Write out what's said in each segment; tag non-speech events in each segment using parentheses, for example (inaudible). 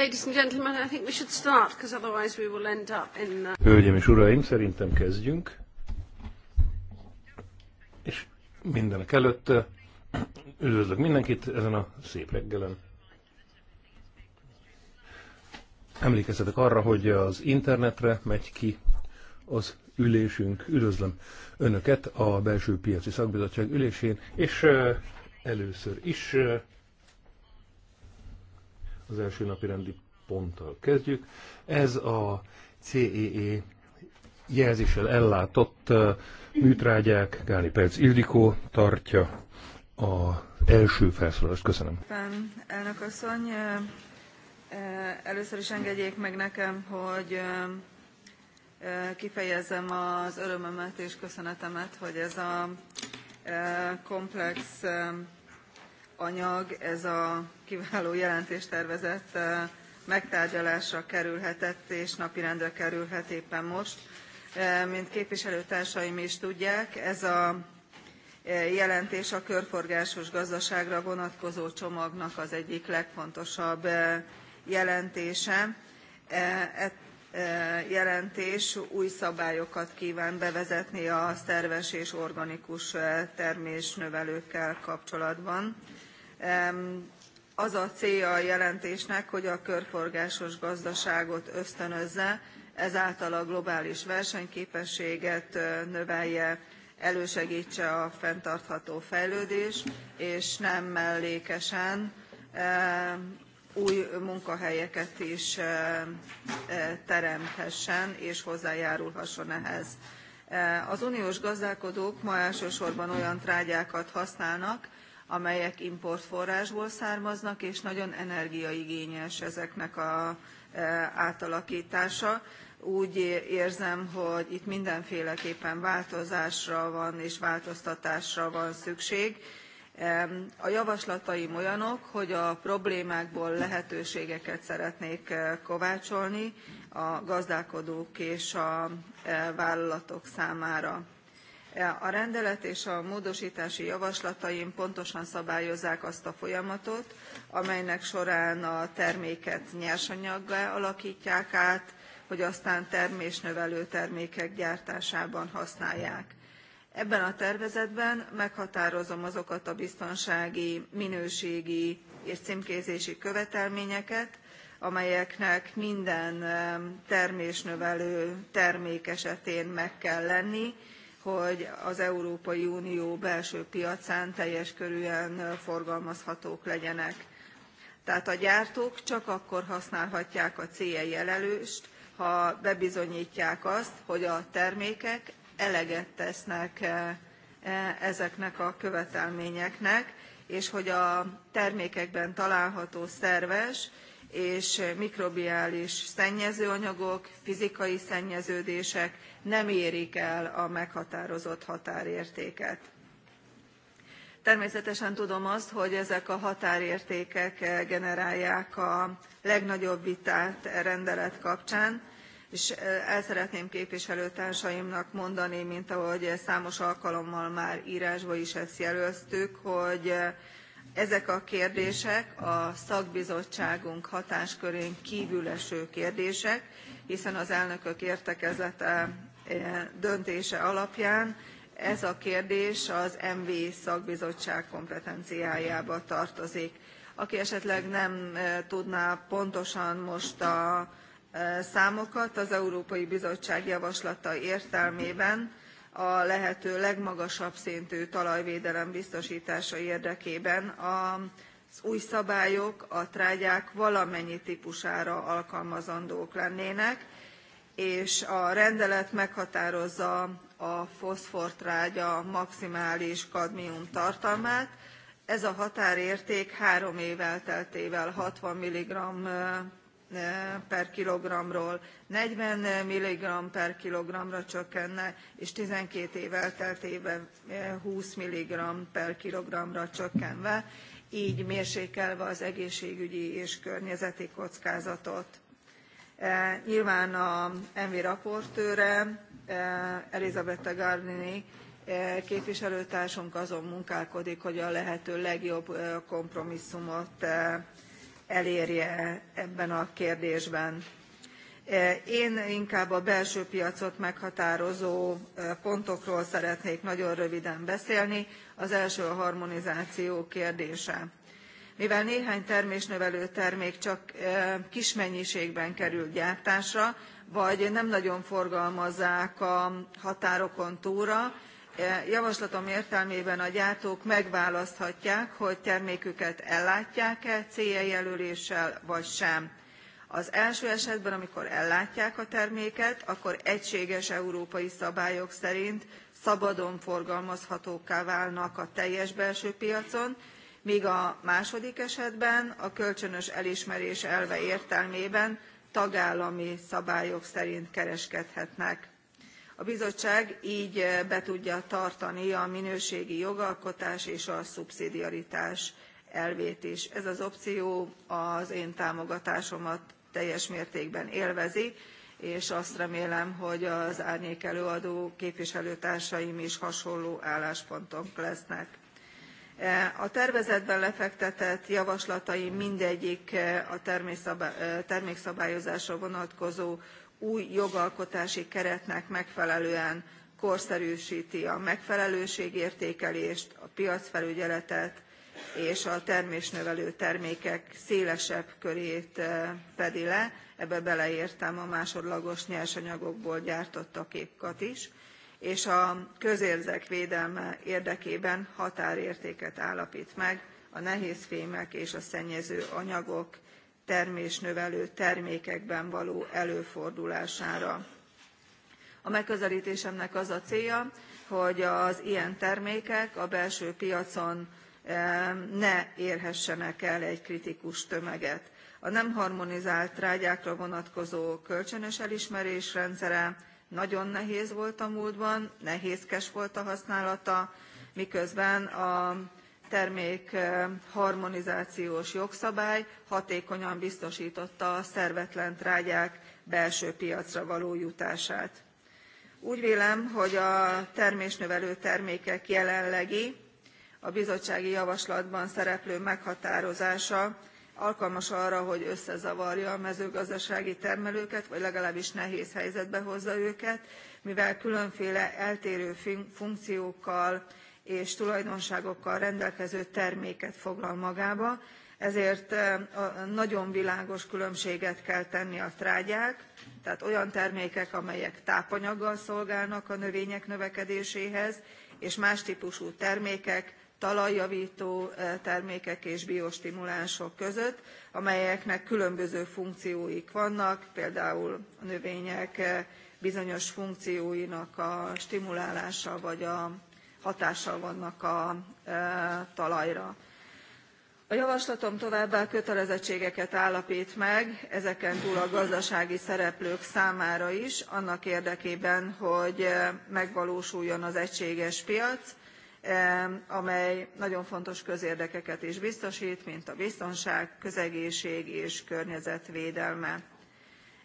Ladies and gentlemen, I think we should start, because otherwise we will end up in... Uh, Hölgyeim és uraim, szerintem kezdjünk. És mindenek előtt üdvözlök mindenkit ezen a szép reggelen. Emlékezzetek arra, hogy az internetre megy ki az ülésünk. Üdvözlöm Önöket a Belső Piaci Szakbizottság ülésén, és először is az első napi rendi ponttal kezdjük. Ez a CEE e jelzéssel ellátott műtrágyák. Gáli Perc Ildikó tartja a első felszólalást. Köszönöm. Fán, elnök asszony, először is engedjék meg nekem, hogy kifejezem az örömömet és köszönetemet, hogy ez a komplex anyag, ez a kiváló jelentéstervezet eh, megtárgyalásra kerülhetett és napirendre kerülhet éppen most. Eh, mint képviselőtársaim is tudják, ez a eh, jelentés a körforgásos gazdaságra vonatkozó csomagnak az egyik legfontosabb jelentése. E jelentés új szabályokat kíván bevezetni a szerves és organikus termésnövelőkkel kapcsolatban az a célja a jelentésnek, hogy a körforgásos gazdaságot ösztönözze, ezáltal a globális versenyképességet növelje, elősegítse a fenntartható fejlődés, és nem mellékesen új munkahelyeket is teremthessen és hozzájárulhasson ehhez. Az uniós gazdálkodók ma elsősorban olyan trágyákat használnak, amelyek importforrásból származnak és nagyon energiaigényes ezeknek a e, átalakítása. úgy érzem hogy itt mindenféleképpen változásra van és változtatásra van szükség. a javaslataim olyanok hogy a problémákból lehetőségeket szeretnék e, kovácsolni a gazdálkodók és a e, vállalatok számára E, a rendelet és a módostási javaslataim pontosan szabályozzák azt a folyamatot amelynek során a terméket nyersanyaggá alaktják át hogy aztán termésnövelő termékek gyártásában használják. ebben a tervezetben meghatározom azokat a biztonsági minőségi és cmkézési követelményeket amelyeknek minden termésnövelő termék esetén meg kell lenni hogy az Európai Unió belső piacán teljes körűen forgalmazhatók legyenek. Tehát a gyártók csak akkor használhatják a CE jelölést, ha bebizonyítják azt, hogy a termékek eleget tesznek ezeknek a követelményeknek, és hogy a termékekben található szerves és mikrobiális szennyezőanyagok, fizikai szennyeződések nem érik el a meghatározott határértéket. természetesen tudom azt hogy ezek a határértékek generálják a legnagyobb vitát e rendelet kapcsán és e, el szeretném képviselőtársaimnak mondani mint ahogy számos alkalommal már írásba is ezt jelöztük, hogy e, ezek a kérdések a szakbizottságunk hatáskörén kívüleső eső kérdések hiszen az elnökök értekezlete E, döntése alapján ez a kérdés az MV szakbizottság kompetenciájába tartozik. Aki esetleg nem e, tudná pontosan most a e, számokat, az Európai Bizottság javaslata értelmében a lehető legmagasabb szintű talajvédelem biztostása érdekében az új szabályok a trágyák valamennyi tpusára alkalmazandók lennének és a rendelet meghatározza a foszfortrágya maximális kadmium tartalmát ez a határérték három év elteltével 60 mg per kilogramról 40 mg per kilogramra csökkenne és 12 év elteltével 20 mg per kilogramra csökkenve így mérsékelve az egészségügyi és környezeti kockázatot E, nyilván a envi raportőre e, elisabetta gardini e, képviselőtársunk azon munkálkodik hogy a lehető legjobb kompromisszumot elérje ebben a kérdésben. én inkább a belső piacot meghatározó pontokról szeretnék nagyon röviden beszélni az első a harmonizáció kérdése mivel néhány termésnövelő termék csak kis mennyiségben kerül gyártásra vagy nem nagyon forgalmazzák a határokon túlra javaslatom értelmében a gyártók megválaszthatják hogy terméküket ellátják e ce jelöléssel vagy sem. az első esetben amikor ellátják a terméket akkor egységes európai szabályok szerint szabadon forgalmazhatókká válnak a teljes belső piacon mg a második esetben a kölcsönös elismerés elve értelmében tagállami szabályok szerint kereskedhetnek. a bizottság gy eh, be tudja tartani a minőségi jogalkotás és a szubszidiaritás elvét is. ez az opció az én támogatásomat teljes mértékben élvezi és azt remélem hogy az árnyékelőadó képviselőtársaim is hasonló álláspontok lesznek a tervezetben lefektetett javaslataim mindegyik eh, a eh, termékszabályozásra vonatkozó új jogalkotási keretnek megfelelően korszerűsti a megfelelőségértékelést a piacfelügyeletet és a termésnövelő termékek szélesebb körét eh, fedi le ebbe beleértem a másodlagos nyersanyagokból gyártott képkat is és a közérzek védelme érdekében határértéket állapt meg a nehézfémek és a szennyező anyagok termésnövelő termékekben való előfordulására. a megközeltésemnek az a célja hogy az ilyen termékek a belső piacon eh, ne érhessenek el egy kritikus tömeget. a nem harmonizált trágyákra vonatkozó kölcsönös elismerés rendszere nagyon nehéz volt a múltban nehézkes volt a használata miközben a termék harmonizációs jogszabály hatékonyan biztostotta a szervetlen trágyák belső piacra való jutását. úgy vélem hogy a termésnövelő termékek jelenlegi a bizottsági javaslatban szereplő meghatározása alkalmas arra hogy összezavarja a mezőgazdasági termelőket vagy legalábbis nehéz helyzetbe hozza őket mivel különféle eltérő funkciókkal és tulajdonságokkal rendelkező terméket foglal magába ezért nagyon világos különbséget kell tenni a trágyák tehát olyan termékek amelyek tápanyaggal szolgálnak a növények növekedéséhez és más tpusú termékek talajjavtó eh, termékek és biostimulánsok között amelyeknek különböző funkcióik vannak például a növények eh, bizonyos funkcióinak a stimulálása vagy a hatással vannak a eh, talajra. a javaslatom továbbá kötelezettségeket állapt meg ezeken túl a gazdasági szereplők számára is annak érdekében hogy megvalósuljon az egységes piac amely nagyon fontos közérdekeket is biztost mint a biztonság közegészség és környezet védelme.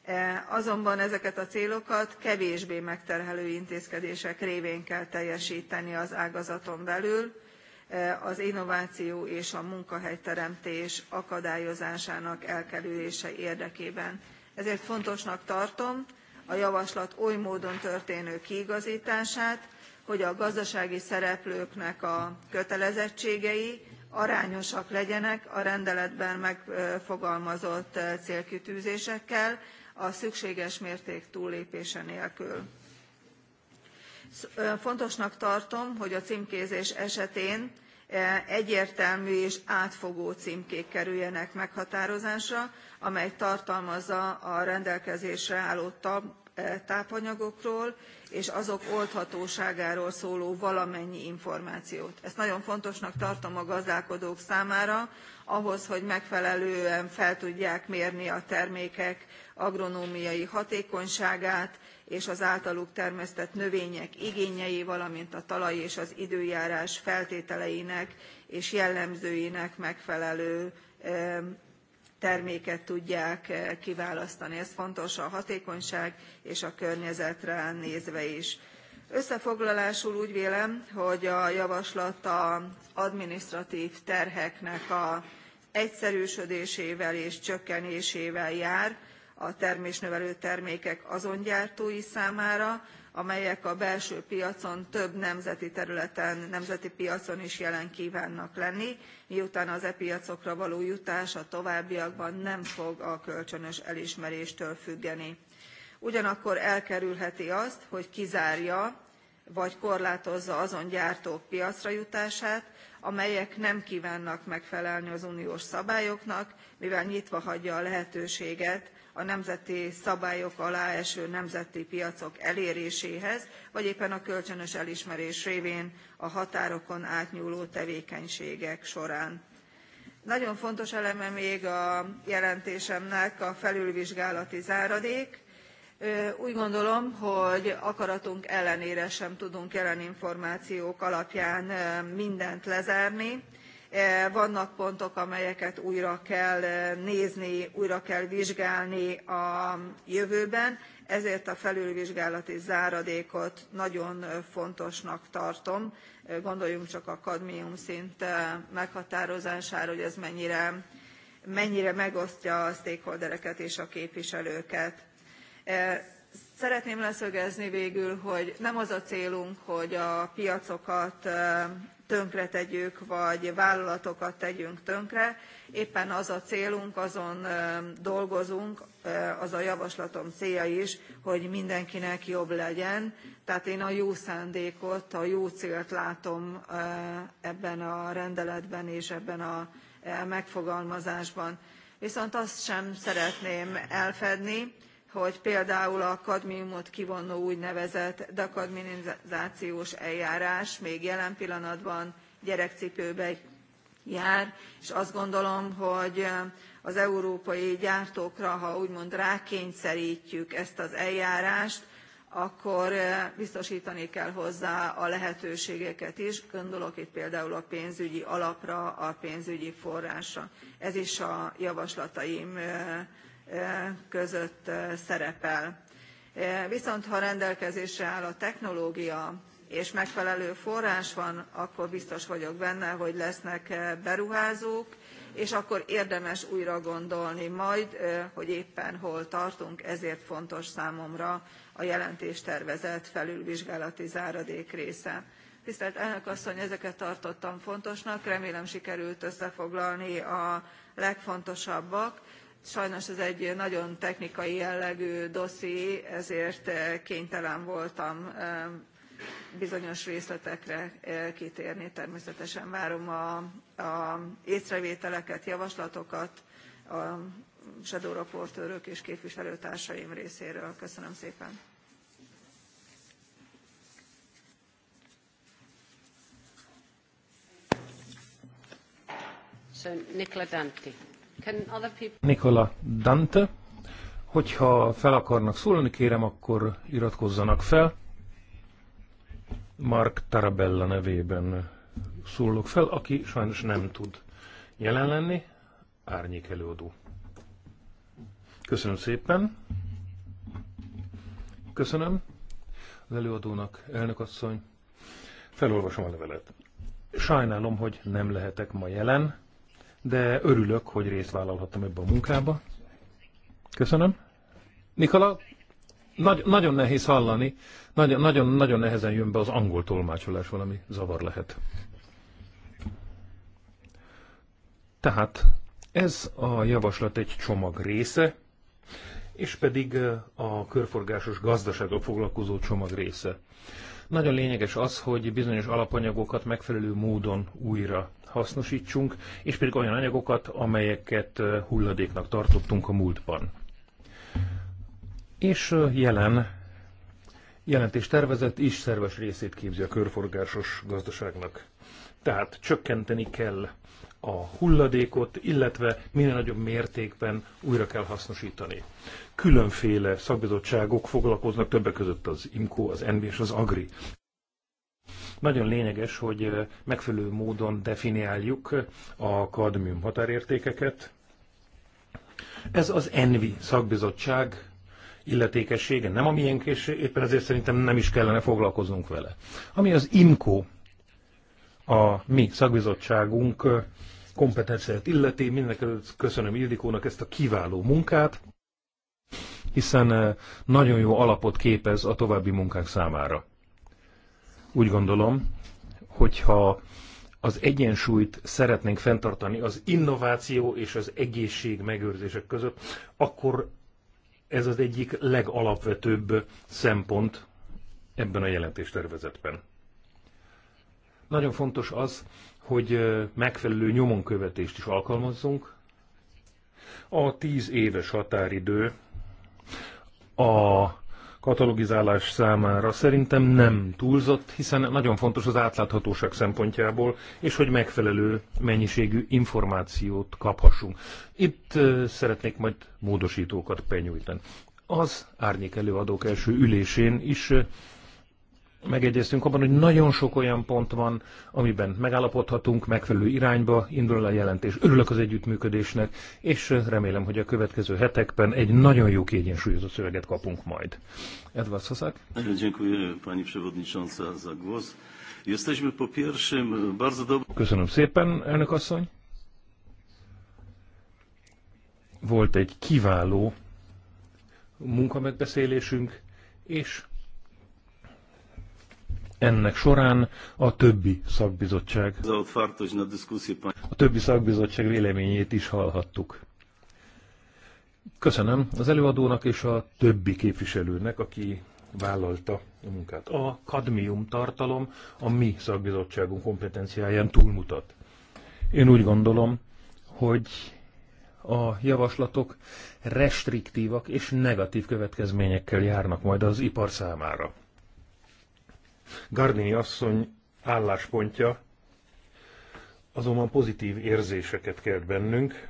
E, azonban ezeket a célokat kevésbé megterhelő intézkedések révén kell teljesteni az ágazaton belül e, az innováció és a munkahelyteremtés akadályozásának elkerülése érdekében. ezért fontosnak tartom a javaslat oly módon történő kiigaztását hogy a gazdasági szereplőknek a kötelezettségei arányosak legyenek a rendeletben megfogalmazott eh, célkitűzésekkel a szükséges mérték túllépése nélkül. fontosnak tartom hogy a címkézés esetén eh, egyértelmű és átfogó címkék kerüljenek meghatározásra amely tartalmazza a rendelkezésre álló eh, tápanyagokról és azok oldhatóságáról szóló valamennyi információt. ezt nagyon fontosnak tartom a gazdálkodók számára ahhoz hogy megfelelően fel tudják mérni a termékek agronómiai hatékonyságát és az általuk termesztett növények igényei valamint a talaj és az időjárás feltételeinek és jellemzőinek megfelelő terméket tudják eh, kiválasztani. ez fontos a hatékonyság és a környezetre nézve is. összefoglalásul úgy vélem hogy a javaslat a administratív terheknek a egyszerűsödésével és csökkenésével jár a termésnövelő termékek azon gyártói számára amelyek a belső piacon több nemzeti területen nemzeti piacon is jelen kvánnak lenni miután az e piacokra való jutás a továbbiakban nem fog a kölcsönös elismeréstől függeni. ugyanakkor elkerülheti azt hogy kizárja vagy korlátozza azon gyártók piacra jutását amelyek nem kvánnak megfelelni az uniós szabályoknak mivel nyitva hagyja a lehetőséget a nemzeti szabályok alá eső nemzeti piacok eléréséhez vagy éppen a kölcsönös elismerés révén a határokon átnyúló tevékenységek során. nagyon fontos eleme még a jelentésemnek a felülvizsgálati záradék úgy gondolom hogy akaratunk ellenére sem tudunk jelen információk alapján mindent lezárni Eh, vannak pontok amelyeket újra kell eh, nézni újra kell vizsgálni a jövőben ezért a felülvizsgálati záradékot nagyon eh, fontosnak tartom gondoljunk csak a kadmiumszint meghatározására hogy ez mennyire, mennyire megosztja a stakeholdereket és a képviselőket. szeretném leszögezni végül hogy nem az a célunk hogy a piacokat tönkretegyük vagy vállalatokat tegyünk tönkre éppen az a célunk azon dolgozunk az a javaslatom célja is hogy mindenkinek jobb legyen tehát én a jó szándékot a jó célt látom ebben a rendeletben és ebben a e, megfogalmazásban viszont azt sem szeretném elfedni hogy például a kadmiumot kivonó úgynevezett dekadminizációs eljárás még jelen pillanatban gyerekcipőbe jár és azt gondolom hogy az európai gyártókra ha úgymond rákényszerítjük ezt az eljárást akkor biztosítani kell hozzá a lehetőségeket is gondolok itt például a pénzügyi alapra a pénzügyi forrásra. ez is a javaslataim között szerepel. viszont ha rendelkezésre áll a technológia és megfelelő forrás van akkor biztos vagyok benne hogy lesznek beruházók és akkor érdemes újra gondolni majd hogy éppen hol tartunk ezért fontos számomra a jelentéstervezet felülvizsgálati záradék része. tisztelt elnök asszony ezeket tartottam fontosnak remélem sikerült összefoglalni a legfontosabbak sajnos ez egy nagyon technikai jellegű dosszié ezért eh, kénytelen voltam eh, bizonyos részletekre eh, kitérni. természetesen várom a észrevételeket javaslatokat a shadow raportőrök és képviselőtársaim részéről. köszönöm szépen! So, Nicola Dante. Nikola Dante, hogyha fel akarnak szólni, kérem, akkor iratkozzanak fel. Mark Tarabella nevében szólok fel, aki sajnos nem tud jelen lenni, árnyék előadó. Köszönöm szépen. Köszönöm az előadónak, elnökasszony. Felolvasom a levelet. Sajnálom, hogy nem lehetek ma jelen, de örülök, hogy részt vállalhattam ebbe a munkába. Köszönöm. Nikola, nagy, nagyon nehéz hallani, nagyon, nagyon, nagyon nehezen jön be az angol tolmácsolás, valami zavar lehet. Tehát ez a javaslat egy csomag része, és pedig eh, a körforgásos gazdasággal foglalkozó csomag része. Nagyon lényeges az, hogy bizonyos alapanyagokat megfelelő módon újra hasznosítsunk, és pedig olyan anyagokat, amelyeket hulladéknak tartottunk a múltban. És jelen jelentés tervezet is szerves részét képzi a körforgásos gazdaságnak. Tehát csökkenteni kell a hulladékot, illetve minél nagyobb mértékben újra kell hasznosítani. Különféle szakbizottságok foglalkoznak többek között az IMCO, az NV és az AGRI. Nagyon lényeges, hogy eh, megfelelő módon definiáljuk eh, a kadmium határértékeket. Ez az ENVI szakbizottság illetékessége, nem a miénk, és éppen ezért szerintem nem is kellene foglalkoznunk vele. Ami az IMCO, a mi szakbizottságunk eh, kompetenciáját illeti. Mindenekelőtt köszönöm Ildikónak ezt a kiváló munkát, hiszen eh, nagyon jó alapot képez a további munkák számára. Úgy gondolom, hogyha az egyensúlyt szeretnénk fenntartani az innováció és az egészség megőrzések között, akkor ez az egyik legalapvetőbb szempont ebben a jelentéstervezetben. Nagyon fontos az, hogy megfelelő nyomonkövetést is alkalmazzunk. A tíz éves határidő a katalogizálás számára szerintem nem túlzott, hiszen nagyon fontos az átláthatóság szempontjából, és hogy megfelelő mennyiségű információt kaphassunk. Itt szeretnék majd módosítókat benyújtani. Az árnyék előadók első ülésén is megegyeztünk abban, hogy nagyon sok olyan pont van, amiben megállapodhatunk, megfelelő irányba indul a jelentés. Örülök az együttműködésnek, és remélem, hogy a következő hetekben egy nagyon jó kiegyensúlyozott szöveget kapunk majd. Edward Szaszák. Köszönöm szépen, elnök asszony. Volt egy kiváló munkamegbeszélésünk, és ennek során a többi szakbizottság. A többi szakbizottság véleményét is hallhattuk. Köszönöm az előadónak és a többi képviselőnek, aki vállalta a munkát. A kadmium tartalom a mi szakbizottságunk kompetenciáján túlmutat. Én úgy gondolom, hogy a javaslatok restriktívak és negatív következményekkel járnak majd az ipar számára. Gardini asszony álláspontja azonban pozitív érzéseket kelt bennünk,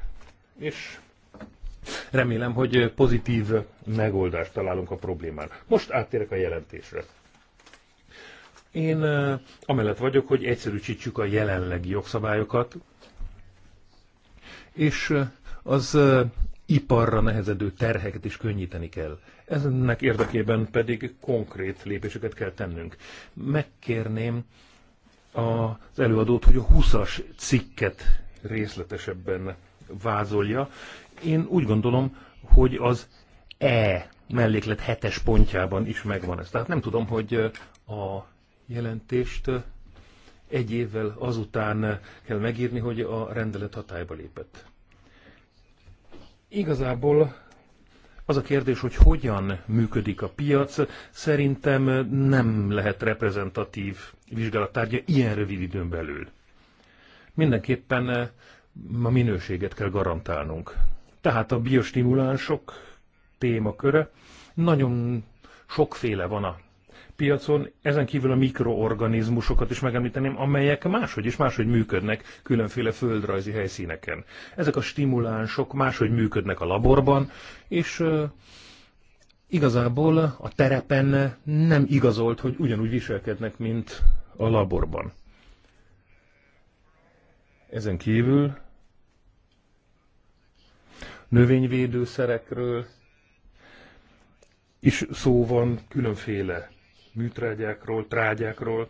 és remélem, hogy pozitív megoldást találunk a problémán. Most áttérek a jelentésre. Én amellett vagyok, hogy egyszerűsítsük a jelenlegi jogszabályokat, és az iparra nehezedő terheket is könnyíteni kell. Ennek érdekében pedig konkrét lépéseket kell tennünk. Megkérném az előadót, hogy a 20-as cikket részletesebben vázolja. Én úgy gondolom, hogy az E melléklet hetes pontjában is megvan ez. Tehát nem tudom, hogy a jelentést egy évvel azután kell megírni, hogy a rendelet hatályba lépett. Igazából az a kérdés, hogy hogyan működik a piac, szerintem nem lehet reprezentatív vizsgálattárgya ilyen rövid időn belül. Mindenképpen eh, a minőséget kell garantálnunk. Tehát a biostimulánsok témaköre nagyon sokféle van a piacon, ezen kívül a mikroorganizmusokat is megemlíteném, amelyek máshogy is máshogy működnek különféle földrajzi helyszíneken. Ezek a stimulánsok máshogy működnek a laborban, és igazából a terepen nem igazolt, hogy ugyanúgy viselkednek, mint a laborban. Ezen kívül növényvédőszerekről is szó van, különféle műtrágyákról, trágyákról,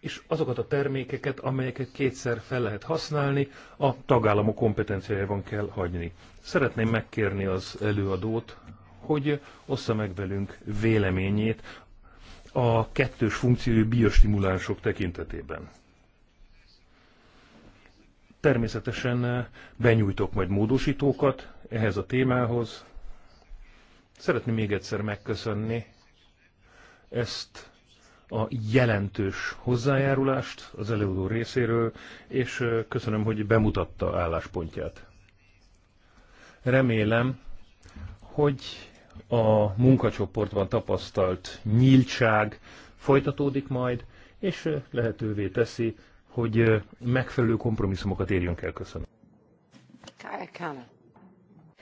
és azokat a termékeket, amelyeket kétszer fel lehet használni, a tagállamok kompetenciájában kell hagyni. Szeretném megkérni az előadót, hogy ossza meg velünk véleményét a kettős funkciói biostimulánsok tekintetében. Természetesen benyújtok majd módosítókat ehhez a témához. Szeretném még egyszer megköszönni ezt a jelentős hozzájárulást az előadó részéről, és köszönöm, hogy bemutatta álláspontját. Remélem, hogy a munkacsoportban tapasztalt nyíltság folytatódik majd, és lehetővé teszi, hogy megfelelő kompromisszumokat érjünk el. Köszönöm.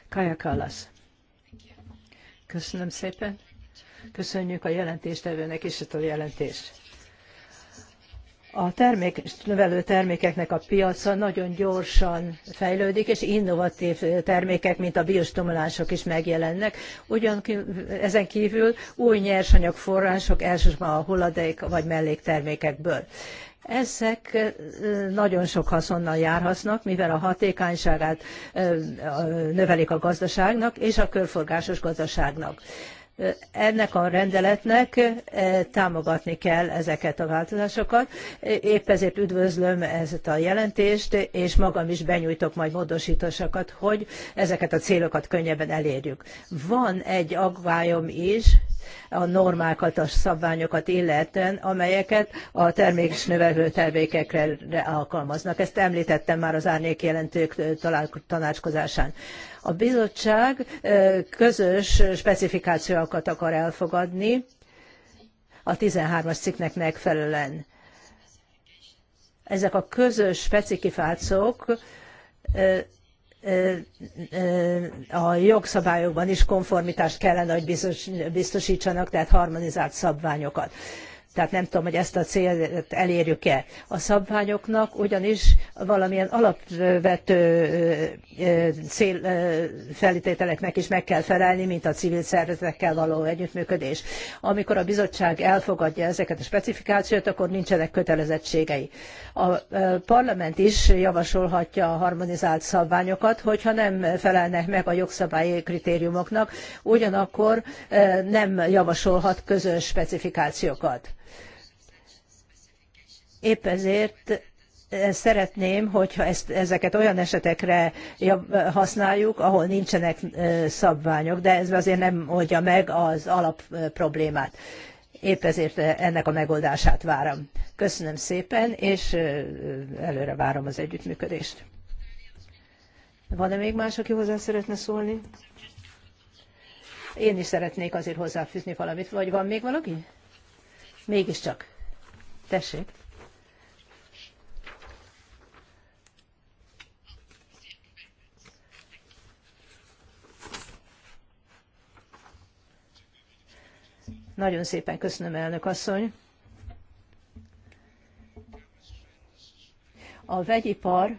Kaya Kalas. Köszönöm szépen. Köszönjük a jelentéstevőnek is ezt a jelentést. A termék, növelő termékeknek a piaca nagyon gyorsan fejlődik, és innovatív termékek, mint a biostimulánsok is megjelennek. Ugyan ezen kívül új források elsősorban a hulladék vagy melléktermékekből. Ezek nagyon sok haszonnal járhatnak, mivel a hatékonyságát növelik a gazdaságnak és a körforgásos gazdaságnak ennek a rendeletnek eh, támogatni kell ezeket a változásokat. Épp ezért üdvözlöm ezt a jelentést, és magam is benyújtok majd módosításokat, hogy ezeket a célokat könnyebben elérjük. Van egy aggályom is, a normákat, a szabványokat illetően, amelyeket a termékes növelő termékekre alkalmaznak. Ezt említettem már az árnyék jelentők tanácskozásán. A bizottság közös specifikációkat akar elfogadni a 13-as cikknek megfelelően. Ezek a közös specifikációk a jogszabályokban is konformitást kellene, hogy biztosítsanak, tehát harmonizált szabványokat. Tehát nem tudom, hogy ezt a célt elérjük-e. A szabványoknak ugyanis valamilyen alapvető cél feltételeknek is meg kell felelni, mint a civil szervezetekkel való együttműködés. Amikor a bizottság elfogadja ezeket a specifikációt, akkor nincsenek kötelezettségei. A parlament is javasolhatja a harmonizált szabványokat, hogyha nem felelnek meg a jogszabályi kritériumoknak, ugyanakkor nem javasolhat közös specifikációkat Épp ezért eh, szeretném, hogyha ezt, ezeket olyan esetekre eh, használjuk, ahol nincsenek eh, szabványok, de ez azért nem oldja meg az alapproblémát. Épp ezért ennek a megoldását várom. Köszönöm szépen, és előre várom az együttműködést. Van-e még más, aki hozzá szeretne szólni? Én is szeretnék azért hozzáfűzni valamit, vagy van még valaki? Mégiscsak. Tessék. Nagyon szépen köszönöm, elnök asszony. A vegyipar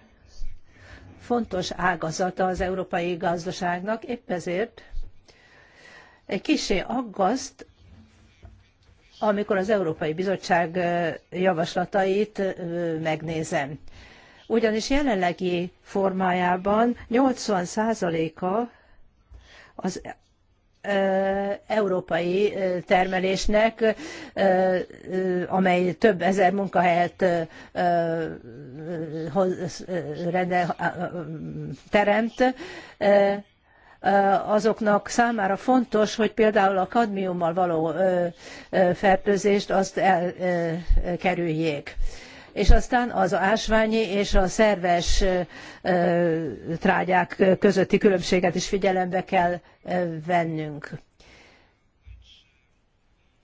fontos ágazata az európai gazdaságnak, épp ezért egy kicsi aggaszt, amikor az Európai Bizottság javaslatait megnézem. Ugyanis jelenlegi formájában 80%-a az európai termelésnek, amely több ezer munkahelyet teremt, azoknak számára fontos, hogy például a kadmiummal való fertőzést azt elkerüljék és aztán az ásványi és a szerves trágyák közötti különbséget is figyelembe kell vennünk.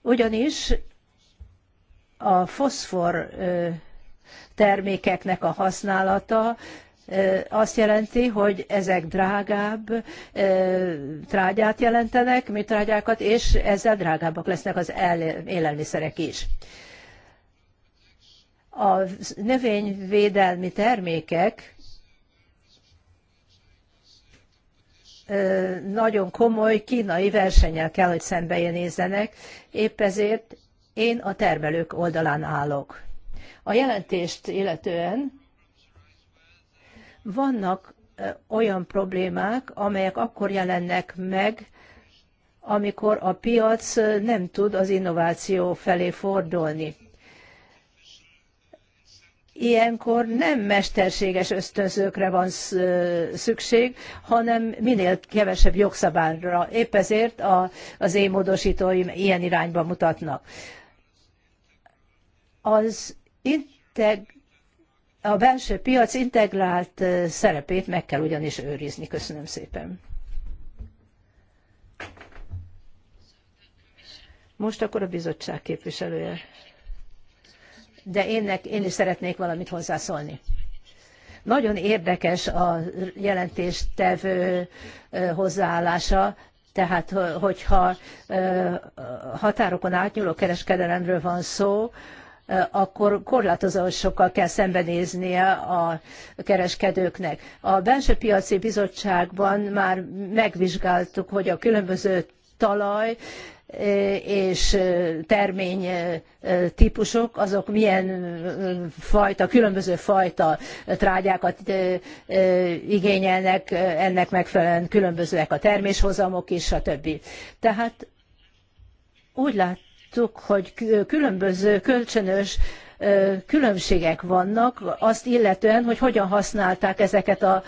Ugyanis a foszfor termékeknek a használata azt jelenti, hogy ezek drágább trágyát jelentenek, műtrágyákat, és ezzel drágábbak lesznek az élelmiszerek is. A növényvédelmi termékek nagyon komoly kínai versennyel kell, hogy szembenézzenek, épp ezért én a termelők oldalán állok. A jelentést illetően vannak olyan problémák, amelyek akkor jelennek meg, amikor a piac nem tud az innováció felé fordulni ilyenkor nem mesterséges ösztönzőkre van szükség, hanem minél kevesebb jogszabályra. Épp ezért a, az én módosítóim ilyen irányba mutatnak. Az integ, a belső piac integrált szerepét meg kell ugyanis őrizni. Köszönöm szépen. Most akkor a bizottság képviselője de énnek, én is szeretnék valamit hozzászólni. Nagyon érdekes a jelentéstevő hozzáállása, tehát hogyha határokon átnyúló kereskedelemről van szó, akkor korlátozásokkal kell szembenéznie a kereskedőknek. A belső piaci bizottságban már megvizsgáltuk, hogy a különböző talaj és termény típusok, azok milyen fajta, különböző fajta trágyákat igényelnek, ennek megfelelően különbözőek a terméshozamok is, stb. Tehát úgy láttuk, hogy különböző kölcsönös különbségek vannak azt illetően, hogy hogyan használták ezeket a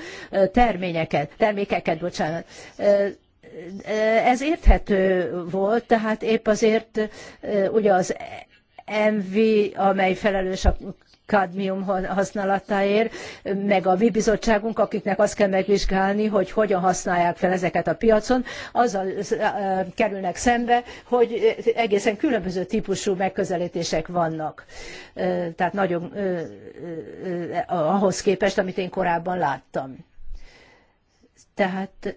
terményeket, termékeket, bocsánat ez érthető volt, tehát épp azért ugye az MV, amely felelős a kadmium használatáért, meg a mi bizottságunk, akiknek azt kell megvizsgálni, hogy hogyan használják fel ezeket a piacon, azzal kerülnek szembe, hogy egészen különböző típusú megközelítések vannak. Tehát nagyon ahhoz képest, amit én korábban láttam. Tehát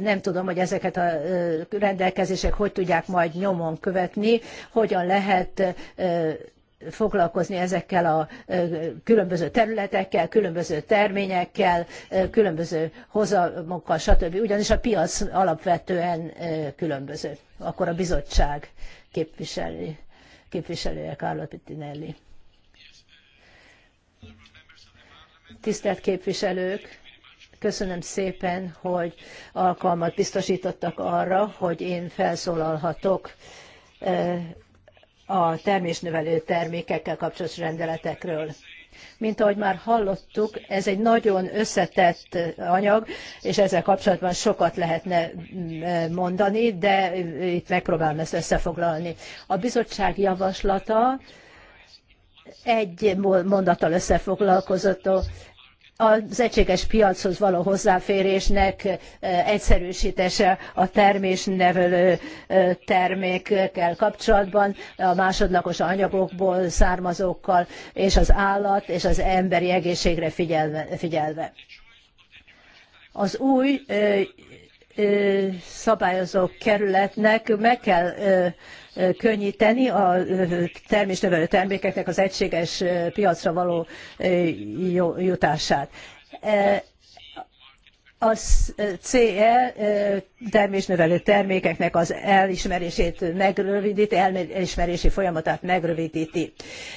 nem tudom, hogy ezeket a rendelkezések hogy tudják majd nyomon követni, hogyan lehet foglalkozni ezekkel a különböző területekkel, különböző terményekkel, különböző hozamokkal, stb. Ugyanis a piac alapvetően különböző. Akkor a bizottság képviselő, képviselője Carlo Pittinelli. Tisztelt képviselők! Köszönöm szépen, hogy alkalmat biztosítottak arra, hogy én felszólalhatok a termésnövelő termékekkel kapcsolatos rendeletekről. Mint ahogy már hallottuk, ez egy nagyon összetett anyag, és ezzel kapcsolatban sokat lehetne mm, mondani, de itt megpróbálom ezt összefoglalni. A bizottság javaslata egy mondattal összefoglalkozott az egységes piachoz való hozzáférésnek eh, egyszerűsítése a termésnevelő eh, termékekkel kapcsolatban, a másodlagos anyagokból származókkal, és az állat és az emberi egészségre figyelve. Az új eh, szabályozó kerületnek meg kell könnyíteni a termésnövelő termékeknek az egységes piacra való jutását. A CE termésnövelő termékeknek az elismerését megrövidíti, elismerési folyamatát megrövidíti.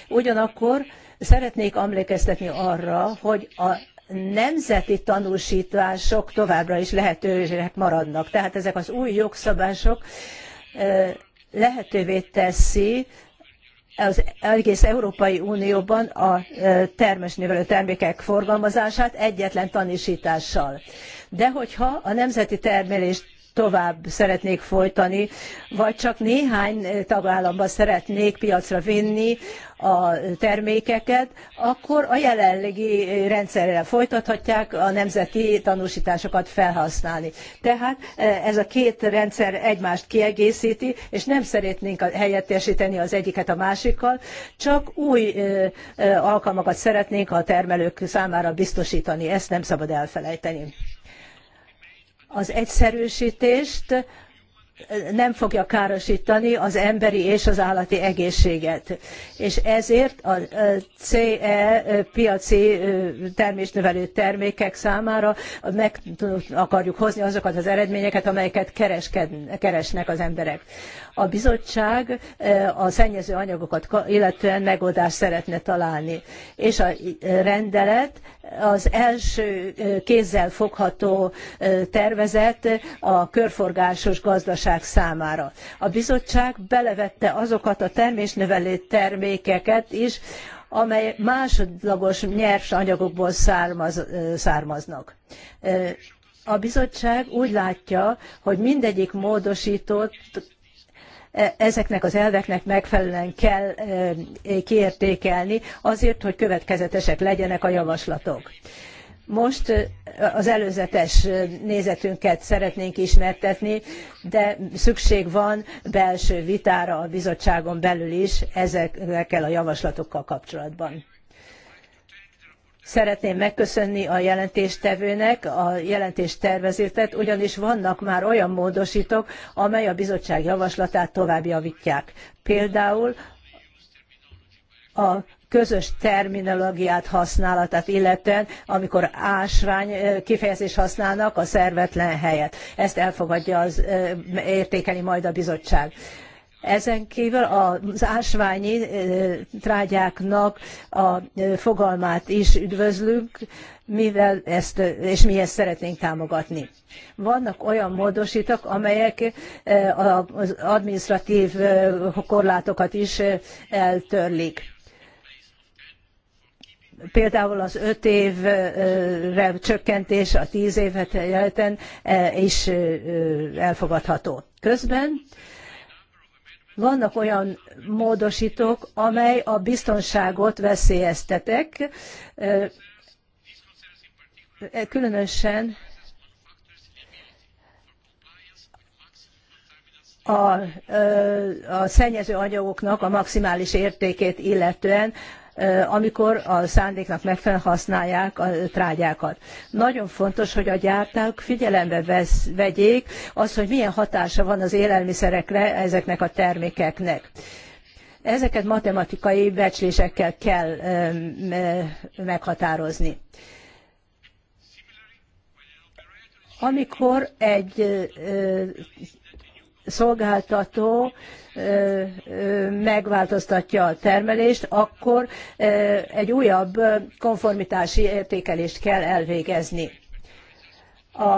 Ugyanakkor szeretnék emlékeztetni arra, hogy a nemzeti tanúsítások továbbra is lehetőségek maradnak. Tehát ezek az új jogszabások lehetővé teszi az egész Európai Unióban a termésnövelő termékek forgalmazását egyetlen tanúsítással. De hogyha a nemzeti termelést tovább szeretnék folytani, vagy csak néhány tagállamban szeretnék piacra vinni a termékeket, akkor a jelenlegi rendszerrel folytathatják a nemzeti tanúsításokat felhasználni. Tehát e, ez a két rendszer egymást kiegészíti, és nem szeretnénk helyettesíteni az egyiket a másikkal, csak új e, e, alkalmakat szeretnénk a termelők számára biztosítani. Ezt nem szabad elfelejteni az egyszerűsítést nem fogja károsítani az emberi és az állati egészséget. És ezért a CE piaci termésnövelő termékek számára meg akarjuk hozni azokat az eredményeket, amelyeket keresnek az emberek. A bizottság eh, a szennyező anyagokat illetően megoldást szeretne találni. És a eh, rendelet az első eh, kézzel fogható tervezet a körforgásos gazdaság számára. A bizottság belevette azokat a termésnövelő termékeket is, amely másodlagos nyersanyagokból származ, származnak. A bizottság úgy látja, hogy mindegyik módosított E, ezeknek az elveknek megfelelően kell e, kiértékelni azért, hogy következetesek legyenek a javaslatok. Most e, az előzetes nézetünket szeretnénk ismertetni, de szükség van belső vitára a bizottságon belül is ezekkel a javaslatokkal kapcsolatban. Szeretném megköszönni a jelentéstevőnek, a jelentéstervezőtet, ugyanis vannak már olyan módosítók, amely a bizottság javaslatát tovább javítják. Például a közös terminológiát használatát illetően, amikor ásvány kifejezést használnak a szervetlen helyet. Ezt elfogadja az értékeli majd a bizottság. Ezen kívül az ásványi trágyáknak a fogalmát is üdvözlünk, mivel ezt, és mi ezt szeretnénk támogatni. Vannak olyan módosítók, amelyek az administratív korlátokat is eltörlik például az öt évre csökkentés a tíz évet jelenten is elfogadható. Közben vannak olyan módosítók, amely a biztonságot veszélyeztetek, különösen a, a szennyező anyagoknak a maximális értékét illetően, amikor a szándéknak megfelelően használják a trágyákat. Nagyon fontos, hogy a gyártók figyelembe vesz, vegyék azt, hogy milyen hatása van az élelmiszerekre ezeknek a termékeknek. Ezeket matematikai becslésekkel kell meghatározni. Amikor egy szolgáltató megváltoztatja a termelést, akkor egy újabb konformitási értékelést kell elvégezni. A,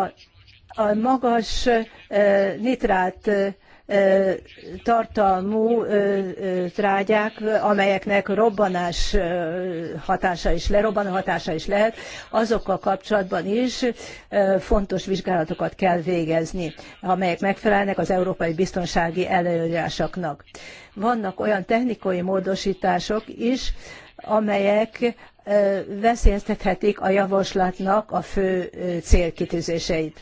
a magas nitrát tartalmú trágyák, amelyeknek robbanás hatása is, lerobbanó hatása is lehet, azokkal kapcsolatban is fontos vizsgálatokat kell végezni, amelyek megfelelnek az európai biztonsági előírásoknak. Vannak olyan technikai módosítások is, amelyek veszélyeztethetik a javaslatnak a fő célkitűzéseit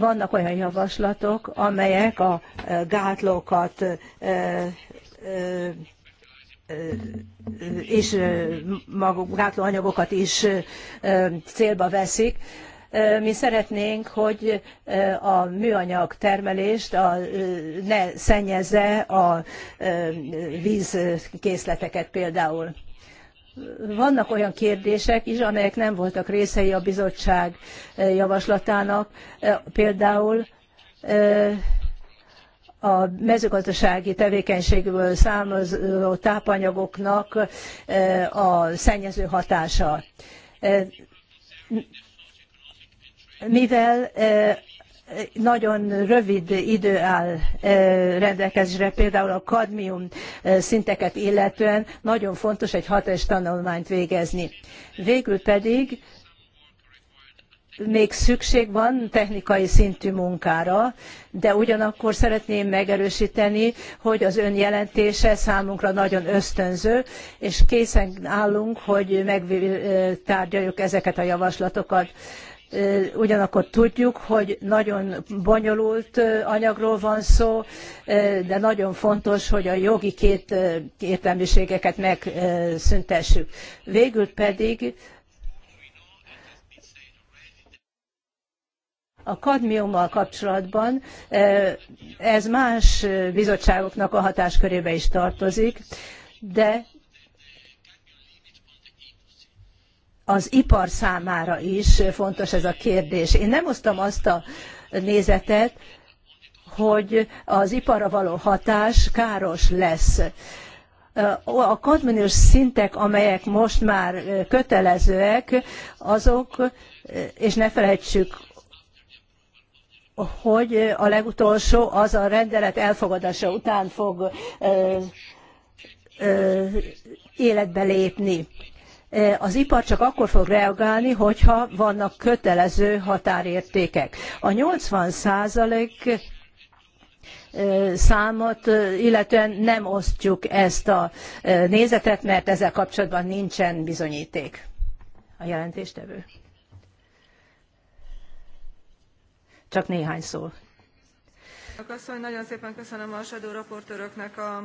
vannak olyan javaslatok, amelyek a e, gátlókat e, e, és maguk, gátlóanyagokat is célba veszik. Mi szeretnénk, hogy a műanyag termelést a, ne szennyezze a vízkészleteket például vannak olyan kérdések is, amelyek nem voltak részei a bizottság eh, javaslatának, eh, például eh, a mezőgazdasági tevékenységből származó tápanyagoknak a szennyező hatása. Mivel nagyon rövid idő áll rendelkezésre, például a kadmium szinteket illetően nagyon fontos egy hatás tanulmányt végezni. Végül pedig még szükség van technikai szintű munkára, de ugyanakkor szeretném megerősíteni, hogy az ön jelentése számunkra nagyon ösztönző, és készen állunk, hogy megtárgyaljuk ezeket a javaslatokat Ugyanakkor tudjuk, hogy nagyon bonyolult anyagról van szó, de nagyon fontos, hogy a jogi két értelmiségeket megszüntessük. Végül pedig A kadmiummal kapcsolatban ez más bizottságoknak a hatáskörébe is tartozik, de az ipar számára is fontos ez a kérdés. Én nem osztom azt a nézetet, hogy az iparra való hatás káros lesz. A kadmonius szintek, amelyek most már kötelezőek, azok, és ne felejtsük, hogy a legutolsó az a rendelet elfogadása után fog életbe lépni Eh, az ipar csak akkor fog reagálni, hogyha vannak kötelező határértékek. A 80 százalék eh, számot, eh, illetően nem osztjuk ezt a nézetet, mert ezzel kapcsolatban nincsen bizonyíték. A jelentéstevő. Csak néhány szó. nagyon szépen köszönöm a shadow a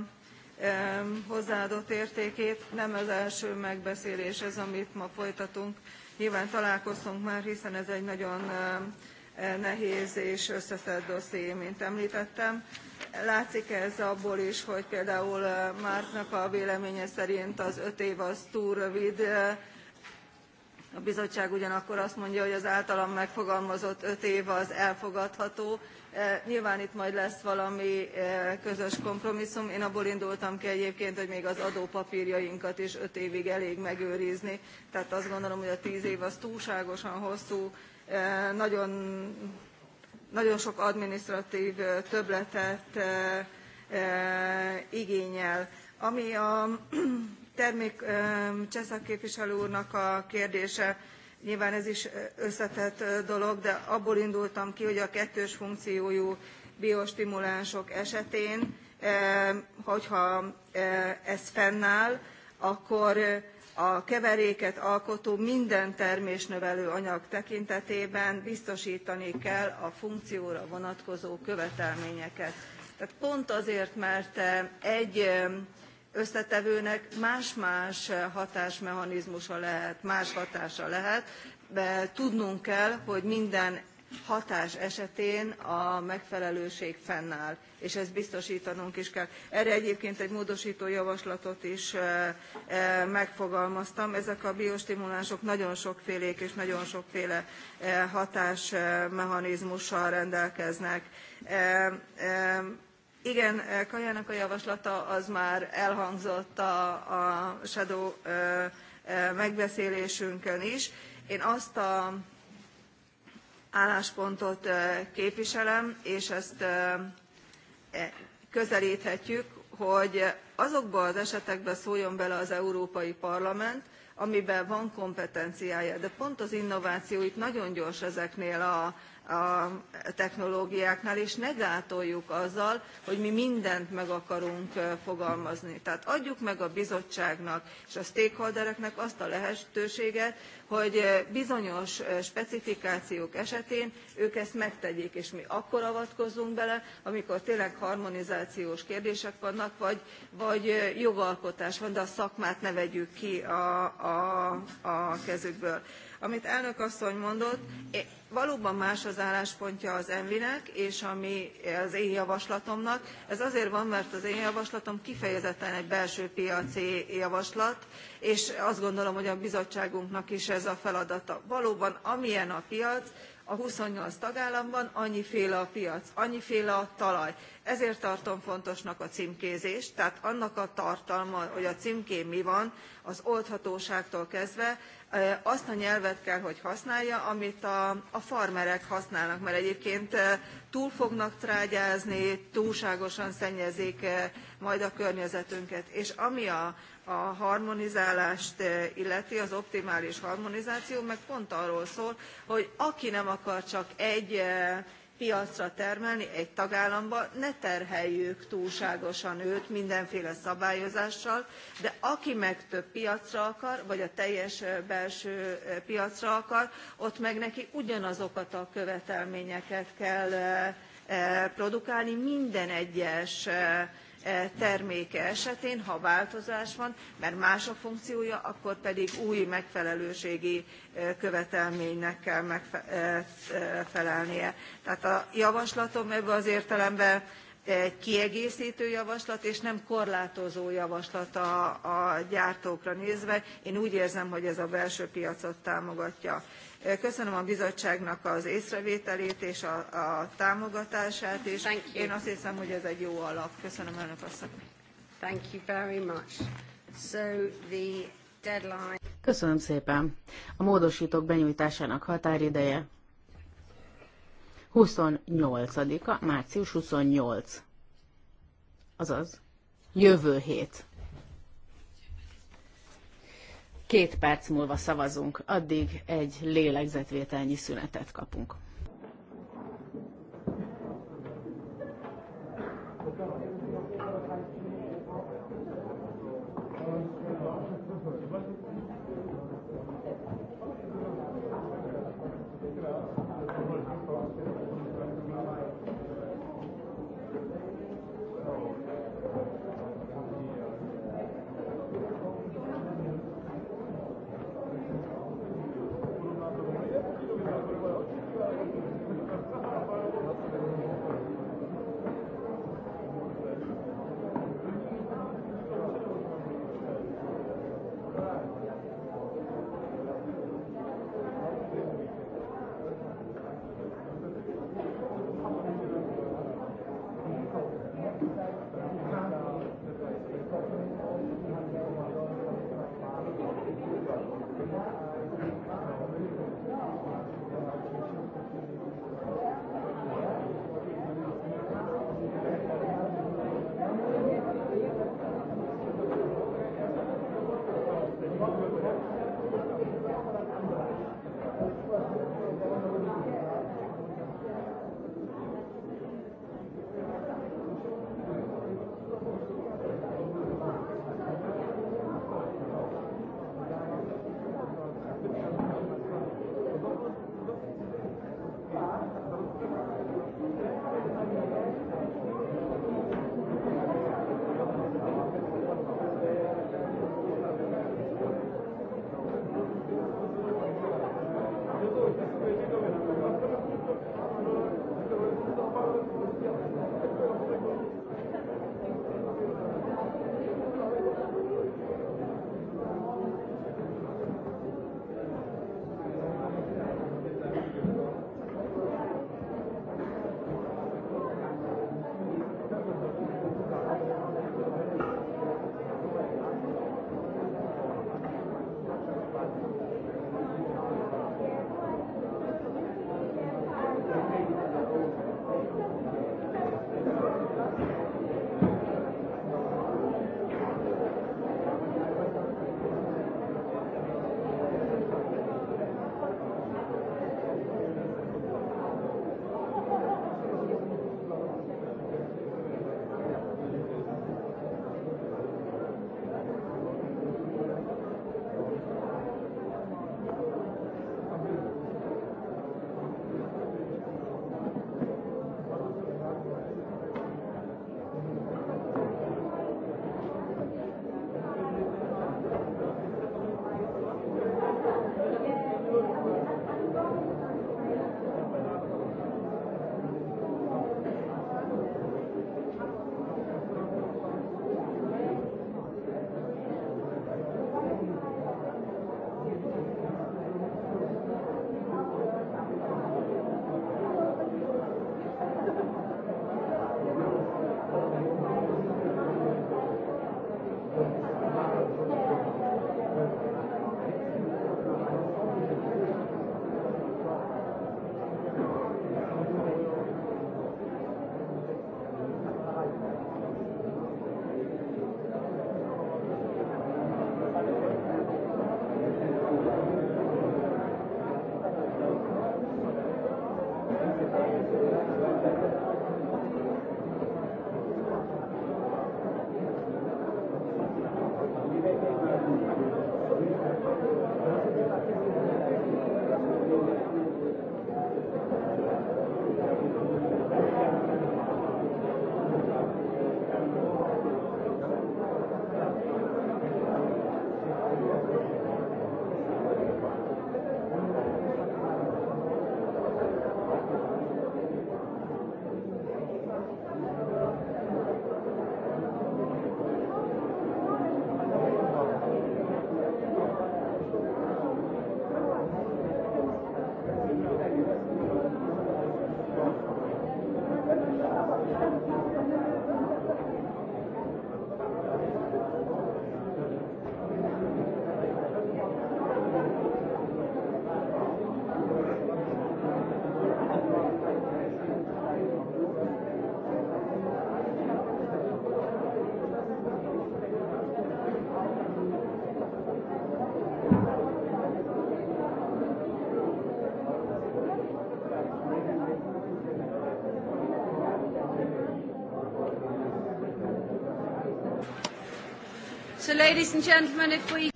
hozzáadott értékét. Nem az első megbeszélés ez, amit ma folytatunk. Nyilván találkoztunk már, hiszen ez egy nagyon eh, nehéz és összetett dosszé, mint említettem. Látszik ez abból is, hogy például eh, Márknak a véleménye szerint az öt év az túl rövid, eh, a bizottság ugyanakkor azt mondja hogy az általam megfogalmazott öt év az elfogadható Eh, nyilván itt majd lesz valami eh, közös kompromisszum én abból indultam ki egyébként hogy még az adópapírjainkat is öt évig elég megőrizni tehát azt gondolom hogy a tíz év az túlságosan hosszú eh, nagyon, nagyon sok adminisztratív töbletet igényel. ami a (clears throat) termék cseszak képviselő úrnak a kérdése nyilván ez is összetett dolog de abból indultam ki hogy a kettős funkciójú biostimulánsok esetén hogyha ez fennáll akkor a keveréket alkotó minden termésnövelő anyag tekintetében biztostani kell a funkcióra vonatkozó követelményeket. tehát pont azért mert egy összetevőnek más más hatásmechanizmusa lehet más hatása lehet de tudnunk kell hogy minden hatás esetén a megfelelőség fennáll és ezt biztostanunk is kell. erre egyébként egy módostó javaslatot is e, e, megfogalmaztam. ezek a biostimulánsok nagyon sokfélék és nagyon sokféle e, hatásmechanizmussal rendelkeznek igen, eh, Kajának a javaslata az már elhangzott a, a Shadow eh, eh, megbeszélésünkön is. Én azt a álláspontot képviselem, és ezt e, közelíthetjük, hogy azokba az esetekbe szóljon bele az Európai Parlament, amiben van kompetenciája. De pont az innováció itt nagyon gyors ezeknél a a technológiáknál, és ne gátoljuk azzal, hogy mi mindent meg akarunk fogalmazni. Tehát adjuk meg a bizottságnak és a stakeholdereknek azt a lehetőséget, hogy bizonyos specifikációk esetén ők ezt megtegyék, és mi akkor avatkozunk bele, amikor tényleg harmonizációs kérdések vannak, vagy, vagy jogalkotás van, de a szakmát ne vegyük ki a, a, a kezükből amit elnök asszony mondott valóban más az álláspontja az envi nek és ami az én javaslatomnak ez azért van mert az én javaslatom kifejezetten egy belső piaci javaslat és azt gondolom hogy a bizottságunknak is ez a feladata. valóban amilyen a piac a twenty eight tagállamban annyiféle a piac annyiféle a talaj ezért tartom fontosnak a cmkézést tehát annak a tartalma hogy a cmkén mi van az oldhatóságtól kezdve azt a nyelvet kell hogy használja amit a, a farmerek használnak mert egyébként túl fognak trágyázni túlságosan szennyezik majd a környezetünket. És ami a, a harmonizálást eh, illeti, az optimális harmonizáció, meg pont arról szól, hogy aki nem akar csak egy eh, piacra termelni egy tagállamba ne terheljük túlságosan őt mindenféle szabályozással de aki meg több piacra akar vagy a teljes eh, belső piacra akar ott meg neki ugyanazokat a követelményeket kell produkálni minden egyes E, terméke esetén ha változás van mert más a funkciója akkor pedig új megfelelőségi e, követelménynek kell megfelelnie. E, tehát a javaslatom ebben az értelemben egy kiegésztő javaslat és nem korlátozó javaslat a, a gyártókra nézve. én úgy érzem hogy ez a belső piacot támogatja köszönöm a bizottságnak az észrevételét és a, a támogatását és én azt hiszem hogy ez egy jó alap. köszönöm elnök asszony. Thank you very much. So the deadline... Köszönöm szépen. A módosítók benyújtásának határideje 28-a, március 28. Azaz, jövő hét két perc múlva szavazunk, addig egy lélegzetvételnyi szünetet kapunk.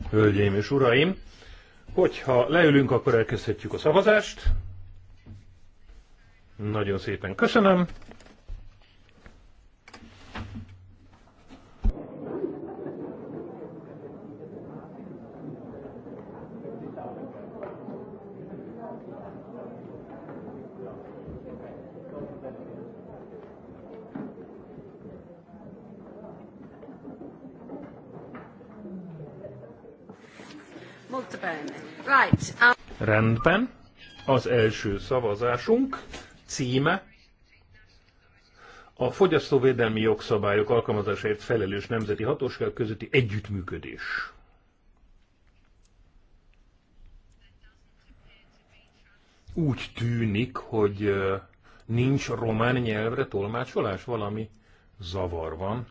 Hölgyeim és uraim, hogyha leülünk, akkor elkezdhetjük a szavazást. Nagyon szépen köszönöm. Rendben. Az első szavazásunk címe a fogyasztóvédelmi jogszabályok alkalmazásáért felelős nemzeti hatóság közötti együttműködés. Úgy tűnik, hogy nincs román nyelvre tolmácsolás, valami zavar van.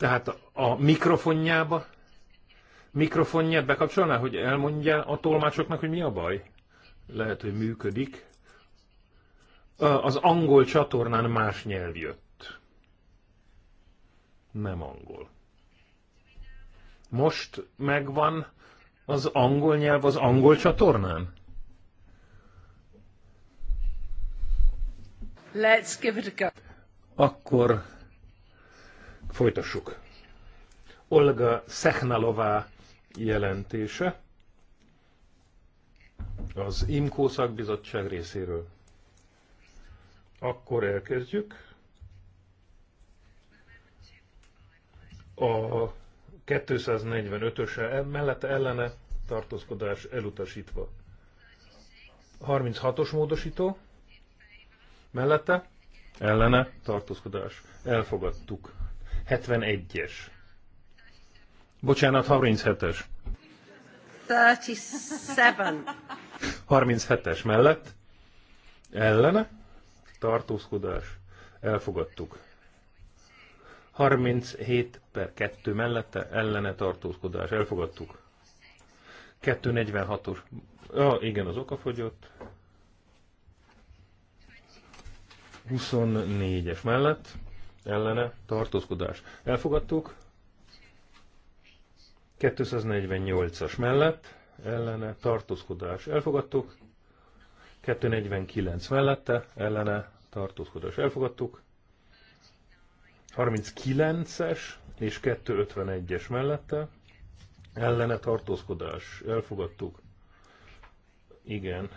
Tehát a mikrofonjába, mikrofonját bekapcsolná, hogy elmondja a tolmácsoknak, hogy mi a baj? Lehet, hogy működik. Az angol csatornán más nyelv jött. Nem angol. Most megvan az angol nyelv az angol csatornán? Let's give it a go. Akkor Folytassuk. Olga Szechnalová jelentése az IMKO szakbizottság részéről. Akkor elkezdjük. A 245-ös mellette ellene tartózkodás elutasítva. 36-os módosító mellette ellene tartózkodás. Elfogadtuk. 71-es. Bocsánat, 37-es. 37. 37-es mellett. Ellene. Tartózkodás. Elfogadtuk. 37 per 2 mellette ellene tartózkodás. Elfogadtuk. 246-os. Ja, igen, az oka fogyott. 24-es mellett ellene tartózkodás. Elfogadtuk. 248-as mellett ellene tartózkodás. Elfogadtuk. 249 mellette ellene tartózkodás. Elfogadtuk. 39-es és 251-es mellette ellene tartózkodás. Elfogadtuk. Igen.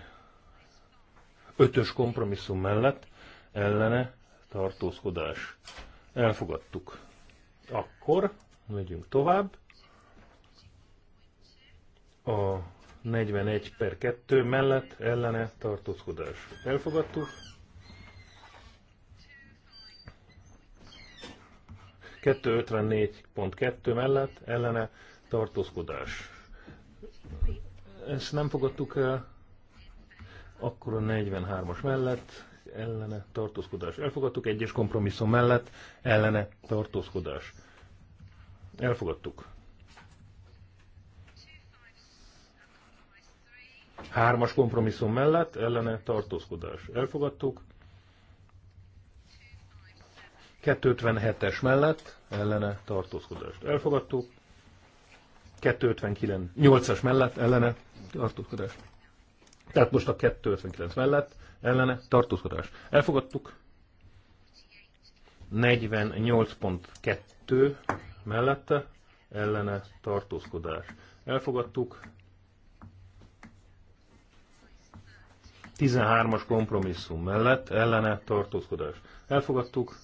Ötös kompromisszum mellett ellene tartózkodás. Elfogadtuk. Akkor megyünk tovább. A 41 per 2 mellett ellene tartózkodás. Elfogadtuk. 254.2 mellett ellene tartózkodás. Ezt nem fogadtuk el, akkor a 43-as mellett ellene tartózkodás. Elfogadtuk egyes kompromisszum mellett ellene tartózkodás. Elfogadtuk. Hármas kompromisszum mellett ellene tartózkodás. Elfogadtuk. 257-es mellett ellene tartózkodást. Elfogadtuk. 259 8-as mellett ellene tartózkodást. Tehát most a 259 mellett ellene tartózkodás. Elfogadtuk. 48.2 mellette ellene tartózkodás. Elfogadtuk. 13-as kompromisszum mellett ellene tartózkodás. Elfogadtuk.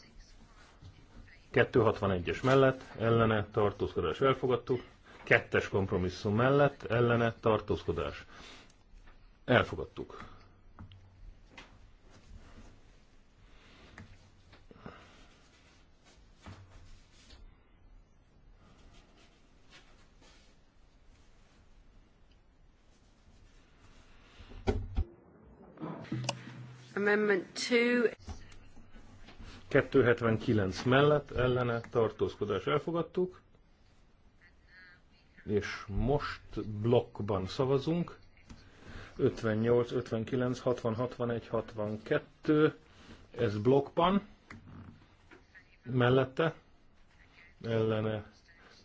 261-es mellett ellene tartózkodás. Elfogadtuk. 2-es kompromisszum mellett ellene tartózkodás. Elfogadtuk. Amendment 2. 279 mellett ellene tartózkodás elfogadtuk, és most blokkban szavazunk. 58, 59, 60, 61, 62, ez blokkban, mellette ellene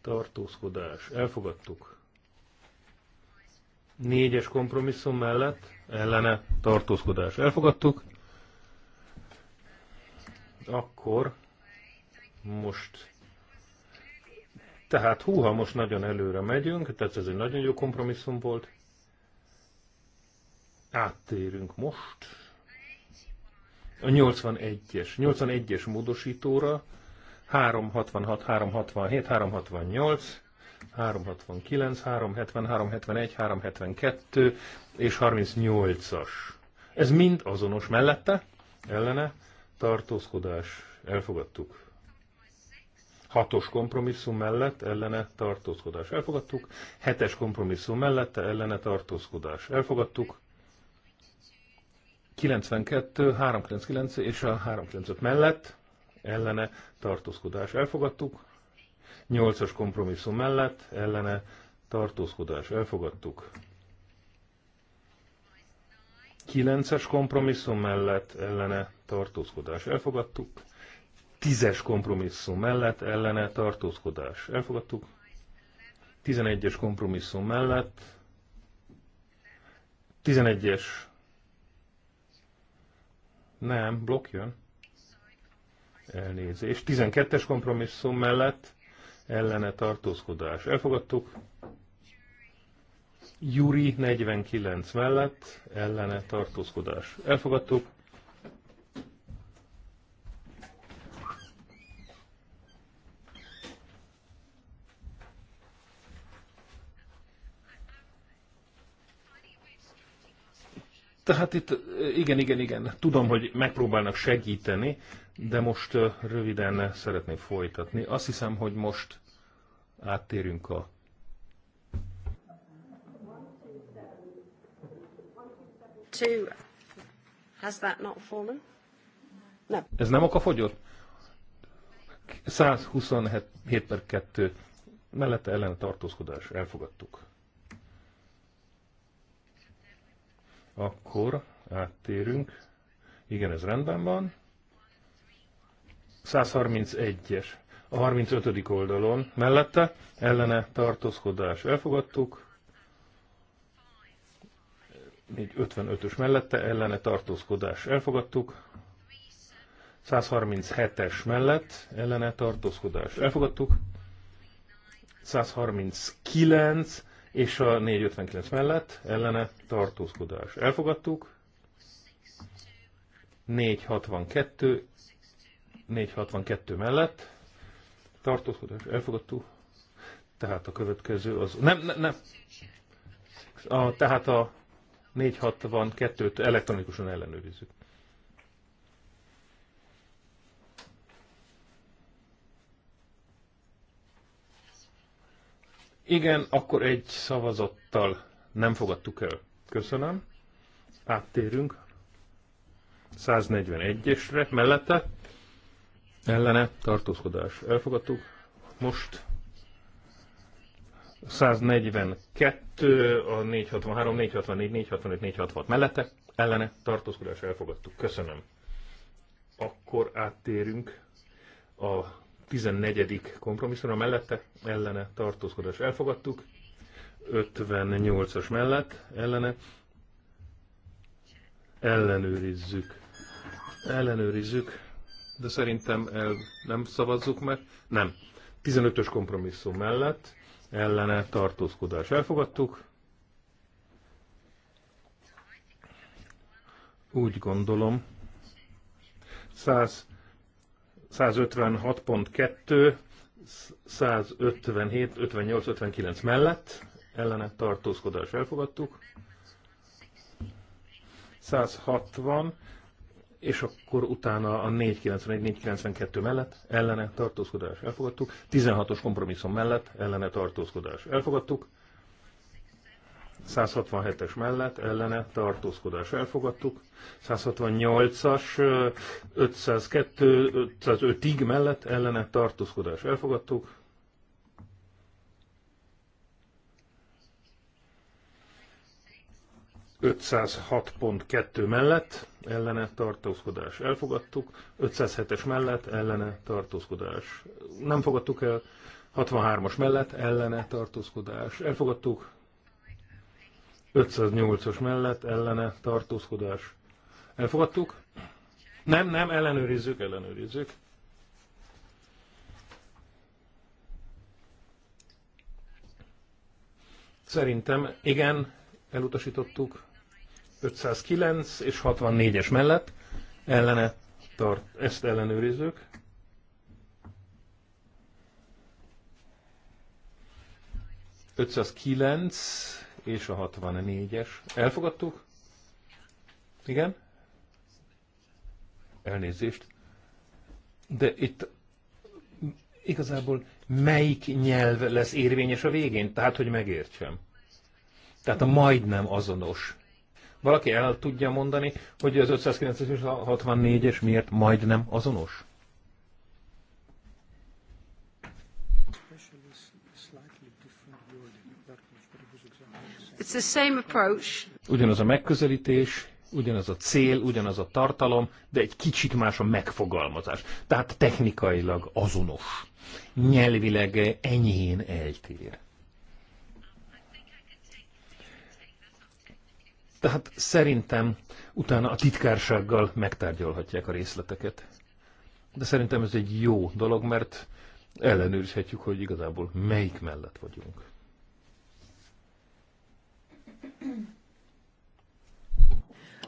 tartózkodás. Elfogadtuk. Négyes kompromisszum mellett ellene tartózkodás. Elfogadtuk. Akkor most tehát húha, most nagyon előre megyünk, tehát ez egy nagyon jó kompromisszum volt. Áttérünk most a 81-es, 81-es módosítóra, 366, 367, 368, 369, 370, 371, 372 és 38-as. Ez mind azonos mellette, ellene, tartózkodás, elfogadtuk. Hatos kompromisszum mellett ellene tartózkodás elfogadtuk, hetes kompromisszum mellette ellene tartózkodás elfogadtuk, 92, 399 és a 395 mellett ellene tartózkodás elfogadtuk, Nyolcas kompromisszum mellett ellene tartózkodás elfogadtuk. Kilences kompromisszum mellett ellene tartózkodás elfogadtuk. Tízes kompromisszum mellett ellene tartózkodás elfogadtuk. Tizenegyes kompromisszum mellett Tizenegyes. nem, blokk jön. Elnézés. 12-es kompromisszum mellett ellene tartózkodás. Elfogadtuk. Juri 49 mellett ellene tartózkodás. Elfogadtuk. Tehát itt igen, igen, igen, tudom, hogy megpróbálnak segíteni, de most röviden szeretném folytatni. Azt hiszem, hogy most áttérünk a Has that not fallen? No. Ez nem fogyott? 127 per 2 mellette ellen tartózkodás. Elfogadtuk. Akkor áttérünk. Igen, ez rendben van. 131-es a 35. oldalon mellette ellene tartózkodás elfogadtuk, 55 ös mellette ellene tartózkodás elfogadtuk, 137-es mellett ellene tartózkodás elfogadtuk, 139 és a 459 mellett ellene tartózkodás elfogadtuk, 462 462 mellett tartózkodás elfogadtuk, tehát a következő az... Nem, nem, nem. A, tehát a 462-t elektronikusan ellenőrizzük. Igen, akkor egy szavazattal nem fogadtuk el. Köszönöm. Áttérünk 141-esre mellette ellene tartózkodás elfogadtuk. Most 142, a 463, 464, 465, 466 mellette ellene tartózkodás elfogadtuk. Köszönöm. Akkor áttérünk a 14. kompromisszumra mellette ellene tartózkodás elfogadtuk. 58-as mellett ellene ellenőrizzük. Ellenőrizzük de szerintem el nem szavazzuk meg. Nem. 15-ös kompromisszum mellett ellene tartózkodás. Elfogadtuk. Úgy gondolom. 100, 156.2, 157, 58, 59 mellett ellene tartózkodás. Elfogadtuk. 160, és akkor utána a 491-492 mellett ellene tartózkodás elfogadtuk, 16-os kompromisszum mellett ellene tartózkodás elfogadtuk, 167-es mellett ellene tartózkodás elfogadtuk, 168-as 502-505-ig mellett ellene tartózkodás elfogadtuk, 506.2 mellett ellene tartózkodás elfogadtuk, 507-es mellett ellene tartózkodás nem fogadtuk el, 63-as mellett ellene tartózkodás elfogadtuk, 508-as mellett ellene tartózkodás elfogadtuk. Nem, nem, ellenőrizzük, ellenőrizzük. Szerintem igen, elutasítottuk. 509 és 64-es mellett ellene tart, ezt ellenőrizzük. ...509 és a 64-es. Elfogadtuk? Igen? Elnézést. De itt igazából melyik nyelv lesz érvényes a végén? Tehát, hogy megértsem. Tehát a majdnem azonos valaki el tudja mondani, hogy az 590 és a 64-es miért majdnem azonos? Ugyanaz a megközelítés, ugyanaz a cél, ugyanaz a tartalom, de egy kicsit más a megfogalmazás. Tehát technikailag azonos. Nyelvileg enyhén eltér. Tehát szerintem utána a titkársággal megtárgyalhatják a részleteket. De szerintem ez egy jó dolog, mert ellenőrizhetjük, hogy igazából melyik mellett vagyunk.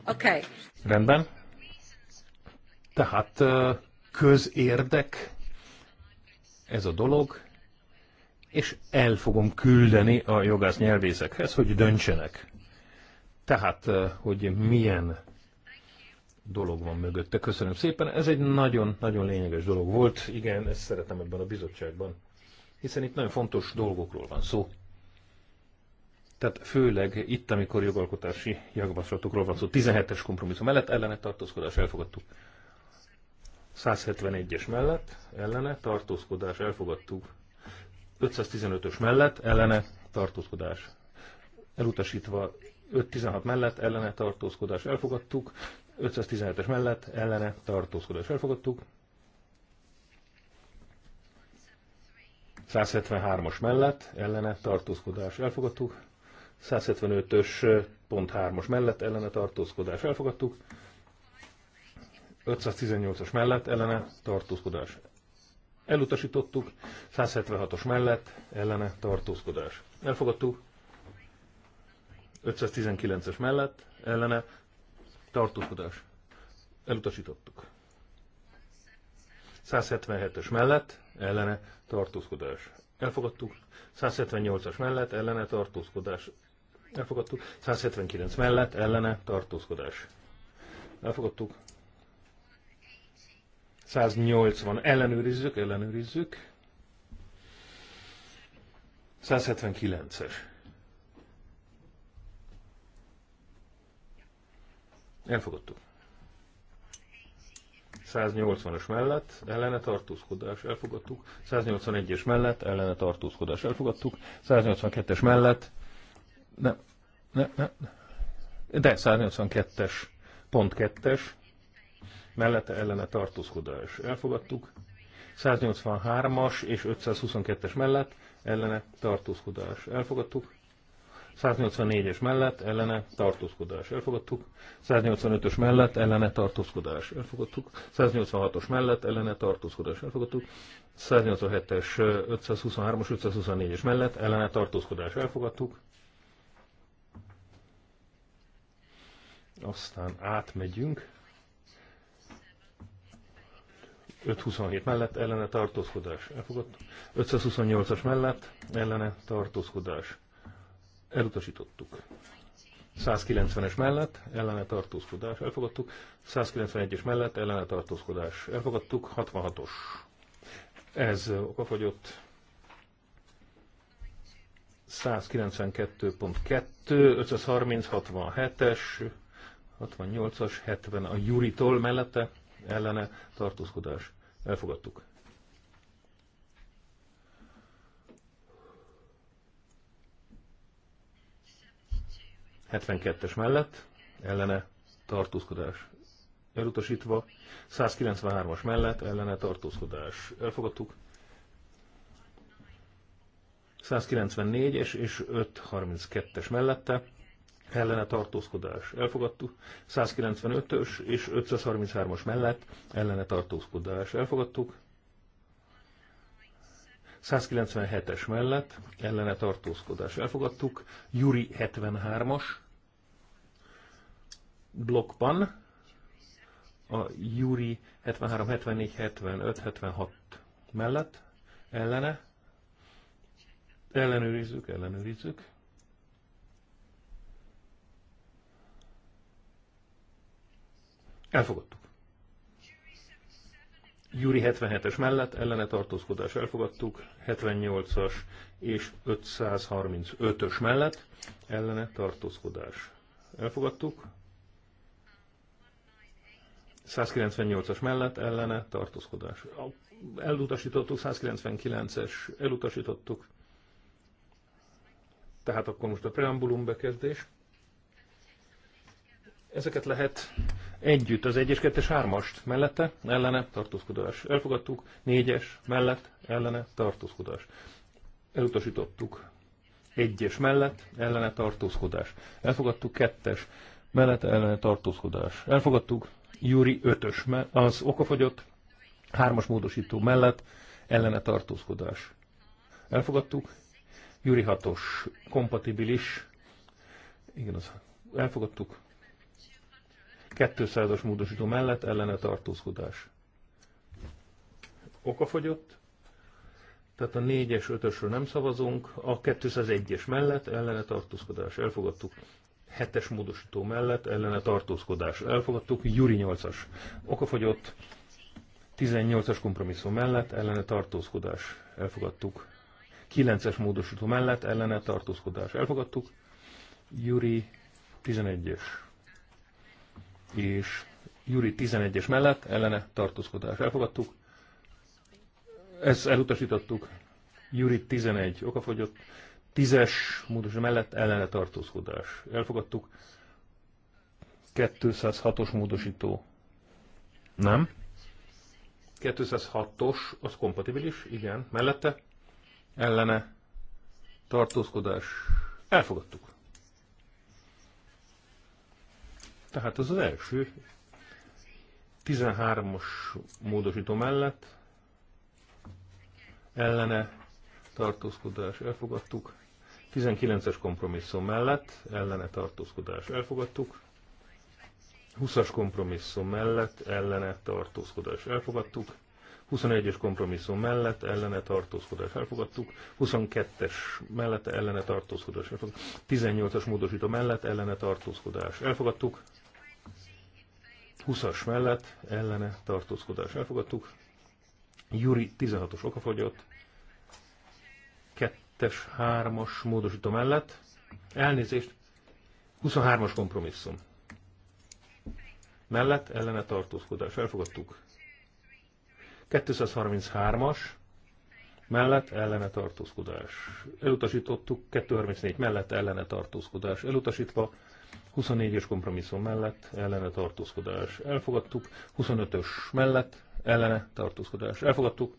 Oké. Okay. Rendben. Tehát közérdek ez a dolog, és el fogom küldeni a jogász nyelvészekhez, hogy döntsenek. Tehát, eh, hogy milyen dolog van mögötte. Köszönöm szépen. Ez egy nagyon-nagyon lényeges dolog volt. Igen, ezt szeretem ebben a bizottságban. Hiszen itt nagyon fontos dolgokról van szó. Tehát főleg itt, amikor jogalkotási javaslatokról van szó, 17-es kompromisszum mellett ellene tartózkodás elfogadtuk. 171-es mellett ellene tartózkodás elfogadtuk. 515-ös mellett ellene tartózkodás elutasítva 516 mellett ellene tartózkodás elfogadtuk, 517-es mellett ellene tartózkodás elfogadtuk, 173-as mellett ellene tartózkodás elfogadtuk, 175-ös pont 3-as mellett ellene tartózkodás elfogadtuk, 518-as mellett ellene tartózkodás elutasítottuk, 176-os mellett ellene tartózkodás elfogadtuk, 519-es mellett ellene tartózkodás. Elutasítottuk. 177-es mellett ellene tartózkodás. Elfogadtuk. 178-as mellett ellene tartózkodás. Elfogadtuk. 179 mellett ellene tartózkodás. Elfogadtuk. 180 ellenőrizzük, ellenőrizzük. 179-es. Elfogadtuk. 180-as mellett ellene tartózkodás elfogadtuk, 181-es mellett ellene tartózkodás elfogadtuk, 182-es mellett, ne, ne, ne, de 182-es, pont 2-es, mellette ellene tartózkodás elfogadtuk, 183-as és 522-es mellett ellene tartózkodás elfogadtuk, 184-es mellett ellene tartózkodás elfogadtuk, 185-ös mellett ellene tartózkodás elfogadtuk, 186-os mellett ellene tartózkodás elfogadtuk, 187-es, 523-as, 524-es mellett ellene tartózkodás elfogadtuk. Aztán átmegyünk. 527 mellett ellene tartózkodás elfogadtuk, 528-as mellett ellene tartózkodás Elutasítottuk. 190-es mellett ellene tartózkodás elfogadtuk, 191-es mellett ellene tartózkodás elfogadtuk, 66-os. Ez okafogyott 192.2, 67 es 68-as, 70 a Juritól mellette ellene tartózkodás. Elfogadtuk. 72-es mellett, ellene tartózkodás elutasítva, 193-as mellett ellene tartózkodás elfogadtuk, 194-es és 532-es mellette ellene tartózkodás elfogadtuk, 195-ös és 533-as mellett ellene tartózkodás elfogadtuk, 197-es mellett ellene tartózkodás elfogadtuk, Juri 73-as blokkban a Júri 73, 74, 75, 76 mellett ellene. Ellenőrizzük, ellenőrizzük. Elfogadtuk. Júri 77-es mellett ellene tartózkodás elfogadtuk, 78-as és 535-ös mellett ellene tartózkodás elfogadtuk, 198-as mellett ellene tartózkodás. Elutasítottuk, 199-es elutasítottuk. Tehát akkor most a preambulum bekezdés. Ezeket lehet együtt, az 1-es, 2-es, 3-ast mellette, ellene, tartózkodás. Elfogadtuk, 4-es, mellett, ellene, tartózkodás. Elutasítottuk, 1-es mellett, ellene, tartózkodás. Elfogadtuk, 2-es, mellett, ellene, tartózkodás. Elfogadtuk, Júri 5-ös az okafogyott, hármas módosító mellett ellene tartózkodás. Elfogadtuk. Júri 6-os kompatibilis. Igen, az elfogadtuk. 200-as módosító mellett ellene tartózkodás. Okafogyott. Tehát a 4-es, 5-ösről nem szavazunk. A 201-es mellett ellene tartózkodás. Elfogadtuk hetes módosító mellett ellene tartózkodás. Elfogadtuk, Júri 8-as. Okafogyott 18-as kompromisszum mellett ellene tartózkodás. Elfogadtuk. 9-es módosító mellett ellene tartózkodás. Elfogadtuk. Júri 11-es. És Júri 11-es mellett ellene tartózkodás. Elfogadtuk. Ezt elutasítottuk. Júri 11 okafogyott. Tízes módosítás mellett ellene tartózkodás. Elfogadtuk. 206-os módosító. Nem. 206-os, az kompatibilis, igen. Mellette ellene tartózkodás. Elfogadtuk. Tehát az az első 13 os módosító mellett ellene tartózkodás elfogadtuk. 19-es kompromisszum mellett ellene tartózkodás elfogadtuk. 20-as kompromisszum mellett ellene tartózkodás elfogadtuk. 21-es kompromisszum mellett ellene tartózkodás elfogadtuk, 22-es mellett ellene tartózkodás elfogadtuk, 18-as módosító mellett ellene tartózkodás elfogadtuk, 20-as mellett ellene tartózkodás elfogadtuk, Juri 16-os okafogyott, 23-as módosító mellett. Elnézést. 23-as kompromisszum. Mellett ellene tartózkodás. Elfogadtuk. 233-as mellett ellene tartózkodás. Elutasítottuk 234 mellett ellene tartózkodás. Elutasítva 24-es kompromisszum mellett ellene tartózkodás. Elfogadtuk 25-ös mellett ellene tartózkodás. Elfogadtuk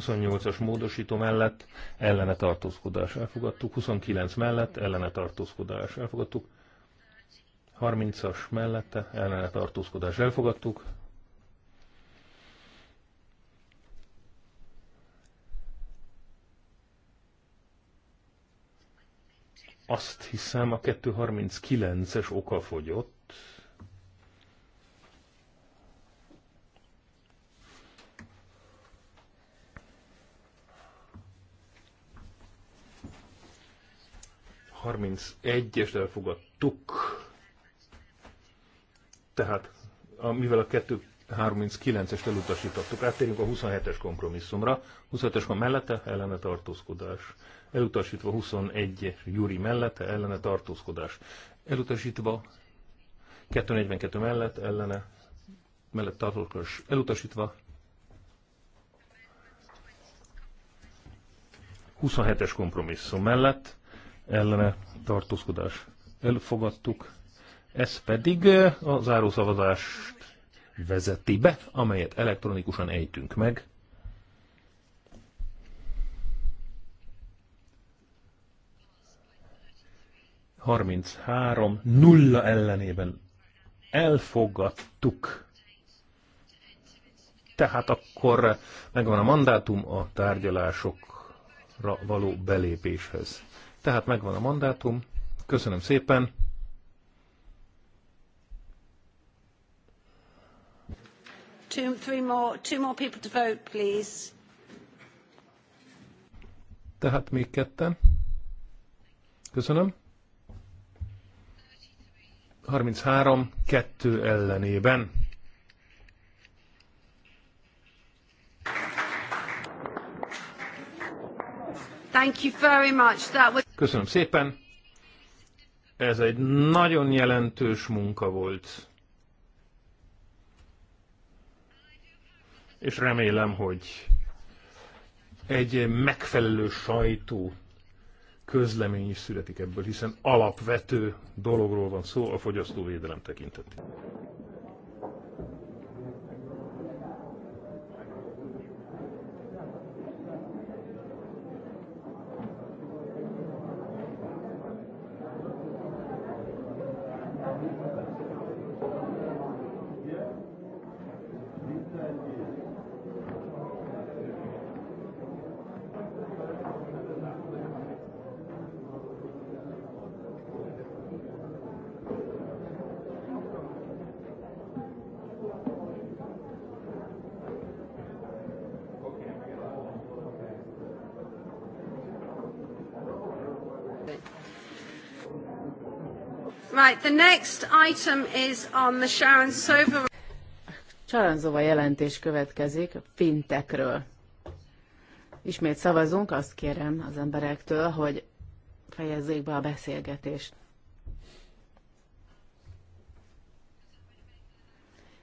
28-as módosító mellett ellene tartózkodás elfogadtuk, 29 mellett ellene tartózkodás elfogadtuk, 30-as mellette ellene tartózkodás elfogadtuk, azt hiszem a 239-es fogyott. 31-est elfogadtuk. Tehát, a, mivel a 239-est elutasítottuk, áttérünk a 27-es kompromisszumra. 27-es van mellette, ellene tartózkodás. Elutasítva 21 Júri mellette, ellene tartózkodás. Elutasítva 242 mellett, ellene mellett tartózkodás. Elutasítva 27-es kompromisszum mellett, ellene tartózkodás elfogadtuk. Ez pedig a zárószavazást vezeti be, amelyet elektronikusan ejtünk meg. Harminc három nulla ellenében elfogadtuk. Tehát akkor megvan a mandátum a tárgyalásokra való belépéshez. Tehát megvan a mandátum. Köszönöm szépen. Two, three more, two more people to vote, please. Tehát még ketten. Köszönöm. 33 kettő ellenében. Thank you very much. That was Köszönöm szépen. Ez egy nagyon jelentős munka volt. És remélem, hogy egy megfelelő sajtó közlemény is születik ebből, hiszen alapvető dologról van szó a fogyasztóvédelem tekintetében. next item is on the Sharon Sova... jelentés következik a fintekről. Ismét szavazunk, azt kérem az emberektől, hogy fejezzék be a beszélgetést.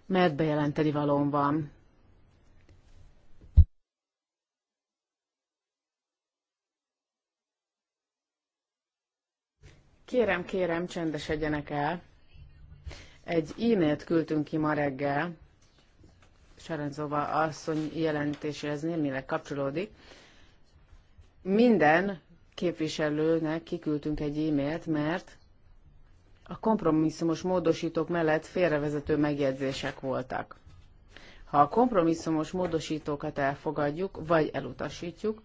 Mert bejelenteni valóm van. Kérem, kérem, csendesedjenek el. Egy e-mailt küldtünk ki ma reggel, Sarenzova asszony jelentéséhez némileg kapcsolódik. Minden képviselőnek kiküldtünk egy e-mailt, mert a kompromisszumos módosítók mellett félrevezető megjegyzések voltak. Ha a kompromisszumos módosítókat elfogadjuk, vagy elutasítjuk,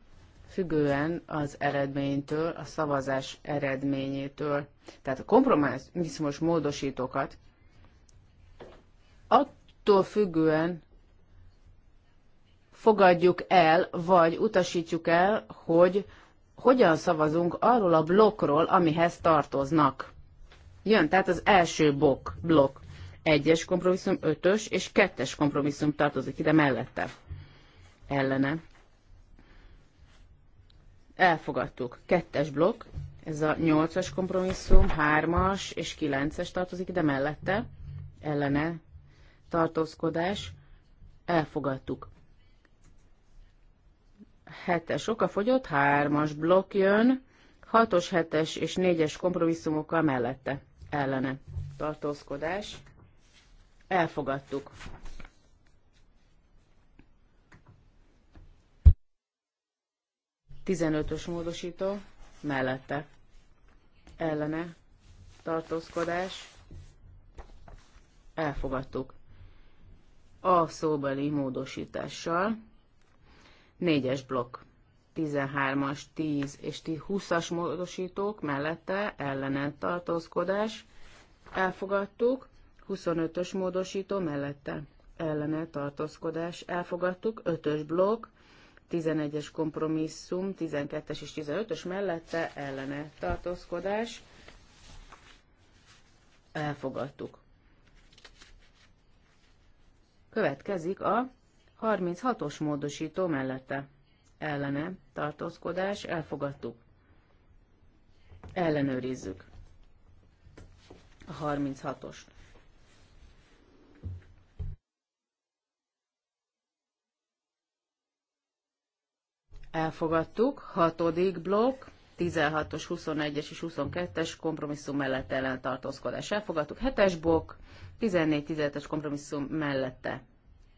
függően az eredménytől, a szavazás eredményétől. Tehát a kompromisszumos módosítókat attól függően fogadjuk el, vagy utasítjuk el, hogy hogyan szavazunk arról a blokkról, amihez tartoznak. Jön tehát az első blokk, blokk. Egyes kompromisszum, ötös és kettes kompromisszum tartozik ide mellette. Ellene Elfogadtuk. Kettes blokk, ez a nyolcas kompromisszum, hármas és kilences tartozik, de mellette ellene tartózkodás. Elfogadtuk. Hetes oka fogyott, hármas blokk jön, Hatos hetes és négyes kompromisszumokkal mellette ellene tartózkodás. Elfogadtuk. 15-ös módosító mellette ellene tartózkodás elfogadtuk. A szóbeli módosítással 4-es blokk 13-as, 10 és 20-as módosítók mellette ellene tartózkodás elfogadtuk, 25-ös módosító mellette ellene tartózkodás elfogadtuk, 5-ös blokk 11-es kompromisszum, 12-es és 15-ös mellette ellene tartózkodás. Elfogadtuk. Következik a 36-os módosító mellette ellene tartózkodás. Elfogadtuk. Ellenőrizzük a 36-ost. elfogadtuk. Hatodik blokk, 16-os, 21-es és 22-es kompromisszum mellett ellen tartózkodás elfogadtuk. Hetes blokk, 14 15 es kompromisszum mellette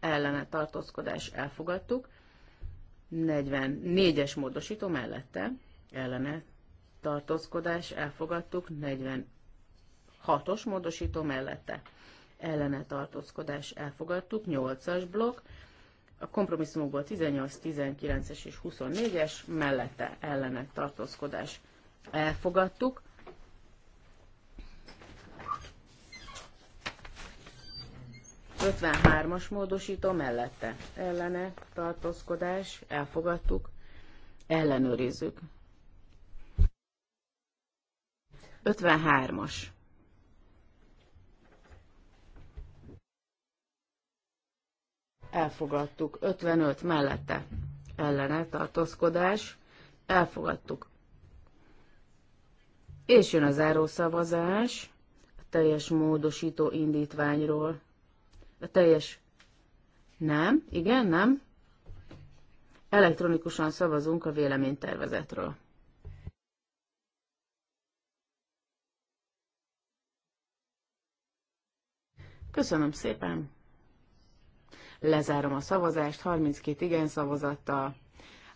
ellene tartózkodás elfogadtuk. 44-es módosító mellette ellene tartózkodás elfogadtuk, 46-os módosító mellette ellene tartózkodás elfogadtuk, 8-as blokk, a kompromisszumokból 18, 19-es és 24-es mellette ellene tartózkodás elfogadtuk. A 53 as módosító mellette ellene tartózkodás elfogadtuk, ellenőrizzük. 53-as elfogadtuk. 55 mellette ellene tartózkodás, elfogadtuk. És jön a zárószavazás a teljes módosító indítványról. A teljes nem, igen, nem. Elektronikusan szavazunk a véleménytervezetről. Köszönöm szépen! Lezárom a szavazást, 32 igen szavazattal,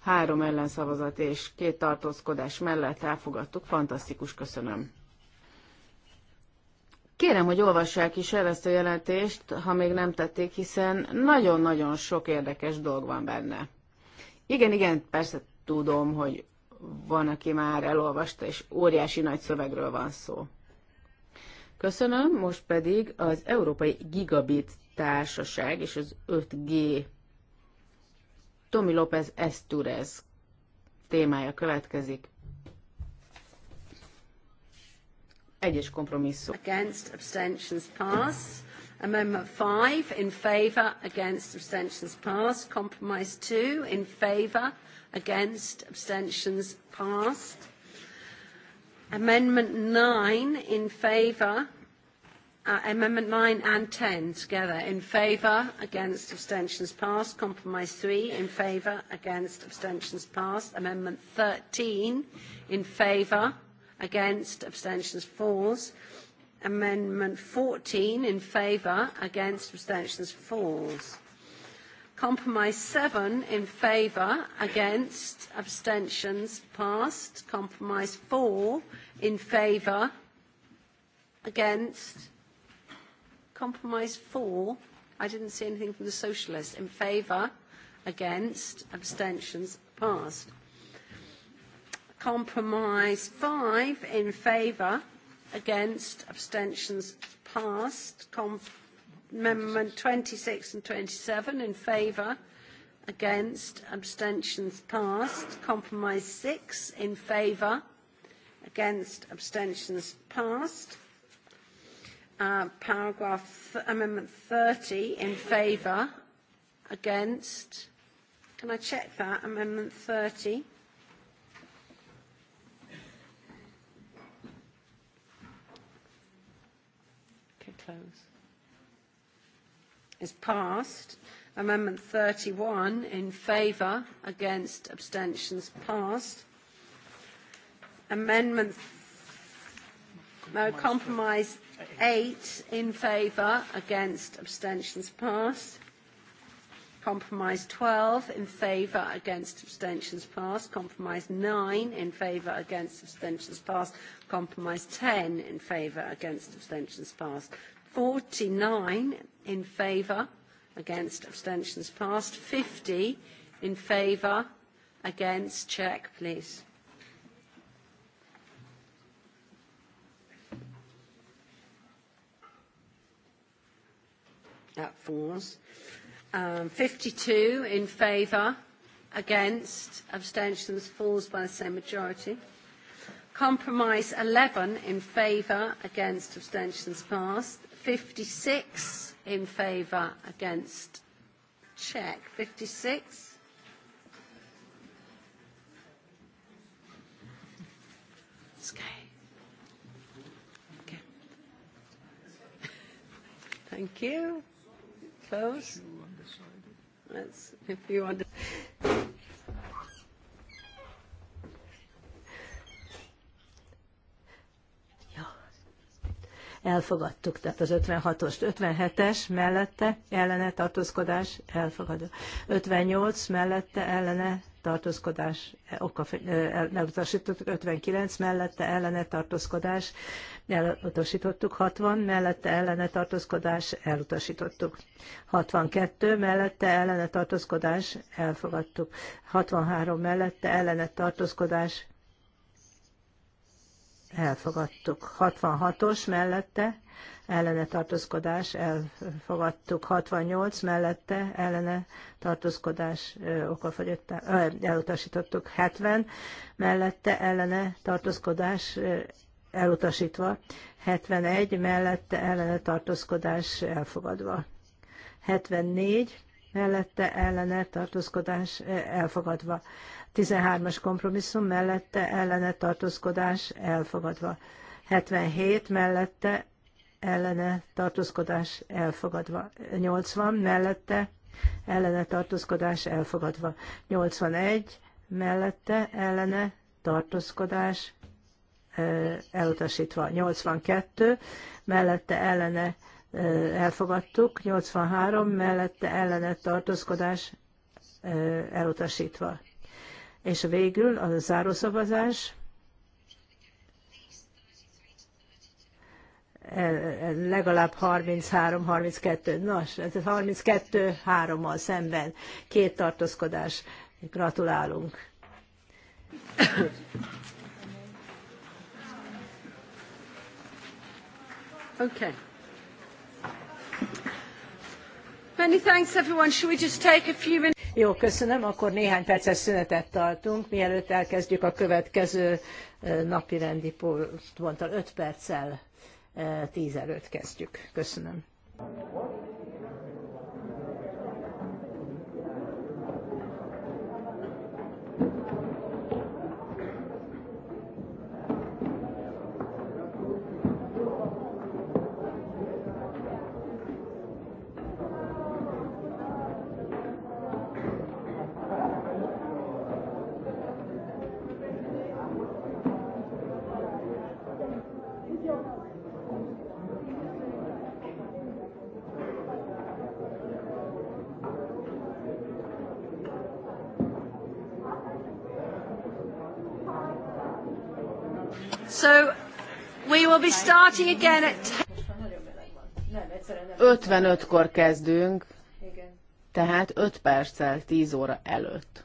3 ellenszavazat és két tartózkodás mellett elfogadtuk. Fantasztikus, köszönöm. Kérem, hogy olvassák is el ezt a jelentést, ha még nem tették, hiszen nagyon-nagyon sok érdekes dolg van benne. Igen, igen, persze tudom, hogy van, aki már elolvasta, és óriási nagy szövegről van szó. Köszönöm, most pedig az Európai Gigabit társaság és az 5G. Tomi López Esturez témája következik. Egyes kompromisszum. Against abstentions pass. Amendment 5 in favor against abstentions passed. Compromise 2 in favor against abstentions passed. Amendment 9 in favor Uh, amendment 9 and 10 together. In favour, against, abstentions passed. Compromise 3, in favour, against, abstentions passed. Amendment 13, in favour, against, abstentions falls. Amendment 14, in favour, against, abstentions falls. Compromise 7 in favour, against, abstentions passed. Compromise 4 in favour, against, Compromise 4, I didn't see anything from the Socialists. In favour? Against? Abstentions? Passed. Compromise five, in favour? Against? Abstentions? Passed. Com- Amendment 26 and 27, in favour? Against? Abstentions? Passed. Compromise six, in favour? Against? Abstentions? Passed uh, paragraph amendment 30 in favour against can I check that amendment 30 okay close is passed amendment 31 in favour against abstentions passed amendment no compromise Eight in favour, against, abstentions passed. Compromise 12 in favour, against, abstentions passed. Compromise 9 in favour, against, abstentions passed. Compromise 10 in favour, against, abstentions passed. 49 in favour, against, abstentions passed. 50 in favour, against, check please. That falls. Um, 52 in favour. Against. Abstentions falls by the same majority. Compromise 11 in favour. Against. Abstentions passed. 56 in favour. Against. Check. 56. Okay. (laughs) Thank you close. Let's, if you want to. elfogadtuk, tehát az 56-os, 57-es mellette ellene tartózkodás elfogadó. 58 mellette ellene tartózkodás oka, elutasítottuk, 59 mellette ellene tartózkodás elutasítottuk, 60 mellette ellene tartózkodás elutasítottuk, 62 mellette ellene tartózkodás elfogadtuk, 63 mellette ellene tartózkodás elfogadtuk, 66-os mellette ellene tartózkodás, elfogadtuk 68 mellette ellene tartózkodás okafogyott, elutasítottuk 70 mellette ellene tartózkodás elutasítva, 71 mellette ellene tartózkodás elfogadva, 74 mellette ellene tartózkodás eh, elfogadva, 13-as kompromisszum mellette ellene tartózkodás elfogadva, 77 mellette ellene tartózkodás elfogadva, 80 mellette ellene tartózkodás elfogadva, 81 mellette ellene tartózkodás elutasítva. 82 mellette ellene elfogadtuk, 83 mellette ellene tartózkodás elutasítva. És végül az a zárószavazás. legalább 33-32, nos, ez 32-3-mal szemben két tartózkodás. Gratulálunk! Okay. Many thanks everyone. Should we just take a few minutes? Jó, köszönöm. Akkor néhány perces szünetet tartunk, mielőtt elkezdjük a következő eh, napi rendi ponttal. Öt perccel eh, tíz előtt kezdjük. Köszönöm. starting again at... 55-kor kezdünk, tehát 5 perccel 10 óra előtt.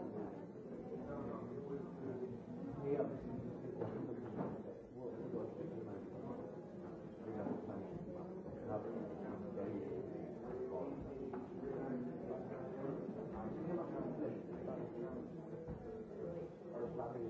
Thank you.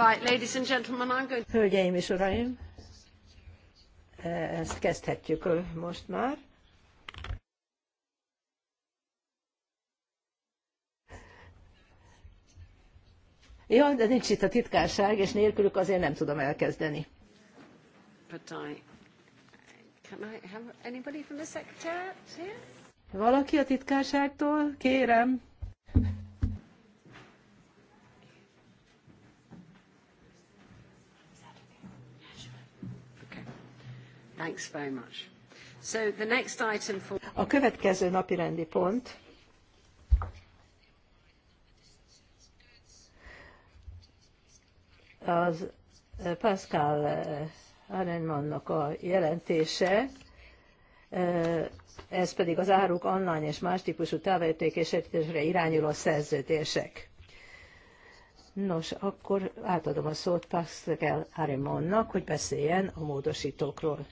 Right, ladies and gentlemen, I'm going... Hölgyeim és uraim, ezt kezdhetjük most már. Ja, de nincs itt a titkárság, és nélkülük azért nem tudom elkezdeni. Valaki a titkárságtól? Kérem. Thanks very much. So the next item for... A következő napi rendi pont az eh, Pascal eh, Arenmannak a jelentése, eh, ez pedig az áruk online és más típusú távértékesítésre irányuló szerződések. Nos, akkor átadom a szót Pascal Aremonnak, hogy beszéljen a módosítókról.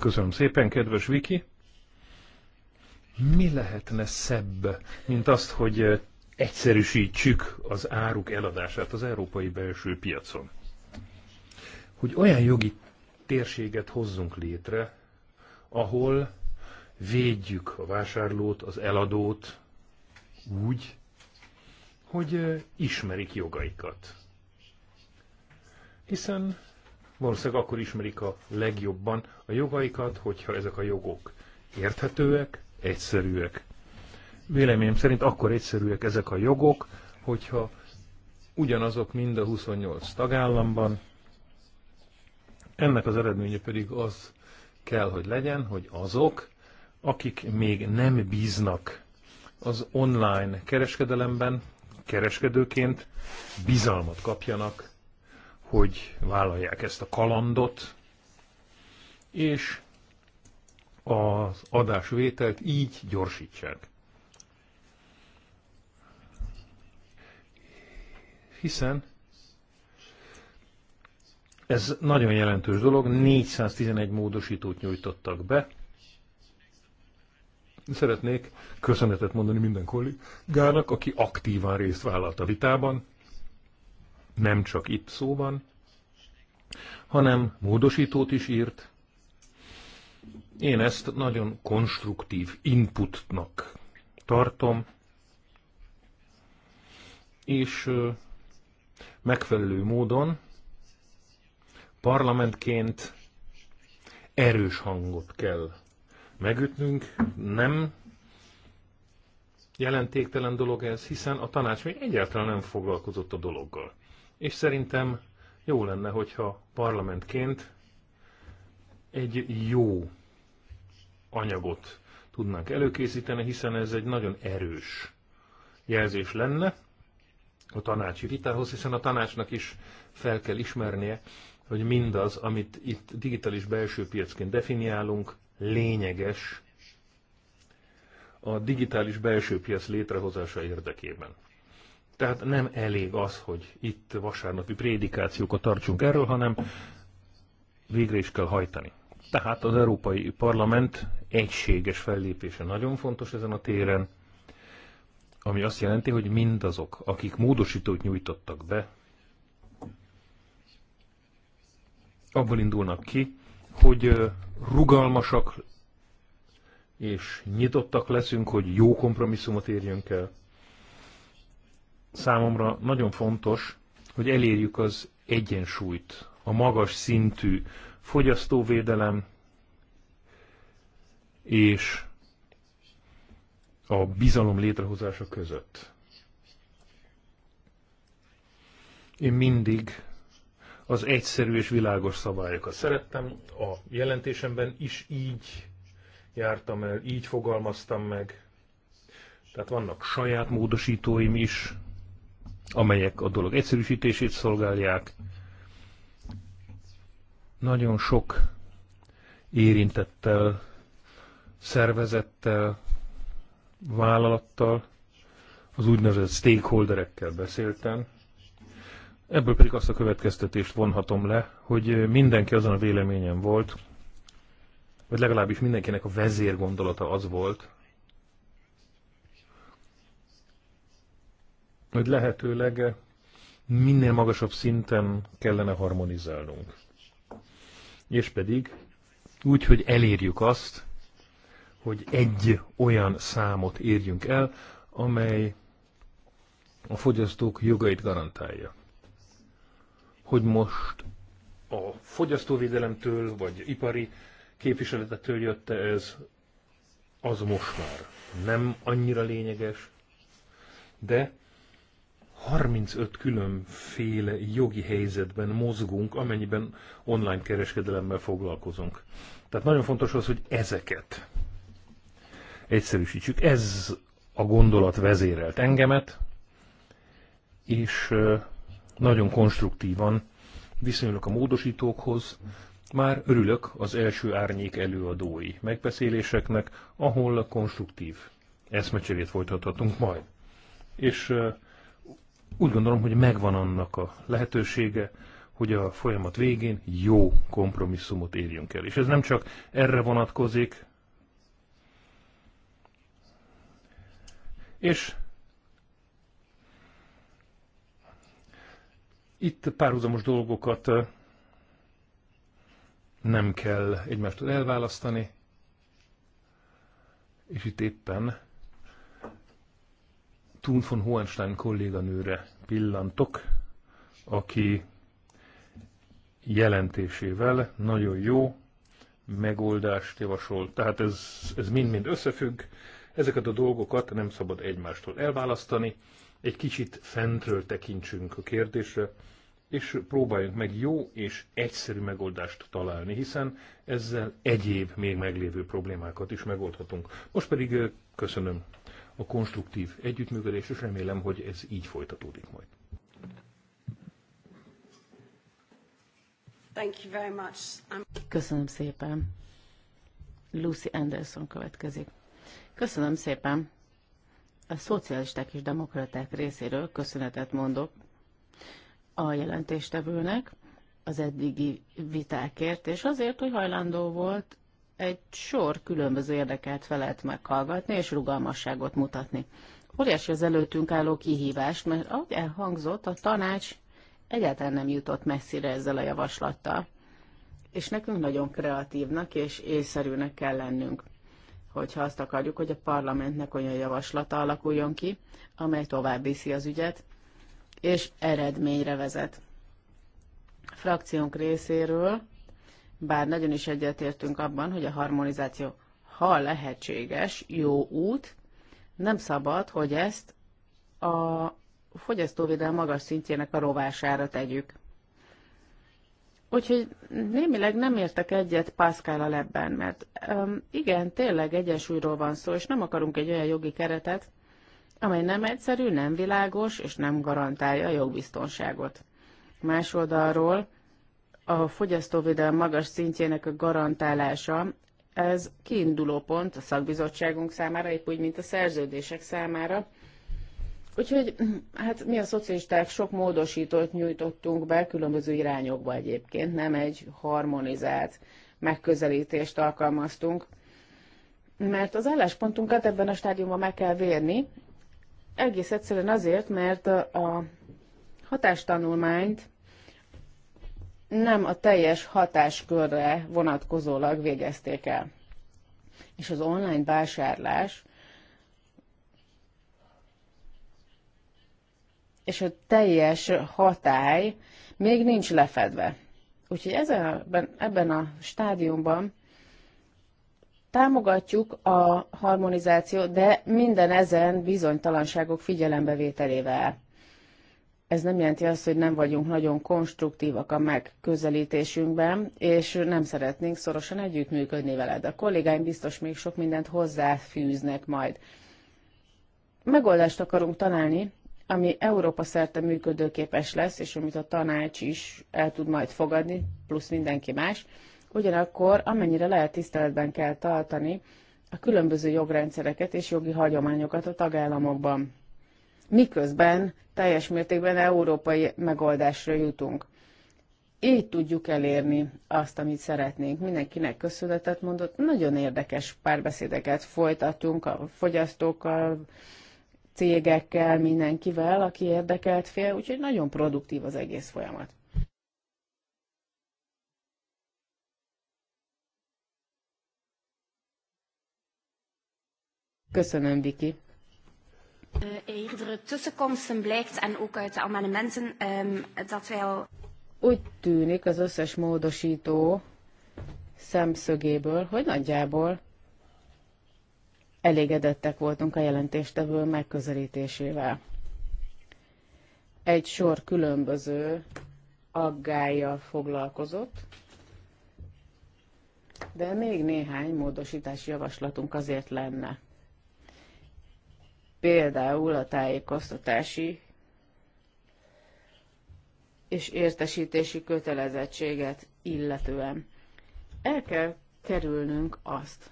Köszönöm szépen, kedves Viki. Mi lehetne szebb, mint azt, hogy egyszerűsítsük az áruk eladását az európai belső piacon? Hogy olyan jogi térséget hozzunk létre, ahol védjük a vásárlót, az eladót úgy, hogy ismerik jogaikat. Hiszen valószínűleg akkor ismerik a legjobban a jogaikat, hogyha ezek a jogok érthetőek, egyszerűek. Véleményem szerint akkor egyszerűek ezek a jogok, hogyha ugyanazok mind a 28 tagállamban. Ennek az eredménye pedig az kell, hogy legyen, hogy azok, akik még nem bíznak az online kereskedelemben, kereskedőként bizalmat kapjanak hogy vállalják ezt a kalandot, és az adásvételt így gyorsítsák. Hiszen ez nagyon jelentős dolog, 411 módosítót nyújtottak be. Szeretnék köszönetet mondani minden kollégának, aki aktívan részt vállalt a vitában, nem csak itt szó van, hanem módosítót is írt. Én ezt nagyon konstruktív inputnak tartom, és megfelelő módon parlamentként erős hangot kell megütnünk, nem jelentéktelen dolog ez, hiszen a tanács még egyáltalán nem foglalkozott a dologgal és szerintem jó lenne, hogyha parlamentként egy jó anyagot tudnánk előkészíteni, hiszen ez egy nagyon erős jelzés lenne a tanácsi vitához, hiszen a tanácsnak is fel kell ismernie, hogy mindaz, amit itt digitális belső piacként definiálunk, lényeges a digitális belső piac létrehozása érdekében. Tehát nem elég az, hogy itt vasárnapi prédikációkat tartsunk erről, hanem végre is kell hajtani. Tehát az Európai Parlament egységes fellépése nagyon fontos ezen a téren, ami azt jelenti, hogy mindazok, akik módosítót nyújtottak be, abból indulnak ki, hogy rugalmasak és nyitottak leszünk, hogy jó kompromisszumot érjünk el, számomra nagyon fontos, hogy elérjük az egyensúlyt, a magas szintű fogyasztóvédelem és a bizalom létrehozása között. Én mindig az egyszerű és világos szabályokat szerettem, a jelentésemben is így jártam el, így fogalmaztam meg. Tehát vannak saját módosítóim is, amelyek a dolog egyszerűsítését szolgálják. Nagyon sok érintettel, szervezettel, vállalattal, az úgynevezett stakeholderekkel beszéltem. Ebből pedig azt a következtetést vonhatom le, hogy mindenki azon a véleményen volt, vagy legalábbis mindenkinek a vezérgondolata az volt, hogy lehetőleg minél magasabb szinten kellene harmonizálnunk. És pedig úgy, hogy elérjük azt, hogy egy olyan számot érjünk el, amely a fogyasztók jogait garantálja. Hogy most a fogyasztóvédelemtől, vagy ipari képviseletetől jött -e ez, az most már nem annyira lényeges, de 35 különféle jogi helyzetben mozgunk, amennyiben online kereskedelemmel foglalkozunk. Tehát nagyon fontos az, hogy ezeket egyszerűsítsük. Ez a gondolat vezérelt engemet, és nagyon konstruktívan viszonyulok a módosítókhoz. Már örülök az első árnyék előadói megbeszéléseknek, ahol konstruktív eszmecserét folytathatunk majd. És úgy gondolom, hogy megvan annak a lehetősége, hogy a folyamat végén jó kompromisszumot érjünk el. És ez nem csak erre vonatkozik, és itt párhuzamos dolgokat nem kell egymástól elválasztani, és itt éppen Thun von Hohenstein kolléganőre pillantok, aki jelentésével nagyon jó megoldást javasol. Tehát ez mind-mind ez összefügg. Ezeket a dolgokat nem szabad egymástól elválasztani. Egy kicsit fentről tekintsünk a kérdésre, és próbáljunk meg jó és egyszerű megoldást találni, hiszen ezzel egyéb még meglévő problémákat is megoldhatunk. Most pedig köszönöm a konstruktív együttműködés, és remélem, hogy ez így folytatódik majd. Thank you very much. Köszönöm szépen. Lucy Anderson következik. Köszönöm szépen. A szocialisták és demokraták részéről köszönetet mondok a jelentéstevőnek az eddigi vitákért, és azért, hogy hajlandó volt egy sor különböző érdekelt felett meghallgatni és rugalmasságot mutatni. Óriási az előttünk álló kihívást, mert ahogy elhangzott, a tanács egyáltalán nem jutott messzire ezzel a javaslattal, és nekünk nagyon kreatívnak és észszerűnek kell lennünk, hogyha azt akarjuk, hogy a parlamentnek olyan javaslata alakuljon ki, amely tovább viszi az ügyet, és eredményre vezet. A frakciónk részéről bár nagyon is egyetértünk abban, hogy a harmonizáció, ha lehetséges, jó út, nem szabad, hogy ezt a fogyasztóvédelem magas szintjének a rovására tegyük. Úgyhogy némileg nem értek egyet Pascal lebben, mert um, igen, tényleg egyensúlyról van szó, és nem akarunk egy olyan jogi keretet, amely nem egyszerű, nem világos, és nem garantálja a jogbiztonságot. Más oldalról a fogyasztóvédelem magas szintjének a garantálása, ez kiinduló pont a szakbizottságunk számára, épp úgy, mint a szerződések számára. Úgyhogy hát mi a szocialisták sok módosítót nyújtottunk be különböző irányokba egyébként, nem egy harmonizált megközelítést alkalmaztunk, mert az álláspontunkat ebben a stádiumban meg kell vérni, egész egyszerűen azért, mert a hatástanulmányt nem a teljes hatáskörre vonatkozólag végezték el. És az online vásárlás és a teljes hatály még nincs lefedve. Úgyhogy ezen, ebben a stádiumban támogatjuk a harmonizációt, de minden ezen bizonytalanságok figyelembevételével. Ez nem jelenti azt, hogy nem vagyunk nagyon konstruktívak a megközelítésünkben, és nem szeretnénk szorosan együttműködni veled. A kollégáim biztos még sok mindent hozzáfűznek majd. Megoldást akarunk találni, ami Európa szerte működőképes lesz, és amit a tanács is el tud majd fogadni, plusz mindenki más. Ugyanakkor amennyire lehet tiszteletben kell tartani a különböző jogrendszereket és jogi hagyományokat a tagállamokban miközben teljes mértékben európai megoldásra jutunk. Így tudjuk elérni azt, amit szeretnénk. Mindenkinek köszönetet mondott, nagyon érdekes párbeszédeket folytatunk a fogyasztókkal, cégekkel, mindenkivel, aki érdekelt fél, úgyhogy nagyon produktív az egész folyamat. Köszönöm, Viki. Eh, eerdere tussenkomsten blijkt, en ook uit de amendementen, ehm, dat wij al... Úgy tűnik az összes módosító szemszögéből, hogy nagyjából elégedettek voltunk a jelentéstevő megközelítésével. Egy sor különböző aggája foglalkozott, de még néhány módosítási javaslatunk azért lenne például a tájékoztatási és értesítési kötelezettséget illetően. El kell kerülnünk azt,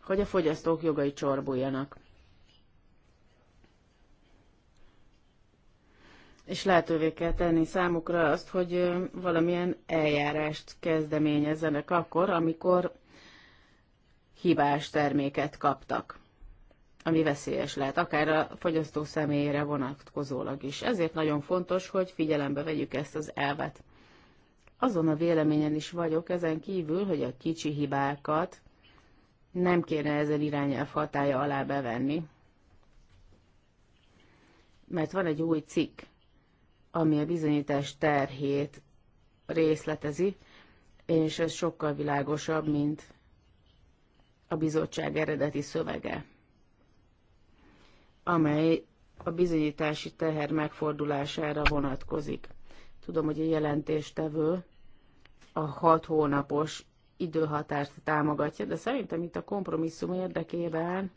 hogy a fogyasztók jogai csorbuljanak. és lehetővé kell tenni számukra azt, hogy valamilyen eljárást kezdeményezzenek akkor, amikor hibás terméket kaptak, ami veszélyes lehet, akár a fogyasztó személyére vonatkozólag is. Ezért nagyon fontos, hogy figyelembe vegyük ezt az elvet. Azon a véleményen is vagyok ezen kívül, hogy a kicsi hibákat nem kéne ezen irányelv hatája alá bevenni, mert van egy új cikk, ami a bizonyítás terhét részletezi, és ez sokkal világosabb, mint a bizottság eredeti szövege, amely a bizonyítási teher megfordulására vonatkozik. Tudom, hogy a jelentéstevő a hat hónapos időhatárt támogatja, de szerintem itt a kompromisszum érdekében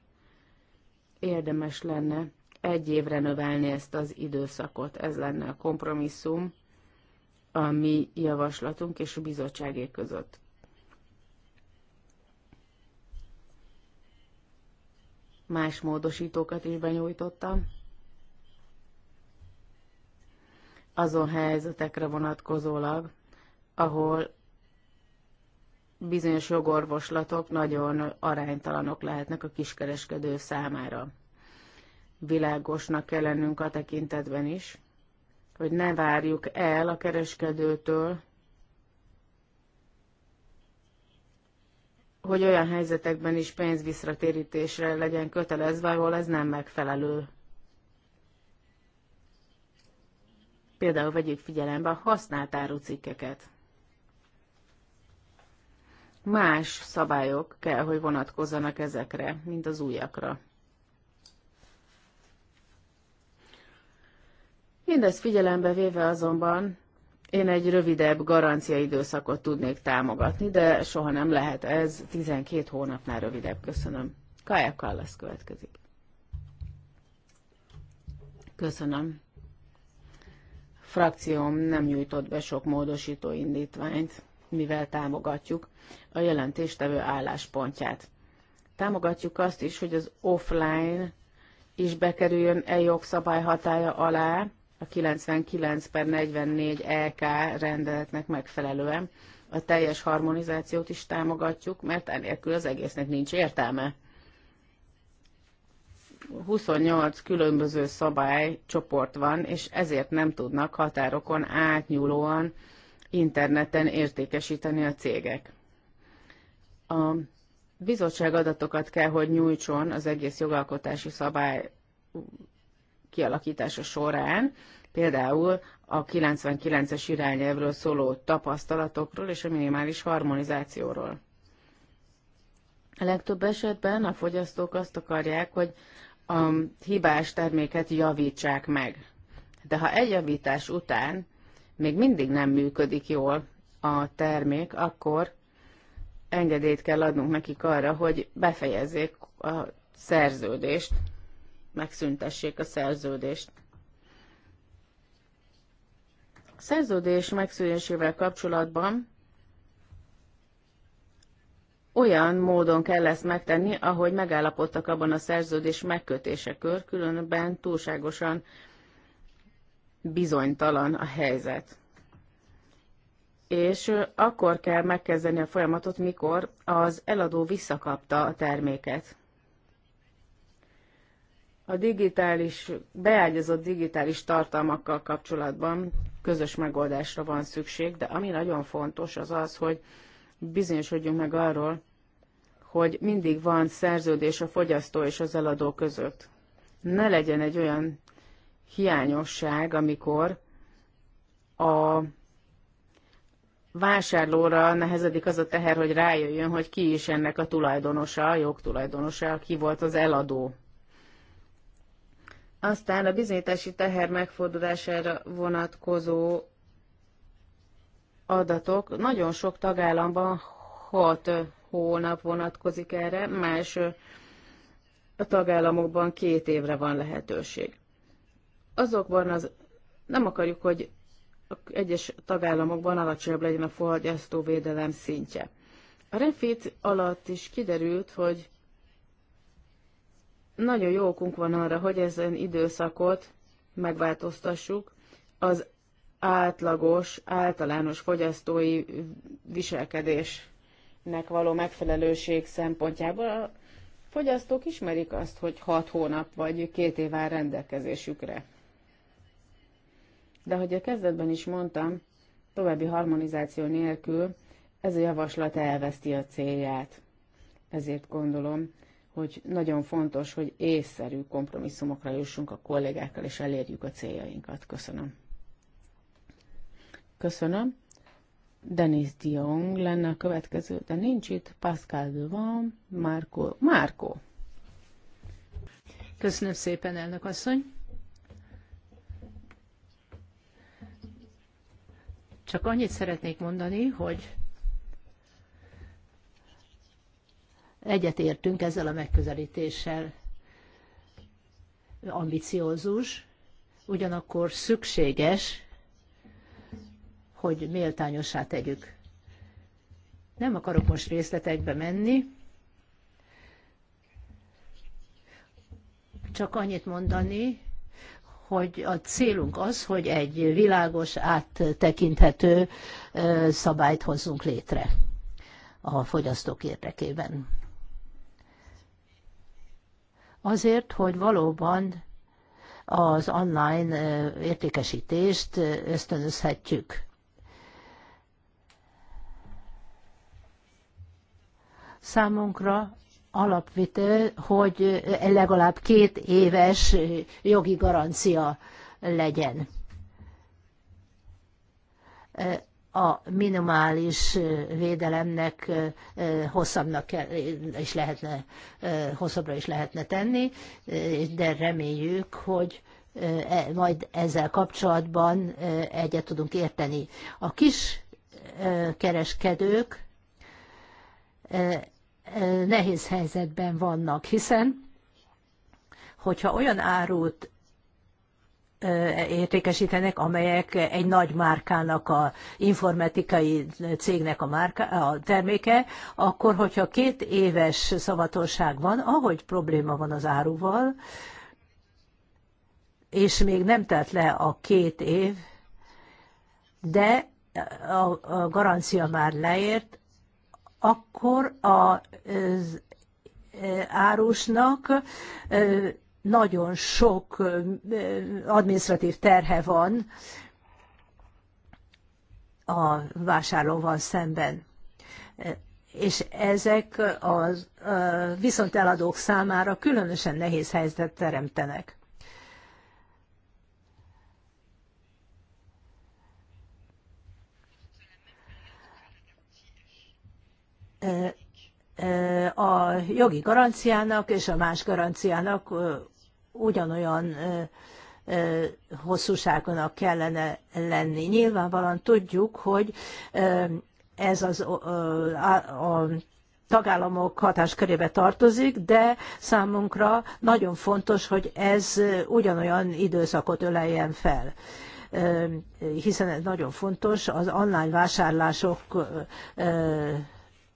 érdemes lenne egy évre növelni ezt az időszakot. Ez lenne a kompromisszum a mi javaslatunk és a bizottságé között. Más módosítókat is benyújtottam. Azon helyzetekre vonatkozólag, ahol bizonyos jogorvoslatok nagyon aránytalanok lehetnek a kiskereskedő számára világosnak kell lennünk a tekintetben is, hogy ne várjuk el a kereskedőtől, hogy olyan helyzetekben is pénzvisszatérítésre legyen kötelezve, ahol ez nem megfelelő. Például vegyük figyelembe a használt árucikkeket. Más szabályok kell, hogy vonatkozzanak ezekre, mint az újakra. Mindez figyelembe véve azonban én egy rövidebb garanciaidőszakot tudnék támogatni, de soha nem lehet ez 12 hónapnál rövidebb. Köszönöm. Kaja Kallasz következik. Köszönöm. Frakcióm nem nyújtott be sok módosító indítványt, mivel támogatjuk a jelentéstevő álláspontját. Támogatjuk azt is, hogy az offline is bekerüljön e jogszabály hatája alá, a 99 per 44 EK rendeletnek megfelelően. A teljes harmonizációt is támogatjuk, mert enélkül az egésznek nincs értelme. 28 különböző szabálycsoport van, és ezért nem tudnak határokon átnyúlóan interneten értékesíteni a cégek. A bizottság adatokat kell, hogy nyújtson az egész jogalkotási szabály kialakítása során, például a 99-es irányelvről szóló tapasztalatokról és a minimális harmonizációról. A legtöbb esetben a fogyasztók azt akarják, hogy a hibás terméket javítsák meg. De ha egy javítás után még mindig nem működik jól a termék, akkor engedélyt kell adnunk nekik arra, hogy befejezzék a szerződést, megszüntessék a szerződést. A szerződés megszűnésével kapcsolatban olyan módon kell ezt megtenni, ahogy megállapodtak abban a szerződés megkötésekör, különben túlságosan bizonytalan a helyzet. És akkor kell megkezdeni a folyamatot, mikor az eladó visszakapta a terméket a digitális, beágyazott digitális tartalmakkal kapcsolatban közös megoldásra van szükség, de ami nagyon fontos az az, hogy bizonyosodjunk meg arról, hogy mindig van szerződés a fogyasztó és az eladó között. Ne legyen egy olyan hiányosság, amikor a vásárlóra nehezedik az a teher, hogy rájöjjön, hogy ki is ennek a tulajdonosa, a jogtulajdonosa, ki volt az eladó. Aztán a bizonyítási teher megfordulására vonatkozó adatok nagyon sok tagállamban 6 hónap vonatkozik erre, más a tagállamokban két évre van lehetőség. Azokban az, nem akarjuk, hogy egyes tagállamokban alacsonyabb legyen a fogyasztóvédelem szintje. A refit alatt is kiderült, hogy nagyon jó okunk van arra, hogy ezen időszakot megváltoztassuk az átlagos, általános fogyasztói viselkedésnek való megfelelőség szempontjából. A fogyasztók ismerik azt, hogy hat hónap vagy két év áll rendelkezésükre. De ahogy a kezdetben is mondtam, további harmonizáció nélkül ez a javaslat elveszti a célját. Ezért gondolom, hogy nagyon fontos, hogy észszerű kompromisszumokra jussunk a kollégákkal, és elérjük a céljainkat. Köszönöm. Köszönöm. Denis Diong lenne a következő, de nincs itt. Pascal van, Márko. Márko. Köszönöm szépen, elnök asszony. Csak annyit szeretnék mondani, hogy Egyetértünk ezzel a megközelítéssel. Ambiciózus, ugyanakkor szükséges, hogy méltányossá tegyük. Nem akarok most részletekbe menni, csak annyit mondani, hogy a célunk az, hogy egy világos, áttekinthető szabályt hozzunk létre a fogyasztók érdekében azért, hogy valóban az online értékesítést ösztönözhetjük. Számunkra alapvető, hogy legalább két éves jogi garancia legyen a minimális védelemnek hosszabbnak kell, is lehetne, hosszabbra is lehetne tenni, de reméljük, hogy e, majd ezzel kapcsolatban egyet tudunk érteni. A kis kereskedők nehéz helyzetben vannak, hiszen hogyha olyan árut értékesítenek, amelyek egy nagy márkának, a informatikai cégnek a, márka, a terméke, akkor hogyha két éves szavatosság van, ahogy probléma van az áruval, és még nem telt le a két év, de a, a garancia már leért, akkor a, az árusnak nagyon sok administratív terhe van a vásárlóval szemben. E, és ezek a viszont eladók számára különösen nehéz helyzetet teremtenek. Uh, a jogi garanciának és a más garanciának ugyanolyan hosszúságonak kellene lenni. Nyilvánvalóan tudjuk, hogy ez az a, a tagállamok hatáskörébe tartozik, de számunkra nagyon fontos, hogy ez ugyanolyan időszakot öleljen fel hiszen ez nagyon fontos az online vásárlások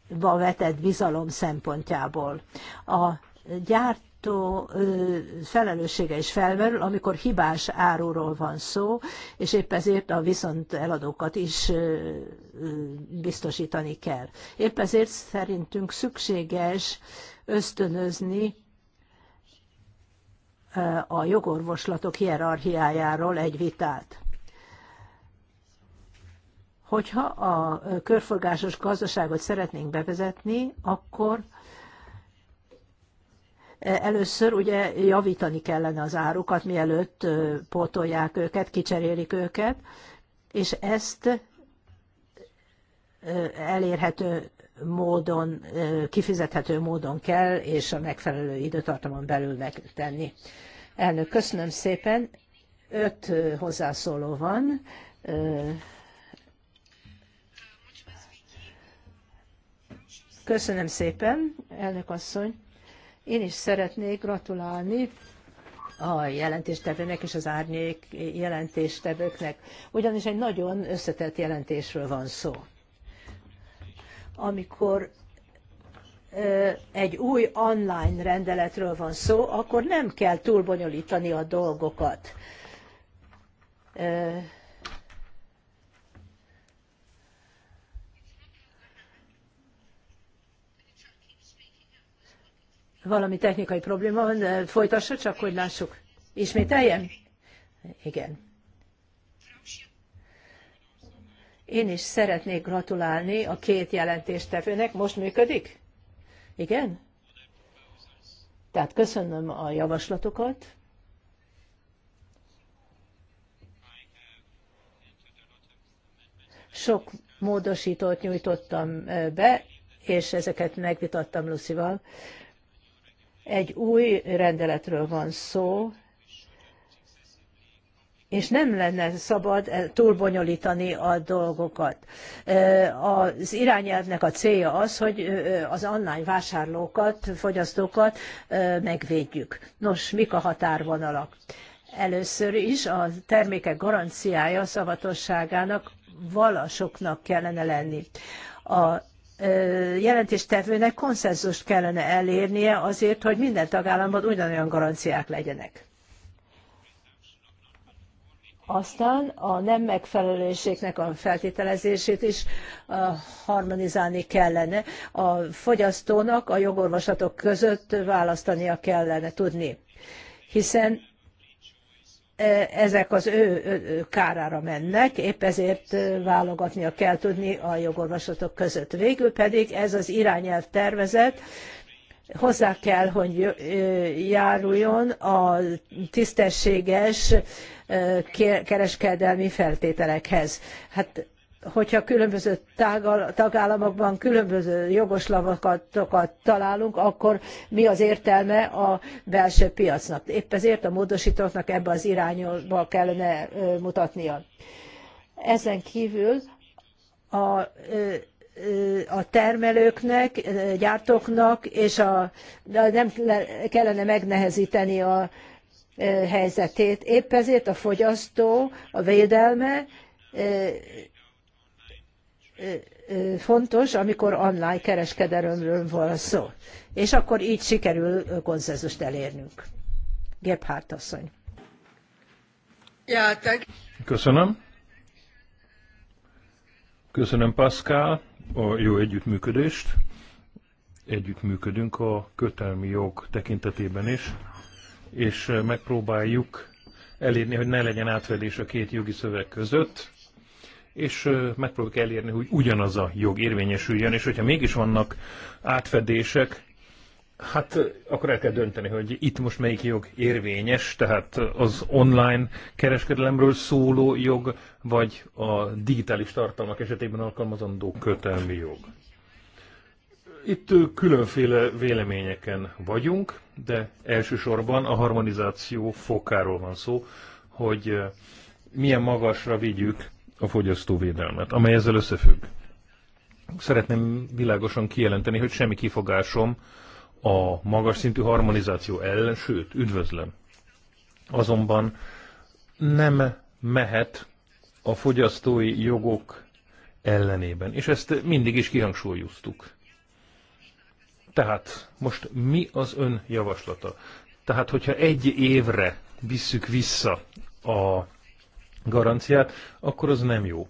vetett bizalom szempontjából. A gyárt gyártó felelőssége is felmerül, amikor hibás áruról van szó, és épp ezért a viszont eladókat is biztosítani kell. Épp ezért szerintünk szükséges ösztönözni a jogorvoslatok hierarchiájáról egy vitát. Hogyha a körforgásos gazdaságot szeretnénk bevezetni, akkor először ugye javítani kellene az árukat, mielőtt pótolják őket, kicserélik őket, és ezt elérhető módon, kifizethető módon kell, és a megfelelő időtartamon belül megtenni. Elnök, köszönöm szépen. Öt hozzászóló van. Köszönöm szépen, elnök asszony. Én is szeretnék gratulálni a jelentéstevőnek és az árnyék jelentéstevőknek, ugyanis egy nagyon összetett jelentésről van szó. Amikor egy új online rendeletről van szó, akkor nem kell túlbonyolítani a dolgokat valami technikai probléma van, folytassa csak, hogy lássuk. Ismételjen? Igen. Én is szeretnék gratulálni a két jelentéstevőnek. Most működik? Igen? Tehát köszönöm a javaslatokat. Sok módosítót nyújtottam be, és ezeket megvitattam Lucival egy új rendeletről van szó, és nem lenne szabad túlbonyolítani a dolgokat. Az irányelvnek a célja az, hogy az online vásárlókat, fogyasztókat megvédjük. Nos, mik a határvonalak? Először is a termékek garanciája szavatosságának valasoknak kellene lenni. A jelentéstevőnek konszenzust kellene elérnie azért, hogy minden tagállamban ugyanolyan garanciák legyenek. Aztán a nem megfelelőségnek a feltételezését is harmonizálni kellene. A fogyasztónak a jogorvoslatok között választania kellene tudni. Hiszen E, ezek az ő kárára mennek, épp ezért válogatnia kell tudni a jogorvoslatok között. Végül pedig ez az irányelv tervezet hozzá kell, hogy járuljon a tisztességes kereskedelmi feltételekhez. Hát hogyha különböző tagállamokban különböző jogoslatokat találunk, akkor mi az értelme a belső piacnak. Épp ezért a módosítóknak ebbe az irányba kellene mutatnia. Ezen kívül a a termelőknek, gyártóknak, és a, nem kellene megnehezíteni a helyzetét. Épp ezért a fogyasztó, a védelme fontos, amikor online kereskedelemről van szó. És akkor így sikerül konszenzust elérnünk. Gebhardt asszony. Köszönöm. Köszönöm, Pascal, a jó együttműködést. Együttműködünk a kötelmi jog tekintetében is, és megpróbáljuk elérni, hogy ne legyen átfedés a két jogi szöveg között és megpróbáljuk elérni, hogy ugyanaz a jog érvényesüljön, és hogyha mégis vannak átfedések, Hát akkor el kell dönteni, hogy itt most melyik jog érvényes, tehát az online kereskedelemről szóló jog, vagy a digitális tartalmak esetében alkalmazandó kötelmi jog. Itt különféle véleményeken vagyunk, de elsősorban a harmonizáció fokáról van szó, hogy milyen magasra vigyük a fogyasztóvédelmet, amely ezzel összefügg. Szeretném világosan kijelenteni, hogy semmi kifogásom a magas szintű harmonizáció ellen, sőt, üdvözlöm. Azonban nem mehet a fogyasztói jogok ellenében, és ezt mindig is kihangsúlyoztuk. Tehát most mi az ön javaslata? Tehát, hogyha egy évre visszük vissza a garanciát, akkor az nem jó.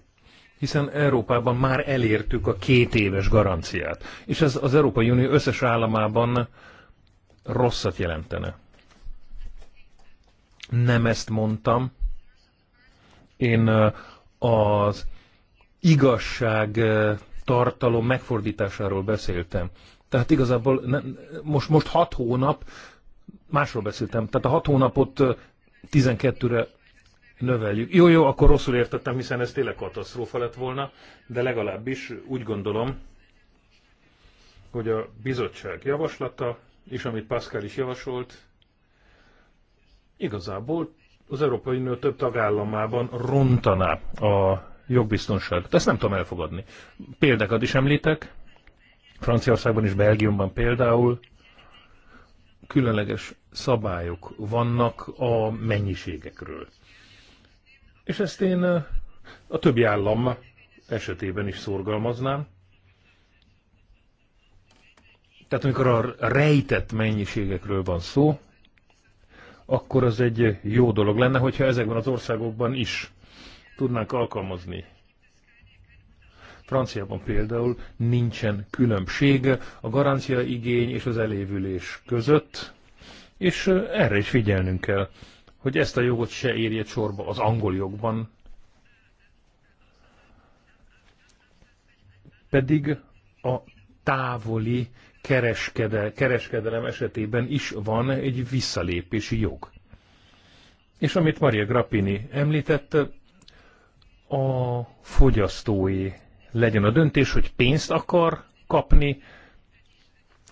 Hiszen Európában már elértük a két éves garanciát, és ez az Európai Unió összes államában rosszat jelentene. Nem ezt mondtam. Én az igazság tartalom megfordításáról beszéltem. Tehát igazából most, most hat hónap, másról beszéltem, tehát a hat hónapot 12-re növeljük. Jó, jó, akkor rosszul értettem, hiszen ez tényleg katasztrófa lett volna, de legalábbis úgy gondolom, hogy a bizottság javaslata, és amit Pascal is javasolt, igazából az Európai Unió több tagállamában rontaná a jogbiztonságot. Ezt nem tudom elfogadni. Példákat is említek, Franciaországban és Belgiumban például különleges szabályok vannak a mennyiségekről. És ezt én a többi állam esetében is szorgalmaznám. Tehát amikor a rejtett mennyiségekről van szó, akkor az egy jó dolog lenne, hogyha ezekben az országokban is tudnánk alkalmazni. Franciában például nincsen különbség a garancia igény és az elévülés között, és erre is figyelnünk kell hogy ezt a jogot se érje csorba az angol jogban, pedig a távoli kereskede, kereskedelem esetében is van egy visszalépési jog. És amit Maria Grappini említette, a fogyasztói legyen a döntés, hogy pénzt akar kapni,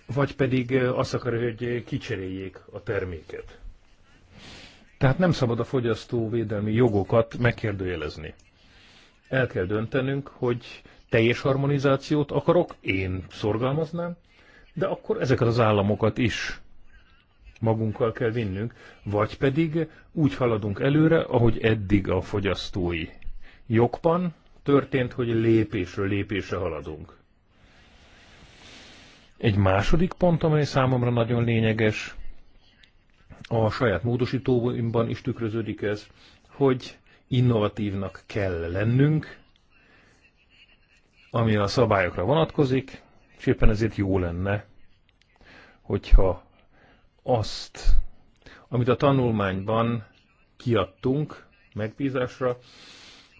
vagy pedig azt akarja, hogy kicseréljék a terméket. Tehát nem szabad a fogyasztóvédelmi jogokat megkérdőjelezni. El kell döntenünk, hogy teljes harmonizációt akarok, én szorgalmaznám, de akkor ezeket az államokat is magunkkal kell vinnünk, vagy pedig úgy haladunk előre, ahogy eddig a fogyasztói jogban történt, hogy lépésről lépésre haladunk. Egy második pont, amely számomra nagyon lényeges, a saját módosítóimban is tükröződik ez, hogy innovatívnak kell lennünk, ami a szabályokra vonatkozik, és éppen ezért jó lenne, hogyha azt, amit a tanulmányban kiadtunk megbízásra,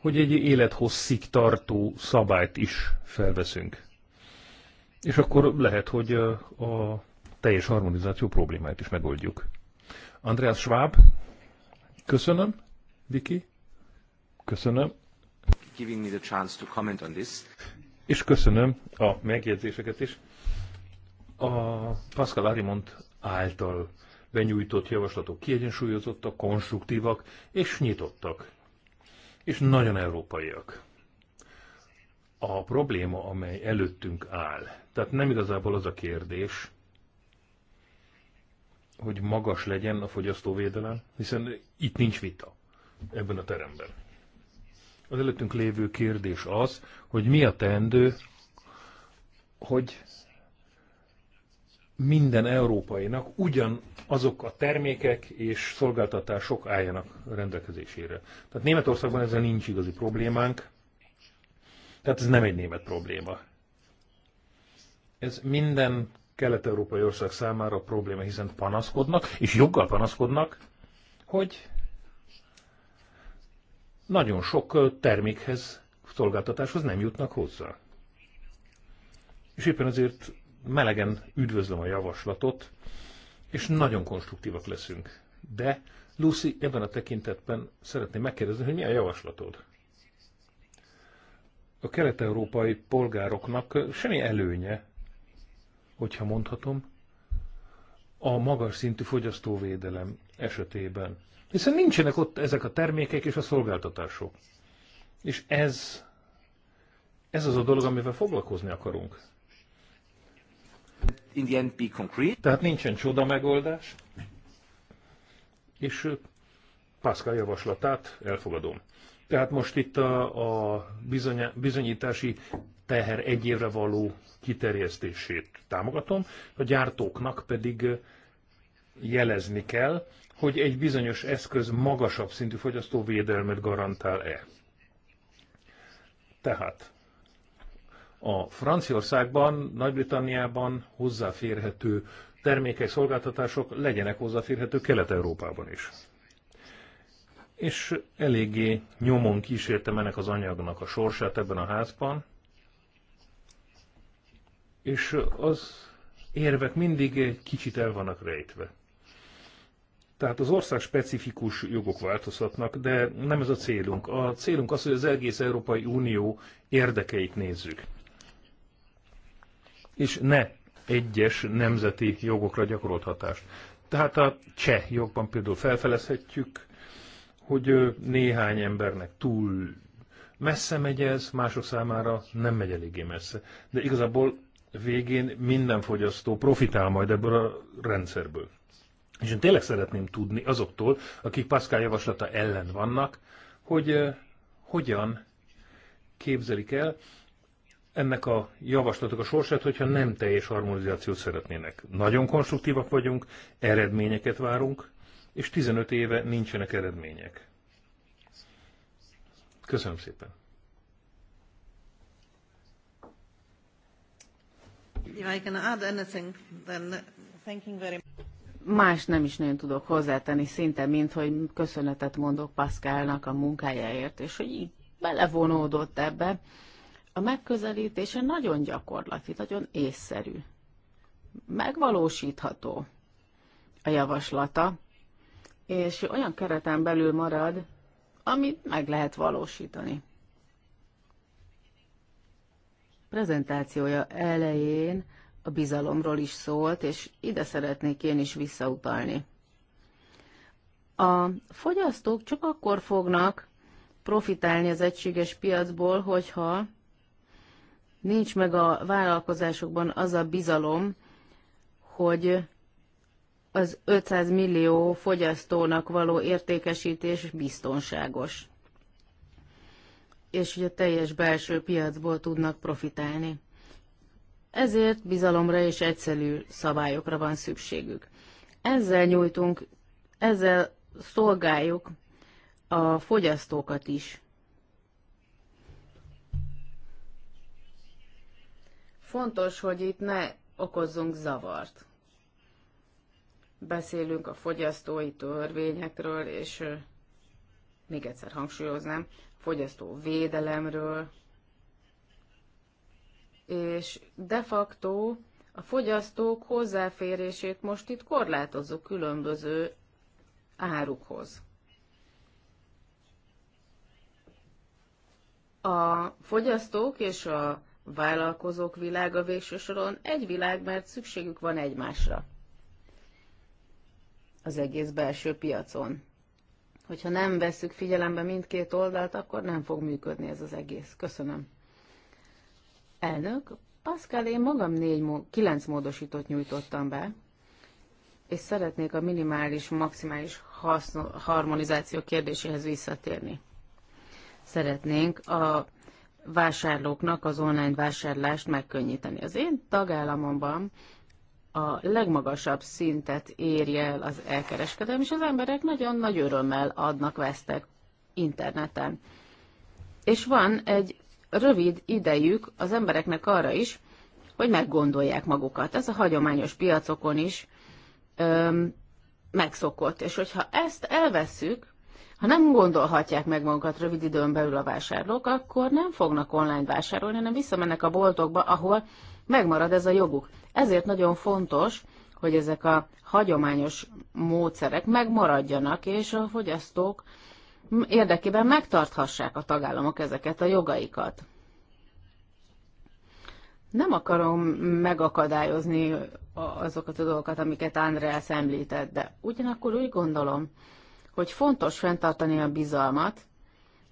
hogy egy élethosszig tartó szabályt is felveszünk. És akkor lehet, hogy a teljes harmonizáció problémáit is megoldjuk. Andreas Schwab, köszönöm, Viki, köszönöm. Giving me the chance to comment on this. És köszönöm a megjegyzéseket is. A Pascal Arimont által benyújtott javaslatok kiegyensúlyozottak, konstruktívak és nyitottak. És nagyon európaiak. A probléma, amely előttünk áll, tehát nem igazából az a kérdés, hogy magas legyen a fogyasztóvédelem, hiszen itt nincs vita ebben a teremben. Az előttünk lévő kérdés az, hogy mi a teendő, hogy minden európainak ugyan azok a termékek és szolgáltatások álljanak rendelkezésére. Tehát Németországban ezzel nincs igazi problémánk, tehát ez nem egy német probléma. Ez minden kelet-európai ország számára probléma, hiszen panaszkodnak, és joggal panaszkodnak, hogy nagyon sok termékhez, szolgáltatáshoz nem jutnak hozzá. És éppen azért melegen üdvözlöm a javaslatot, és nagyon konstruktívak leszünk. De Lucy, ebben a tekintetben szeretném megkérdezni, hogy mi a javaslatod? A kelet-európai polgároknak semmi előnye hogyha mondhatom, a magas szintű fogyasztóvédelem esetében. Hiszen nincsenek ott ezek a termékek és a szolgáltatások. És ez, ez az a dolog, amivel foglalkozni akarunk. In the end be concrete. Tehát nincsen csoda megoldás, és Pascal javaslatát elfogadom. Tehát most itt a, a bizonyítási teher egy évre való kiterjesztését támogatom, a gyártóknak pedig jelezni kell, hogy egy bizonyos eszköz magasabb szintű fogyasztóvédelmet garantál-e. Tehát a Franciaországban, Nagy-Britanniában hozzáférhető termékek, szolgáltatások legyenek hozzáférhető Kelet-Európában is. És eléggé nyomon kísértem ennek az anyagnak a sorsát ebben a házban, és az érvek mindig egy kicsit el vannak rejtve. Tehát az ország specifikus jogok változhatnak, de nem ez a célunk. A célunk az, hogy az egész Európai Unió érdekeit nézzük. És ne egyes nemzeti jogokra gyakorolt hatást. Tehát a cseh jogban például felfelezhetjük, hogy néhány embernek túl messze megy ez, mások számára nem megy eléggé messze. De igazából végén minden fogyasztó profitál majd ebből a rendszerből. És én tényleg szeretném tudni azoktól, akik Pascal javaslata ellen vannak, hogy uh, hogyan képzelik el ennek a javaslatok a sorsát, hogyha nem teljes harmonizációt szeretnének. Nagyon konstruktívak vagyunk, eredményeket várunk, és 15 éve nincsenek eredmények. Köszönöm szépen! Más nem is nagyon tudok hozzátenni, szinte, mint hogy köszönetet mondok Pascalnak a munkájáért, és hogy így belevonódott ebbe. A megközelítése nagyon gyakorlati, nagyon észszerű. Megvalósítható a javaslata, és olyan kereten belül marad, amit meg lehet valósítani prezentációja elején a bizalomról is szólt, és ide szeretnék én is visszautalni. A fogyasztók csak akkor fognak profitálni az egységes piacból, hogyha nincs meg a vállalkozásokban az a bizalom, hogy az 500 millió fogyasztónak való értékesítés biztonságos és hogy a teljes belső piacból tudnak profitálni. Ezért bizalomra és egyszerű szabályokra van szükségük. Ezzel nyújtunk, ezzel szolgáljuk a fogyasztókat is. Fontos, hogy itt ne okozzunk zavart. Beszélünk a fogyasztói törvényekről, és még egyszer hangsúlyoznám, fogyasztó védelemről, és de facto a fogyasztók hozzáférését most itt korlátozzuk különböző árukhoz. A fogyasztók és a vállalkozók világa végső soron egy világ, mert szükségük van egymásra az egész belső piacon hogyha nem vesszük figyelembe mindkét oldalt, akkor nem fog működni ez az egész. Köszönöm. Elnök, Pascal, én magam négy, kilenc módosítót nyújtottam be, és szeretnék a minimális, maximális haszno, harmonizáció kérdéséhez visszatérni. Szeretnénk a vásárlóknak az online vásárlást megkönnyíteni. Az én tagállamomban a legmagasabb szintet érje el az elkereskedelem, és az emberek nagyon nagy örömmel adnak, vesztek interneten. És van egy rövid idejük az embereknek arra is, hogy meggondolják magukat. Ez a hagyományos piacokon is öm, megszokott. És hogyha ezt elveszük, ha nem gondolhatják meg magukat rövid időn belül a vásárlók, akkor nem fognak online vásárolni, hanem visszamennek a boltokba, ahol megmarad ez a joguk. Ezért nagyon fontos, hogy ezek a hagyományos módszerek megmaradjanak, és a fogyasztók érdekében megtarthassák a tagállamok ezeket a jogaikat. Nem akarom megakadályozni azokat a dolgokat, amiket András említett, de ugyanakkor úgy gondolom, hogy fontos fenntartani a bizalmat,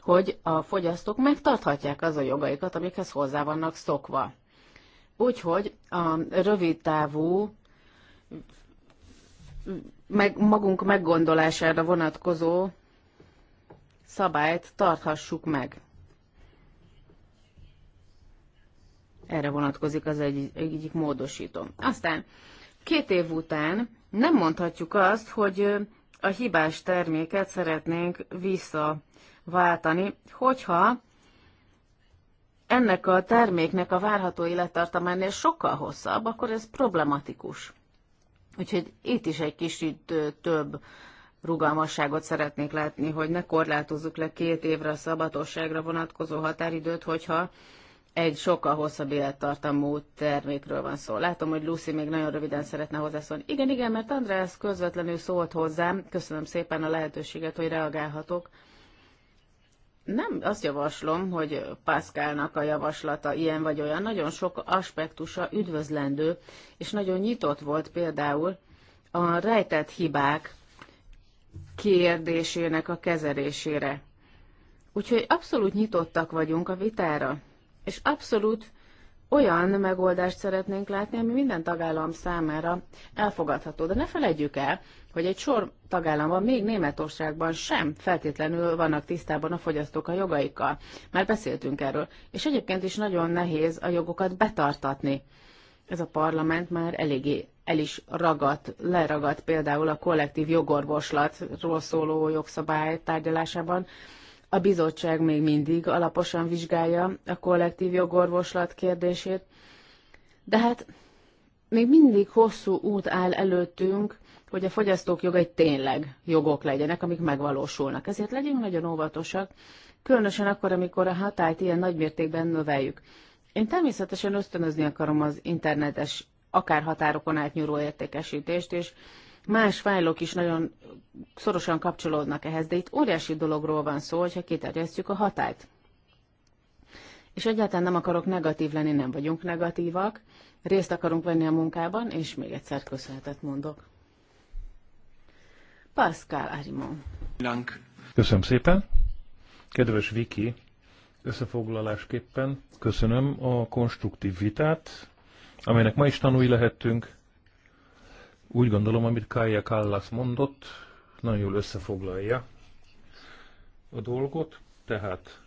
hogy a fogyasztók megtarthatják az a jogaikat, amikhez hozzá vannak szokva. Úgyhogy a rövidtávú meg magunk meggondolására vonatkozó szabályt tarthassuk meg. Erre vonatkozik az egy, egyik módosító. Aztán két év után nem mondhatjuk azt, hogy a hibás terméket szeretnénk visszaváltani, hogyha ennek a terméknek a várható ennél sokkal hosszabb, akkor ez problematikus. Úgyhogy itt is egy kicsit több rugalmasságot szeretnék látni, hogy ne korlátozzuk le két évre a szabatosságra vonatkozó határidőt, hogyha egy sokkal hosszabb élettartamú termékről van szó. Látom, hogy Lucy még nagyon röviden szeretne hozzászólni. Igen, igen, mert András közvetlenül szólt hozzám. Köszönöm szépen a lehetőséget, hogy reagálhatok nem azt javaslom, hogy Pászkálnak a javaslata ilyen vagy olyan, nagyon sok aspektusa üdvözlendő, és nagyon nyitott volt például a rejtett hibák kérdésének a kezelésére. Úgyhogy abszolút nyitottak vagyunk a vitára, és abszolút olyan megoldást szeretnénk látni, ami minden tagállam számára elfogadható. De ne felejtjük el, hogy egy sor tagállamban, még Németországban sem feltétlenül vannak tisztában a fogyasztók a jogaikkal. Már beszéltünk erről. És egyébként is nagyon nehéz a jogokat betartatni. Ez a parlament már eléggé el is ragadt, leragadt például a kollektív jogorvoslatról szóló jogszabály tárgyalásában, a bizottság még mindig alaposan vizsgálja a kollektív jogorvoslat kérdését, de hát még mindig hosszú út áll előttünk, hogy a fogyasztók jogai tényleg jogok legyenek, amik megvalósulnak. Ezért legyünk nagyon óvatosak, különösen akkor, amikor a hatályt ilyen nagymértékben növeljük. Én természetesen ösztönözni akarom az internetes, akár határokon átnyúló értékesítést, és Más fájlok is nagyon szorosan kapcsolódnak ehhez, de itt óriási dologról van szó, hogyha kiterjesztjük a hatályt. És egyáltalán nem akarok negatív lenni, nem vagyunk negatívak, részt akarunk venni a munkában, és még egyszer köszönhetet mondok. Pascal Arimon. Köszönöm szépen. Kedves Viki, összefoglalásképpen köszönöm a konstruktív vitát, amelynek ma is tanúi lehettünk, úgy gondolom, amit Kaja Kallas mondott, nagyon jól összefoglalja a dolgot, tehát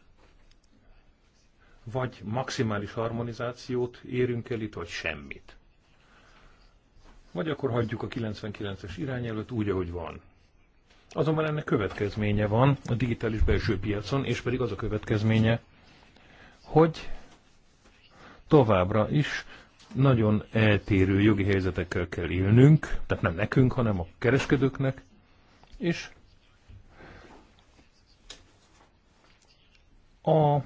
vagy maximális harmonizációt érünk el itt, vagy semmit. Vagy akkor hagyjuk a 99-es előtt úgy, ahogy van. Azonban ennek következménye van a digitális belső piacon, és pedig az a következménye, hogy továbbra is nagyon eltérő jogi helyzetekkel kell élnünk, tehát nem nekünk, hanem a kereskedőknek, és a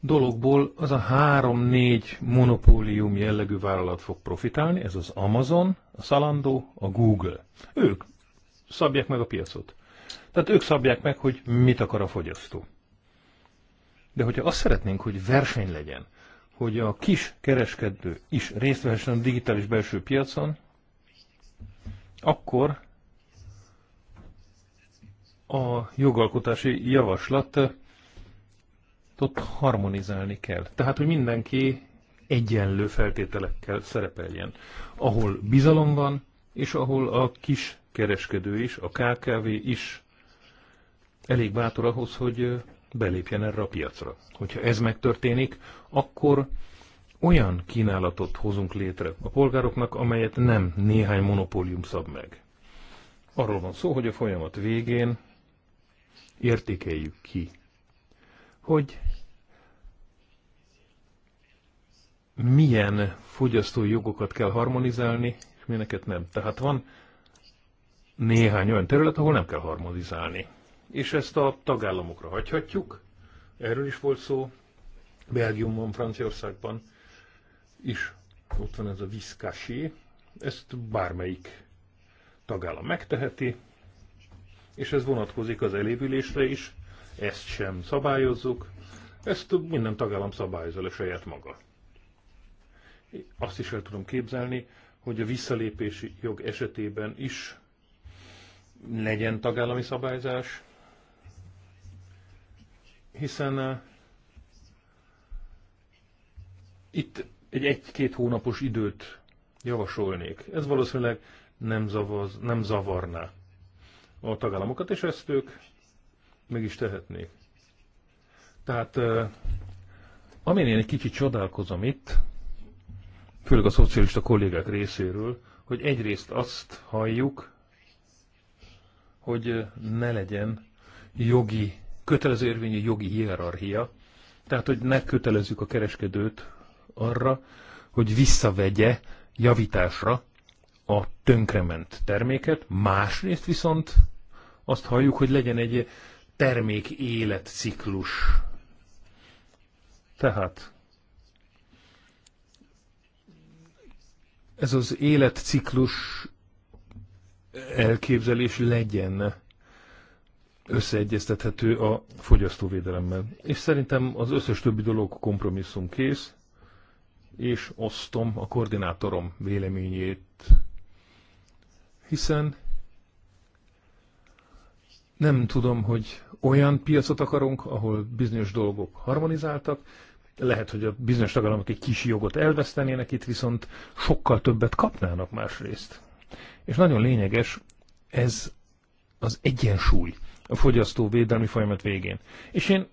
dologból az a három-négy monopólium jellegű vállalat fog profitálni, ez az Amazon, a Salando, a Google. Ők szabják meg a piacot. Tehát ők szabják meg, hogy mit akar a fogyasztó. De hogyha azt szeretnénk, hogy verseny legyen, hogy a kis kereskedő is részt vehessen a digitális belső piacon, akkor a jogalkotási javaslatot harmonizálni kell. Tehát, hogy mindenki egyenlő feltételekkel szerepeljen. Ahol bizalom van, és ahol a kis kereskedő is, a KKV is elég bátor ahhoz, hogy belépjen erre a piacra. Hogyha ez megtörténik, akkor olyan kínálatot hozunk létre a polgároknak, amelyet nem néhány monopólium szab meg. Arról van szó, hogy a folyamat végén értékeljük ki, hogy milyen fogyasztói jogokat kell harmonizálni, és milyeneket nem. Tehát van néhány olyan terület, ahol nem kell harmonizálni és ezt a tagállamokra hagyhatjuk. Erről is volt szó Belgiumban, Franciaországban is. Ott van ez a viszkásé. Ezt bármelyik tagállam megteheti, és ez vonatkozik az elévülésre is. Ezt sem szabályozzuk. Ezt minden tagállam szabályozza le saját maga. Azt is el tudom képzelni, hogy a visszalépési jog esetében is legyen tagállami szabályzás, hiszen eh, itt egy egy-két hónapos időt javasolnék. Ez valószínűleg nem, zavaz, nem zavarná a tagállamokat, és ezt ők meg is tehetnék. Tehát eh, amin én egy kicsit csodálkozom itt, főleg a szocialista kollégák részéről, hogy egyrészt azt halljuk, hogy eh, ne legyen jogi kötelező érvényű jogi hierarchia, tehát hogy ne kötelezzük a kereskedőt arra, hogy visszavegye javításra a tönkrement terméket, másrészt viszont azt halljuk, hogy legyen egy termék életciklus. Tehát ez az életciklus elképzelés legyen összeegyeztethető a fogyasztóvédelemmel. És szerintem az összes többi dolog kompromisszum kész, és osztom a koordinátorom véleményét, hiszen nem tudom, hogy olyan piacot akarunk, ahol bizonyos dolgok harmonizáltak, lehet, hogy a bizonyos tagállamok egy kis jogot elvesztenének, itt viszont sokkal többet kapnának másrészt. És nagyon lényeges ez az egyensúly a fogyasztóvédelmi folyamat végén. És én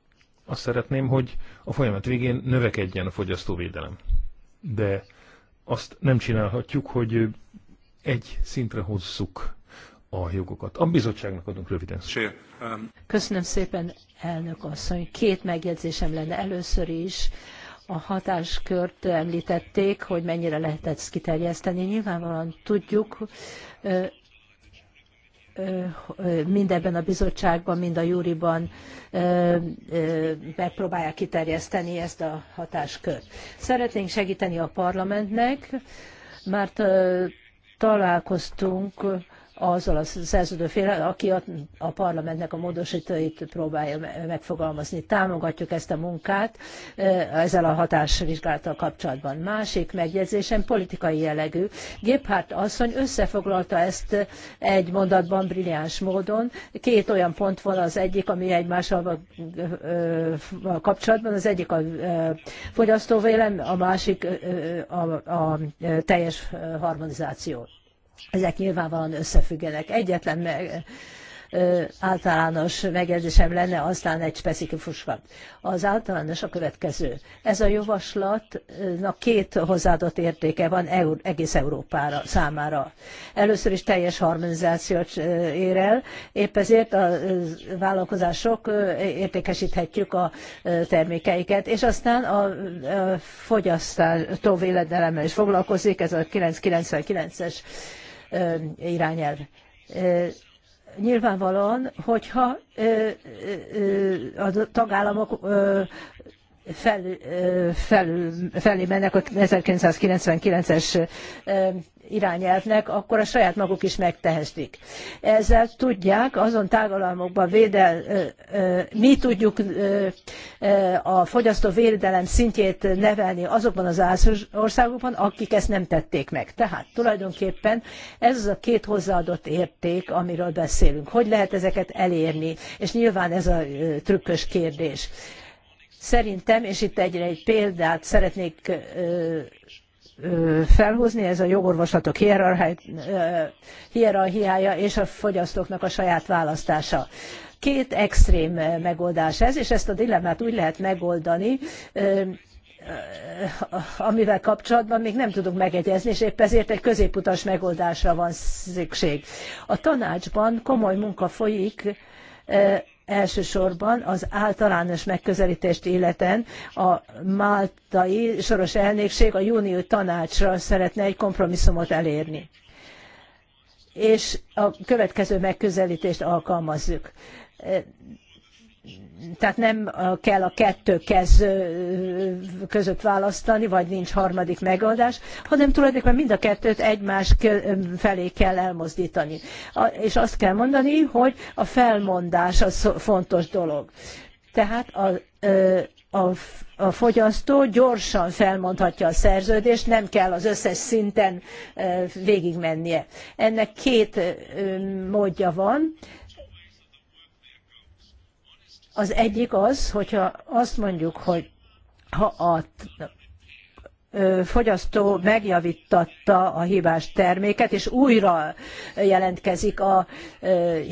azt szeretném, hogy a folyamat végén növekedjen a fogyasztóvédelem. De azt nem csinálhatjuk, hogy egy szintre hozzuk a jogokat. A bizottságnak adunk röviden. Um, Köszönöm szépen, elnök asszony. Két megjegyzésem lenne először is. A hatáskört említették, hogy mennyire lehetett kiterjeszteni. Nyilvánvalóan tudjuk, mindebben a bizottságban, mind a júriban megpróbálják kiterjeszteni ezt a hatáskört. Szeretnénk segíteni a parlamentnek, mert találkoztunk azzal a szerződő fél, aki a, a parlamentnek a módosítóit próbálja megfogalmazni. Támogatjuk ezt a munkát ezzel a hatásvizsgálattal kapcsolatban. Másik megjegyzésem politikai jellegű. Géphárt asszony összefoglalta ezt egy mondatban brilliáns módon. Két olyan pont van az egyik, ami egymással kapcsolatban, az egyik a fogyasztóvélem, a másik a, a teljes harmonizáció. Ezek nyilvánvalóan összefüggenek. Egyetlen meg, ö, általános megjegyzésem lenne, aztán egy specifikusabb. Az általános a következő. Ez a javaslatnak két hozzáadott értéke van EU, egész Európára számára. Először is teljes harmonizációt ér el, épp ezért a vállalkozások értékesíthetjük a termékeiket, és aztán a, a fogyasztó véledelemmel is foglalkozik, ez a 999-es irányelv. Nyilvánvalóan, hogyha a tagállamok fel, fel, felé mennek a 1999-es irányelvnek, akkor a saját maguk is megtehetik. Ezzel tudják azon tágalalmokban védel, mi tudjuk a fogyasztóvédelem szintjét nevelni azokban az országokban, akik ezt nem tették meg. Tehát tulajdonképpen ez az a két hozzáadott érték, amiről beszélünk. Hogy lehet ezeket elérni? És nyilván ez a trükkös kérdés. Szerintem, és itt egyre egy példát szeretnék felhozni, ez a jogorvoslatok hierarchiája és a fogyasztóknak a saját választása. Két extrém megoldás ez, és ezt a dilemmát úgy lehet megoldani, amivel kapcsolatban még nem tudunk megegyezni, és épp ezért egy középutas megoldásra van szükség. A tanácsban komoly munka folyik elsősorban az általános megközelítést illeten a máltai soros elnökség a júnió tanácsra szeretne egy kompromisszumot elérni és a következő megközelítést alkalmazzuk tehát nem kell a kettő kez között választani, vagy nincs harmadik megoldás, hanem tulajdonképpen mind a kettőt egymás felé kell elmozdítani. És azt kell mondani, hogy a felmondás az fontos dolog. Tehát a, a, a fogyasztó gyorsan felmondhatja a szerződést, nem kell az összes szinten végigmennie. Ennek két módja van az egyik az, hogyha azt mondjuk, hogy ha a fogyasztó megjavítatta a hibás terméket, és újra jelentkezik a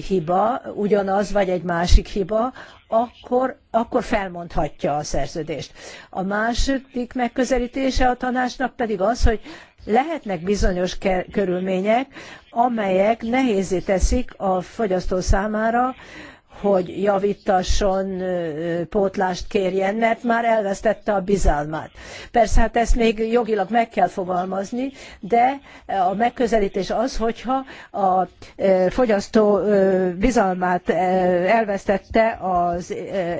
hiba, ugyanaz vagy egy másik hiba, akkor, akkor felmondhatja a szerződést. A második megközelítése a tanácsnak pedig az, hogy lehetnek bizonyos körülmények, amelyek nehézé teszik a fogyasztó számára, hogy javítasson, pótlást kérjen, mert már elvesztette a bizalmát. Persze, hát ezt még jogilag meg kell fogalmazni, de a megközelítés az, hogyha a fogyasztó bizalmát elvesztette az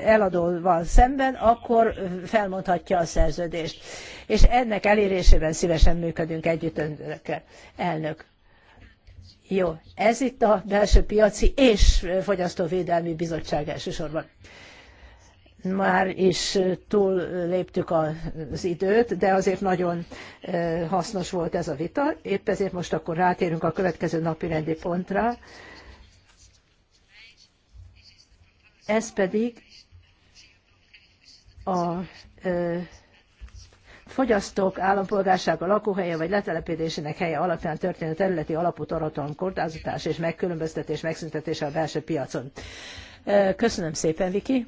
eladóval szemben, akkor felmondhatja a szerződést. És ennek elérésében szívesen működünk együtt önökkel. Elnök. Jó, ez itt a belső piaci és fogyasztóvédelmi bizottság elsősorban. Már is túl léptük az időt, de azért nagyon eh, hasznos volt ez a vita. Épp ezért most akkor rátérünk a következő napi rendi pontra. Ez pedig a eh, fogyasztók állampolgársága lakóhelye vagy letelepedésének helye alapján történő területi alapú taraton, kortázatás és megkülönböztetés megszüntetése a belső piacon. Köszönöm szépen, Viki.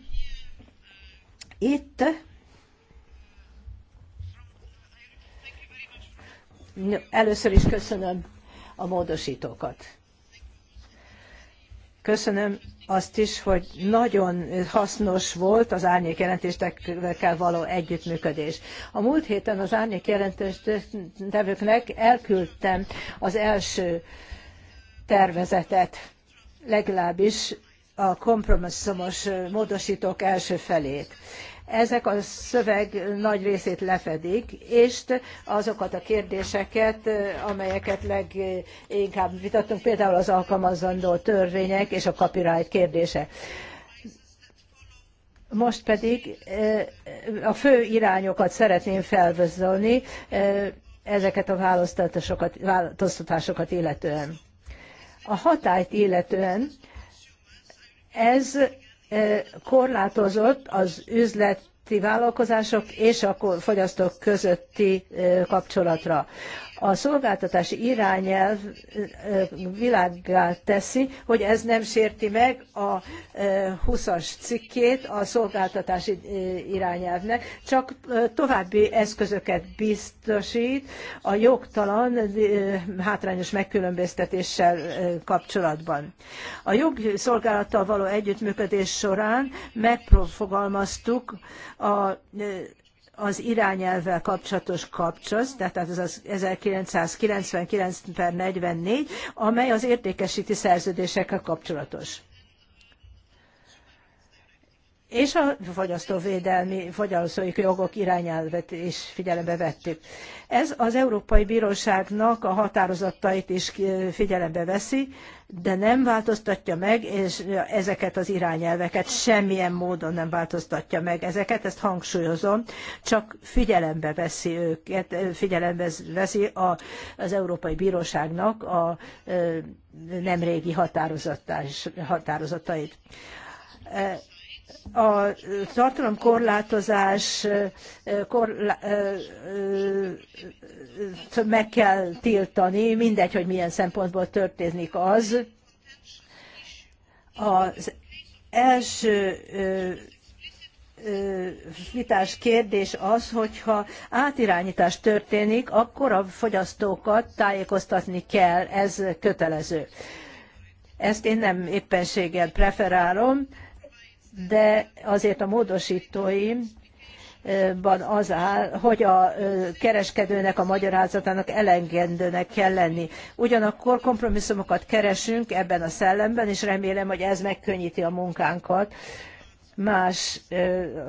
Itt először is köszönöm a módosítókat. Köszönöm azt is, hogy nagyon hasznos volt az árnyék jelentéstekkel való együttműködés. A múlt héten az árnyék jelentéstevőknek elküldtem az első tervezetet, legalábbis a kompromisszumos módosítók első felét. Ezek a szöveg nagy részét lefedik, és azokat a kérdéseket, amelyeket leginkább vitattunk, például az alkalmazandó törvények és a copyright kérdése. Most pedig eh, a fő irányokat szeretném felvözölni eh, ezeket a változtatásokat, változtatásokat illetően. A hatályt illetően ez korlátozott az üzleti vállalkozások és a fogyasztók közötti kapcsolatra. A szolgáltatási irányelv világgá teszi, hogy ez nem sérti meg a 20-as cikkét a szolgáltatási irányelvnek, csak további eszközöket biztosít a jogtalan hátrányos megkülönböztetéssel kapcsolatban. A jogszolgálattal való együttműködés során megfogalmaztuk a az irányelvvel kapcsolatos kapcsolat, tehát ez az 1999 per 44, amely az értékesíti szerződésekkel kapcsolatos és a fogyasztóvédelmi, fogyasztói jogok irányelvet is figyelembe vettük. Ez az Európai Bíróságnak a határozatait is figyelembe veszi, de nem változtatja meg, és ezeket az irányelveket semmilyen módon nem változtatja meg ezeket, ezt hangsúlyozom, csak figyelembe veszi őket, figyelembe veszi a, az Európai Bíróságnak a nemrégi határozatait a tartalomkorlátozás korlá, meg kell tiltani, mindegy, hogy milyen szempontból történik az. Az első vitás kérdés az, hogyha átirányítás történik, akkor a fogyasztókat tájékoztatni kell, ez kötelező. Ezt én nem éppenséggel preferálom, de azért a módosítóim van az áll, hogy a kereskedőnek a magyarázatának elengedőnek kell lenni. Ugyanakkor kompromisszumokat keresünk ebben a szellemben, és remélem, hogy ez megkönnyíti a munkánkat más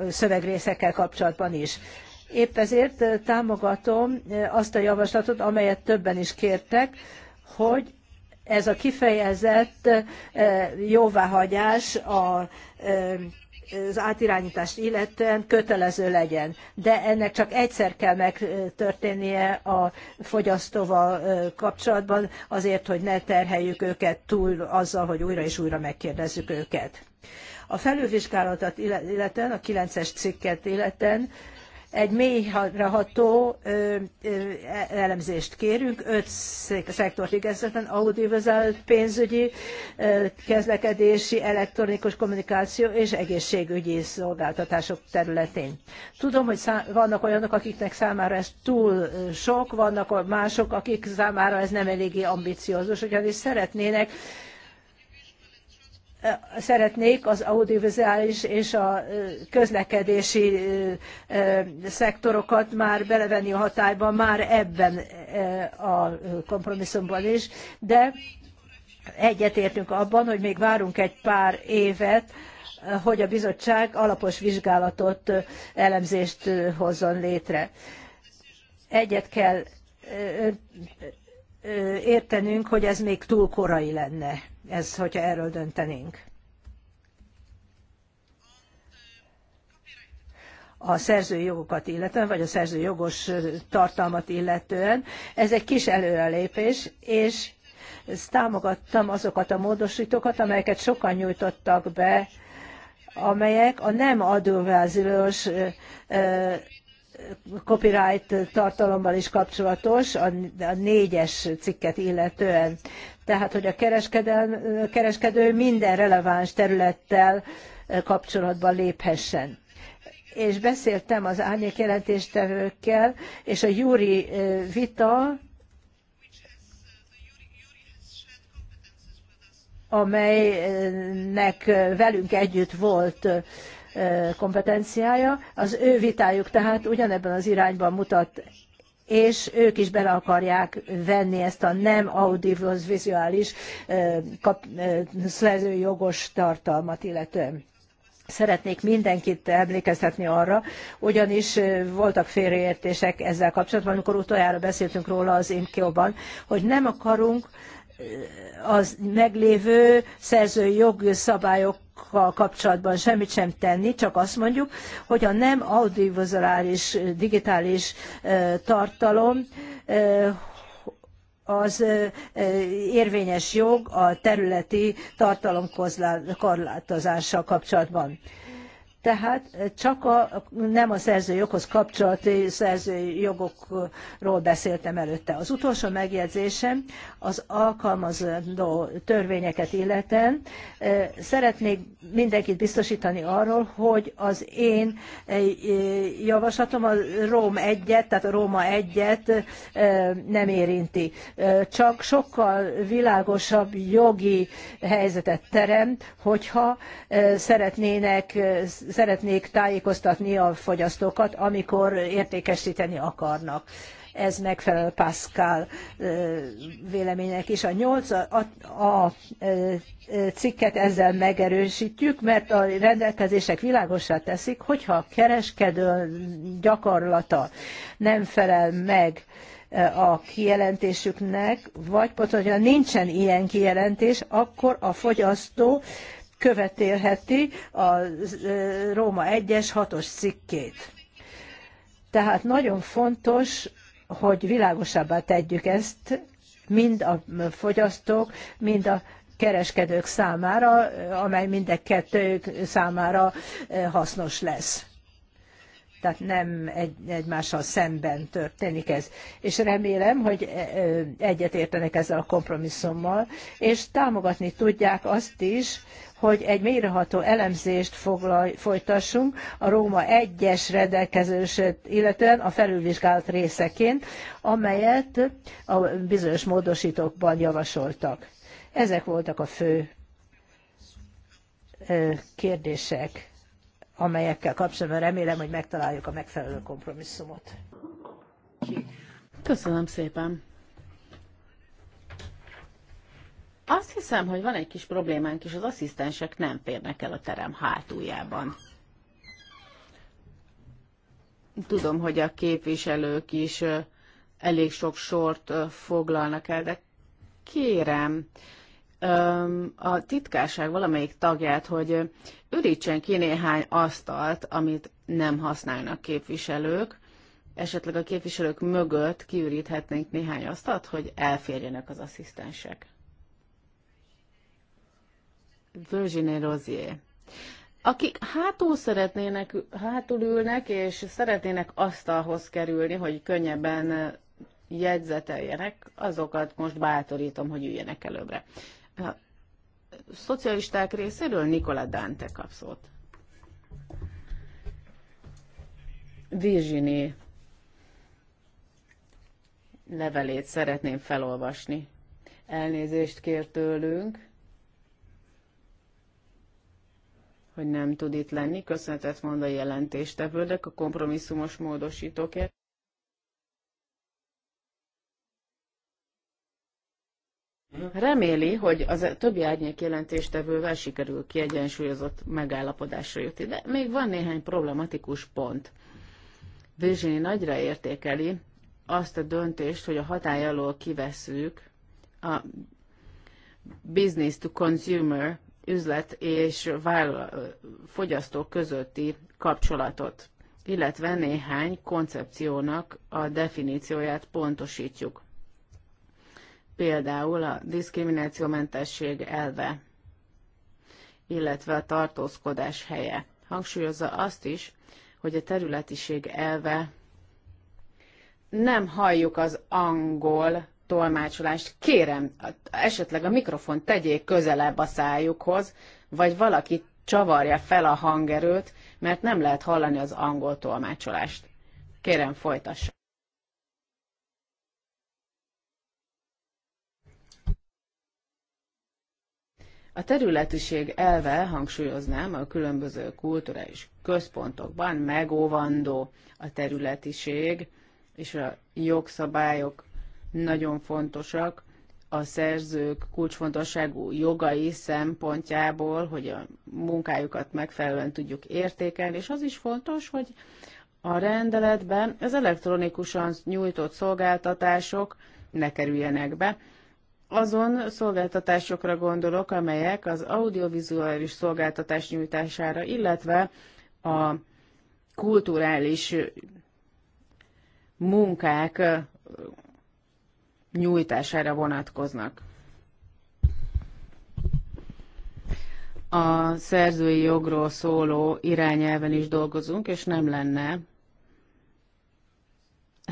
szövegrészekkel kapcsolatban is. Épp ezért támogatom azt a javaslatot, amelyet többen is kértek, hogy ez a kifejezett jóváhagyás a az átirányítást illetően kötelező legyen. De ennek csak egyszer kell megtörténnie a fogyasztóval kapcsolatban, azért, hogy ne terheljük őket túl azzal, hogy újra és újra megkérdezzük őket. A felülvizsgálatot illetően, a 9-es cikket illetően egy mélyható elemzést kérünk, öt szektort igazgatlan, audiovizuál, pénzügyi, közlekedési, elektronikus kommunikáció és egészségügyi szolgáltatások területén. Tudom, hogy vannak olyanok, akiknek számára ez túl sok, vannak mások, akik számára ez nem eléggé ambiciózus, ugyanis szeretnének szeretnék az audiovizuális és a közlekedési szektorokat már belevenni a hatályba, már ebben a kompromisszumban is, de egyetértünk abban, hogy még várunk egy pár évet, hogy a bizottság alapos vizsgálatot, elemzést hozzon létre. Egyet kell értenünk, hogy ez még túl korai lenne ez, hogyha erről döntenénk. a szerzői jogokat illetően, vagy a szerzői jogos tartalmat illetően. Ez egy kis előrelépés, és támogattam azokat a módosítókat, amelyeket sokan nyújtottak be, amelyek a nem adóváziós copyright tartalommal is kapcsolatos, a négyes cikket illetően tehát hogy a kereskedő minden releváns területtel eh, kapcsolatban léphessen. És beszéltem az árnyék jelentéstevőkkel, és a júri eh, vita, amelynek eh, velünk együtt volt kompetenciája, az ő vitájuk tehát ugyanebben az irányban mutat és ők is bele akarják venni ezt a nem audiovizuális szerzőjogos tartalmat illetően. Szeretnék mindenkit emlékeztetni arra, ugyanis voltak félreértések ezzel kapcsolatban, amikor utoljára beszéltünk róla az IMKO-ban, hogy nem akarunk az meglévő szerzői jogszabályok kapcsolatban semmit sem tenni, csak azt mondjuk, hogy a nem audiovizuális digitális tartalom az érvényes jog a területi tartalomkorlátozással kapcsolatban. Tehát eh, csak a, nem a szerzői joghoz kapcsolati szerzői jogokról beszéltem előtte. Az utolsó megjegyzésem az alkalmazandó törvényeket illeten. Eh, szeretnék mindenkit biztosítani arról, hogy az én eh, javaslatom a Róm egyet, tehát a Róma egyet et nem érinti. Csak sokkal világosabb jogi helyzetet terem, hogyha szeretnének szeretnék tájékoztatni a fogyasztókat, amikor értékesíteni akarnak. Ez megfelel Pascal vélemények is. A nyolc a, a cikket ezzel megerősítjük, mert a rendelkezések világosá teszik, hogyha a kereskedő gyakorlata nem felel meg a kijelentésüknek, vagy pontosan nincsen ilyen kijelentés, akkor a fogyasztó követélheti a e, Róma 1-es 6-os cikkét. Tehát nagyon fontos, hogy világosabbá tegyük ezt mind a fogyasztók, mind a kereskedők számára, amely minden kettőjük számára e, hasznos lesz. Tehát nem egy, egymással szemben történik ez. És remélem, hogy e, egyetértenek ezzel a kompromisszummal, és támogatni tudják azt is, hogy egy mélyreható elemzést folytassunk a Róma 1-es rendelkezését, illetően a felülvizsgált részeként, amelyet a bizonyos módosítókban javasoltak. Ezek voltak a fő kérdések, amelyekkel kapcsolatban remélem, hogy megtaláljuk a megfelelő kompromisszumot. Köszönöm szépen! Azt hiszem, hogy van egy kis problémánk és az asszisztensek nem férnek el a terem hátuljában. Tudom, hogy a képviselők is elég sok sort foglalnak el, de kérem a titkárság valamelyik tagját, hogy ürítsen ki néhány asztalt, amit nem használnak képviselők, esetleg a képviselők mögött kiüríthetnénk néhány asztalt, hogy elférjenek az asszisztensek. Virginie Rozier, akik hátul szeretnének, hátul ülnek, és szeretnének asztalhoz kerülni, hogy könnyebben jegyzeteljenek, azokat most bátorítom, hogy üljenek előbbre. A szocialisták részéről Nikola Dante kap szót. Virginie levelét szeretném felolvasni. Elnézést kér tőlünk, hogy nem tud itt lenni. Köszönetet mond a jelentéstevődek a kompromisszumos módosítókért. Reméli, hogy az a többi árnyék jelentéstevővel sikerül kiegyensúlyozott megállapodásra jutni, de még van néhány problematikus pont. Virginie nagyra értékeli azt a döntést, hogy a hatály alól kivesszük a business to consumer üzlet és fogyasztó közötti kapcsolatot, illetve néhány koncepciónak a definícióját pontosítjuk. Például a diszkriminációmentesség elve, illetve a tartózkodás helye. Hangsúlyozza azt is, hogy a területiség elve nem halljuk az angol tolmácsolást. Kérem, esetleg a mikrofon tegyék közelebb a szájukhoz, vagy valaki csavarja fel a hangerőt, mert nem lehet hallani az angol tolmácsolást. Kérem, folytassa. A területiség elve, hangsúlyoznám, a különböző kulturális központokban megóvandó a területiség, és a jogszabályok nagyon fontosak a szerzők kulcsfontosságú jogai szempontjából, hogy a munkájukat megfelelően tudjuk értékelni, és az is fontos, hogy a rendeletben az elektronikusan nyújtott szolgáltatások ne kerüljenek be. Azon szolgáltatásokra gondolok, amelyek az audiovizuális szolgáltatás nyújtására, illetve a kulturális munkák nyújtására vonatkoznak. A szerzői jogról szóló irányelven is dolgozunk, és nem lenne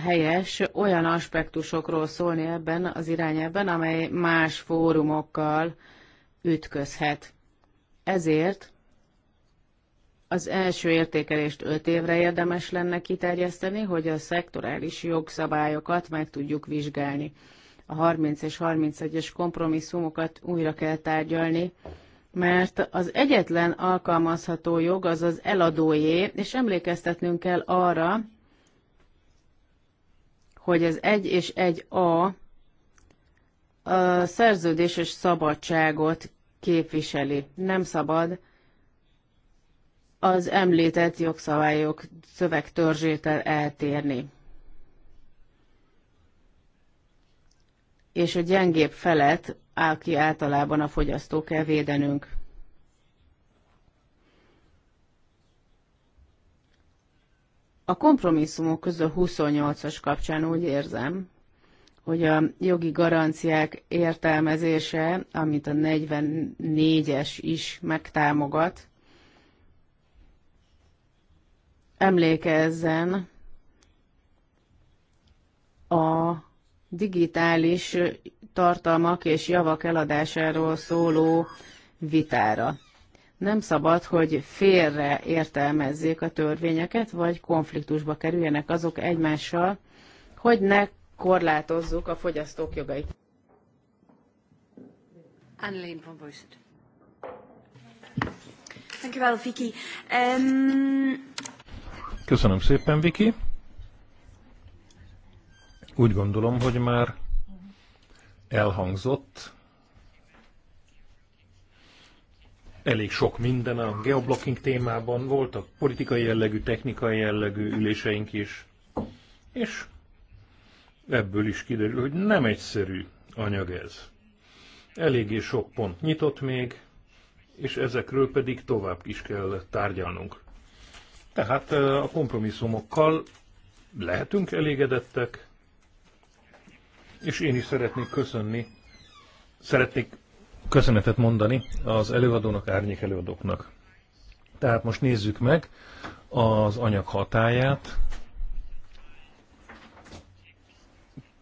helyes olyan aspektusokról szólni ebben az irányelben, amely más fórumokkal ütközhet. Ezért az első értékelést öt évre érdemes lenne kiterjeszteni, hogy a szektorális jogszabályokat meg tudjuk vizsgálni. A 30 és 31-es kompromisszumokat újra kell tárgyalni, mert az egyetlen alkalmazható jog az az eladójé, és emlékeztetnünk kell arra, hogy az 1 és 1a a szerződéses szabadságot képviseli. Nem szabad az említett jogszabályok szövegtörzsétel eltérni. És a gyengébb felet áll ki általában a fogyasztó kell védenünk. A kompromisszumok közül 28-as kapcsán úgy érzem, hogy a jogi garanciák értelmezése, amit a 44-es is megtámogat, emlékezzen a digitális tartalmak és javak eladásáról szóló vitára. Nem szabad, hogy félre értelmezzék a törvényeket, vagy konfliktusba kerüljenek azok egymással, hogy ne korlátozzuk a fogyasztók jogait. Annelien van Boyset. Vicky. Um, Köszönöm szépen, Viki. Úgy gondolom, hogy már elhangzott elég sok minden a geoblocking témában. Voltak politikai jellegű, technikai jellegű üléseink is, és ebből is kiderül, hogy nem egyszerű anyag ez. Eléggé sok pont nyitott még, és ezekről pedig tovább is kell tárgyalnunk. Tehát a kompromisszumokkal lehetünk elégedettek, és én is szeretnék köszönni, szeretnék köszönetet mondani az előadónak, árnyék előadóknak. Tehát most nézzük meg az anyag hatáját.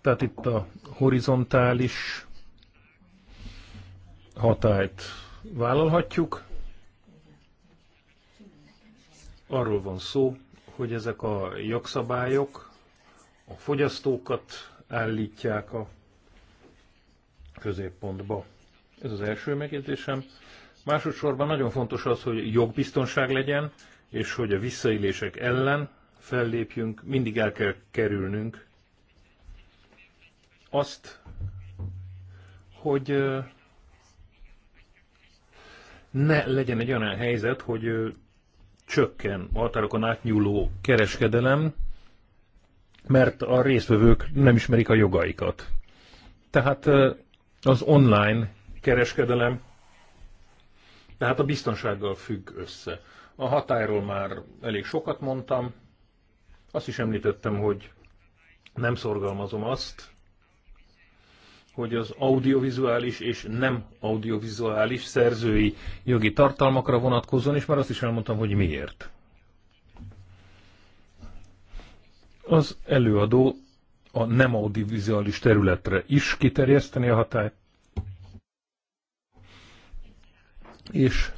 Tehát itt a horizontális hatályt vállalhatjuk, Arról van szó, hogy ezek a jogszabályok a fogyasztókat állítják a középpontba. Ez az első megjegyzésem. Másodszorban nagyon fontos az, hogy jogbiztonság legyen, és hogy a visszaélések ellen fellépjünk, mindig el kell kerülnünk azt, hogy ne legyen egy olyan helyzet, hogy csökken a határokon átnyúló kereskedelem, mert a résztvevők nem ismerik a jogaikat. Tehát az online kereskedelem, tehát a biztonsággal függ össze. A hatályról már elég sokat mondtam, azt is említettem, hogy nem szorgalmazom azt, hogy az audiovizuális és nem audiovizuális szerzői jogi tartalmakra vonatkozóan, és már azt is elmondtam, hogy miért. Az előadó a nem audiovizuális területre is kiterjeszteni a hatályt, és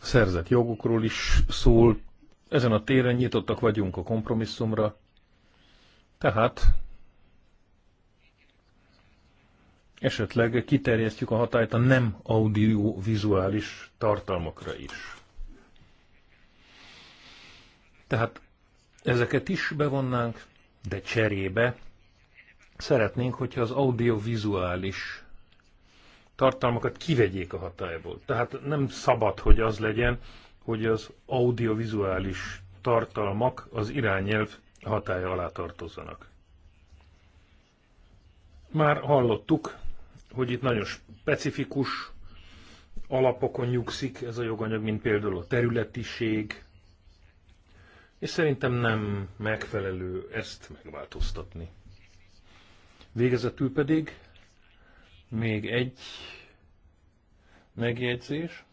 a szerzett jogokról is szól. Ezen a téren nyitottak vagyunk a kompromisszumra, tehát esetleg kiterjesztjük a hatályt a nem audiovizuális tartalmakra is. Tehát ezeket is bevonnánk, de cserébe szeretnénk, hogyha az audiovizuális tartalmakat kivegyék a hatályból. Tehát nem szabad, hogy az legyen, hogy az audiovizuális tartalmak az irányelv hatája alá tartozzanak. Már hallottuk hogy itt nagyon specifikus alapokon nyugszik ez a joganyag, mint például a területiség, és szerintem nem megfelelő ezt megváltoztatni. Végezetül pedig még egy megjegyzés.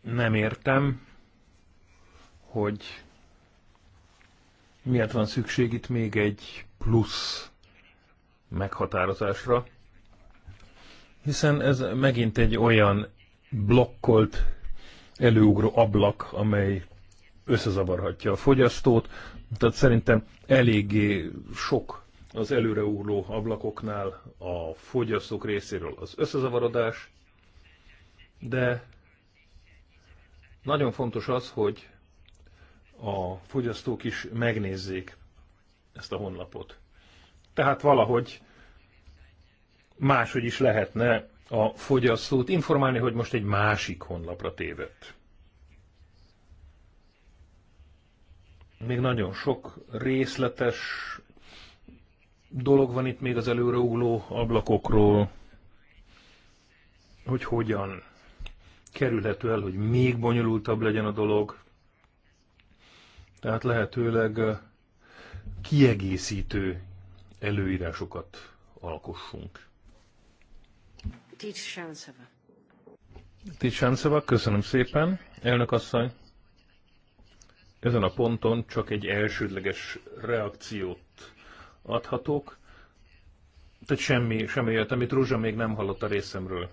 Nem értem, hogy miért van szükség itt még egy plusz meghatározásra, hiszen ez megint egy olyan blokkolt előugró ablak, amely összezavarhatja a fogyasztót, tehát szerintem eléggé sok az előreugró ablakoknál a fogyasztók részéről az összezavarodás, de nagyon fontos az, hogy a fogyasztók is megnézzék ezt a honlapot. Tehát valahogy máshogy is lehetne a fogyasztót informálni, hogy most egy másik honlapra tévedt. Még nagyon sok részletes dolog van itt még az előreugló ablakokról, hogy hogyan kerülhető el, hogy még bonyolultabb legyen a dolog. Tehát lehetőleg kiegészítő előírásokat alkossunk. Tícs köszönöm szépen. Elnök asszony, ezen a ponton csak egy elsődleges reakciót adhatok. Tehát semmi, semmi jött, amit Ruzsa még nem hallott a részemről.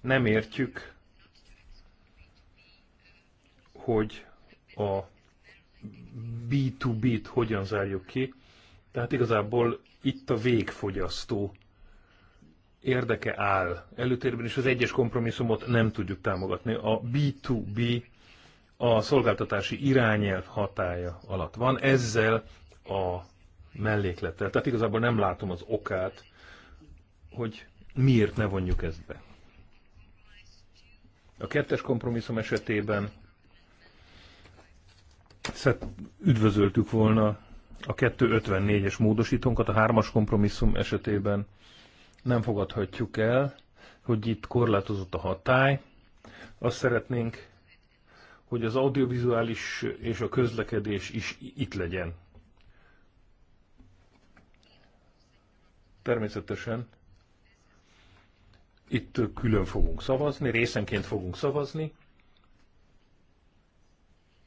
Nem értjük, hogy a B2B-t hogyan zárjuk ki. Tehát igazából itt a végfogyasztó érdeke áll előtérben, és az egyes kompromisszumot nem tudjuk támogatni. A B2B a szolgáltatási irányelv hatája alatt van, ezzel a melléklettel. Tehát igazából nem látom az okát, hogy miért ne vonjuk ezt be. A kettes kompromisszum esetében üdvözöltük volna a 254-es módosítónkat, a hármas kompromisszum esetében nem fogadhatjuk el, hogy itt korlátozott a hatály. Azt szeretnénk, hogy az audiovizuális és a közlekedés is itt legyen. Természetesen itt külön fogunk szavazni, részenként fogunk szavazni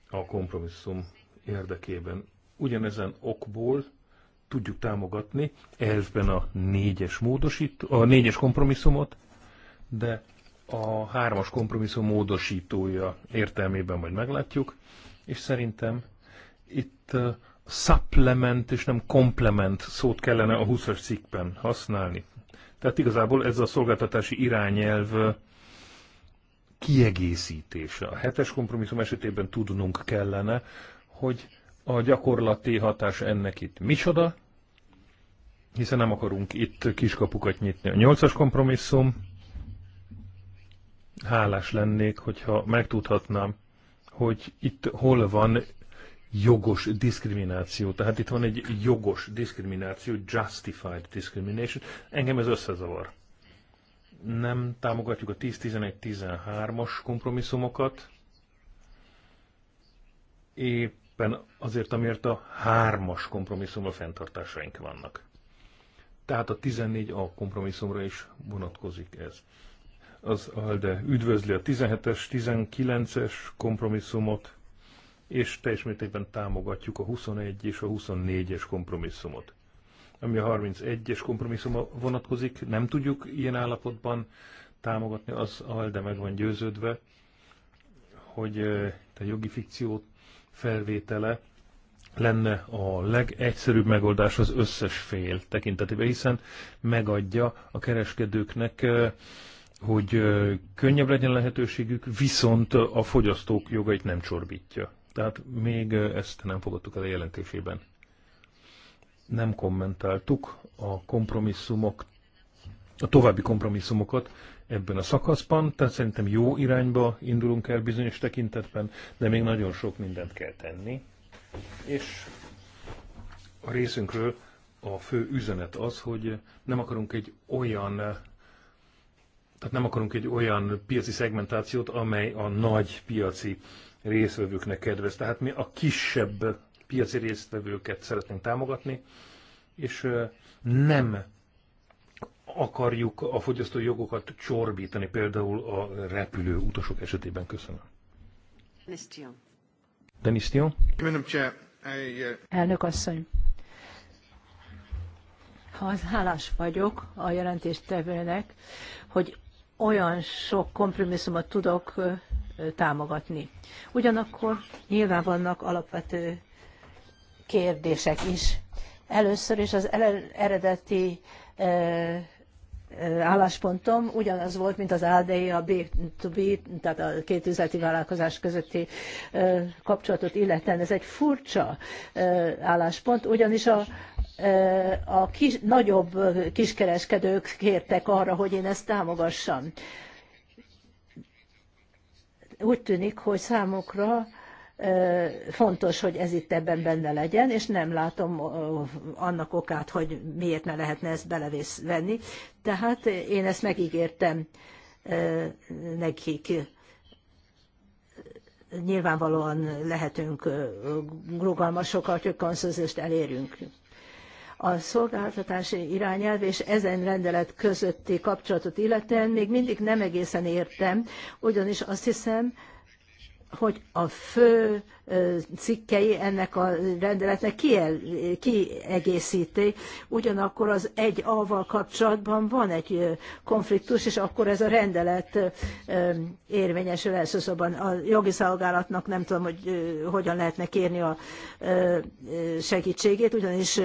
a kompromisszum érdekében. Ugyanezen okból tudjuk támogatni elvben a négyes, módosító, a négyes kompromisszumot, de a hármas kompromisszum módosítója értelmében majd meglátjuk, és szerintem itt supplement és nem komplement szót kellene a 20-as cikkben használni. Tehát igazából ez a szolgáltatási irányelv kiegészítése. A hetes kompromisszum esetében tudnunk kellene, hogy a gyakorlati hatás ennek itt micsoda, hiszen nem akarunk itt kiskapukat nyitni. A nyolcas kompromisszum, hálás lennék, hogyha megtudhatnám, hogy itt hol van jogos diszkrimináció. Tehát itt van egy jogos diszkrimináció, justified discrimination. Engem ez összezavar. Nem támogatjuk a 10-11-13-as kompromisszumokat. Épp éppen azért, amiért a hármas kompromisszumra fenntartásaink vannak. Tehát a 14A kompromisszumra is vonatkozik ez. Az ALDE üdvözli a 17-es, 19-es kompromisszumot, és teljes mértékben támogatjuk a 21 és a 24-es kompromisszumot. Ami a 31-es kompromisszuma vonatkozik, nem tudjuk ilyen állapotban támogatni, az ALDE meg van győződve, hogy eh, a jogi fikciót felvétele lenne a legegyszerűbb megoldás az összes fél tekintetében, hiszen megadja a kereskedőknek, hogy könnyebb legyen lehetőségük, viszont a fogyasztók jogait nem csorbítja. Tehát még ezt nem fogadtuk el a jelentésében. Nem kommentáltuk a kompromisszumok a további kompromisszumokat ebben a szakaszban, tehát szerintem jó irányba indulunk el bizonyos tekintetben, de még nagyon sok mindent kell tenni. És a részünkről a fő üzenet az, hogy nem akarunk egy olyan tehát nem akarunk egy olyan piaci szegmentációt, amely a nagy piaci részvevőknek kedvez. Tehát mi a kisebb piaci résztvevőket szeretnénk támogatni, és nem akarjuk a fogyasztói jogokat csorbítani, például a repülő utasok esetében. Köszönöm. Denis Tion. Uh, Elnök asszony. Hálás vagyok a jelentéstevőnek, hogy olyan sok kompromisszumot tudok uh, támogatni. Ugyanakkor nyilván vannak alapvető kérdések is. Először is az eredeti uh, Eh, álláspontom ugyanaz volt, mint az ALDE, a B2B, tehát a két üzleti vállalkozás közötti eh, kapcsolatot illetően. Ez egy furcsa eh, álláspont, ugyanis a, a kis, nagyobb kiskereskedők kértek arra, hogy én ezt támogassam. Úgy tűnik, hogy számukra fontos, hogy ez itt ebben benne legyen, és nem látom annak okát, hogy miért ne lehetne ezt belevenni. Tehát én ezt megígértem nekik. Nyilvánvalóan lehetünk rugalmasok, hogy konszenzust elérünk. A szolgáltatási irányelv és ezen rendelet közötti kapcsolatot illetően még mindig nem egészen értem, ugyanis azt hiszem, hogy a fő cikkei ennek a rendeletnek kiegészíti, ugyanakkor az egy A-val kapcsolatban van egy konfliktus, és akkor ez a rendelet érvényesül elsősorban a jogi szolgálatnak, nem tudom, hogy hogyan lehetne kérni a segítségét, ugyanis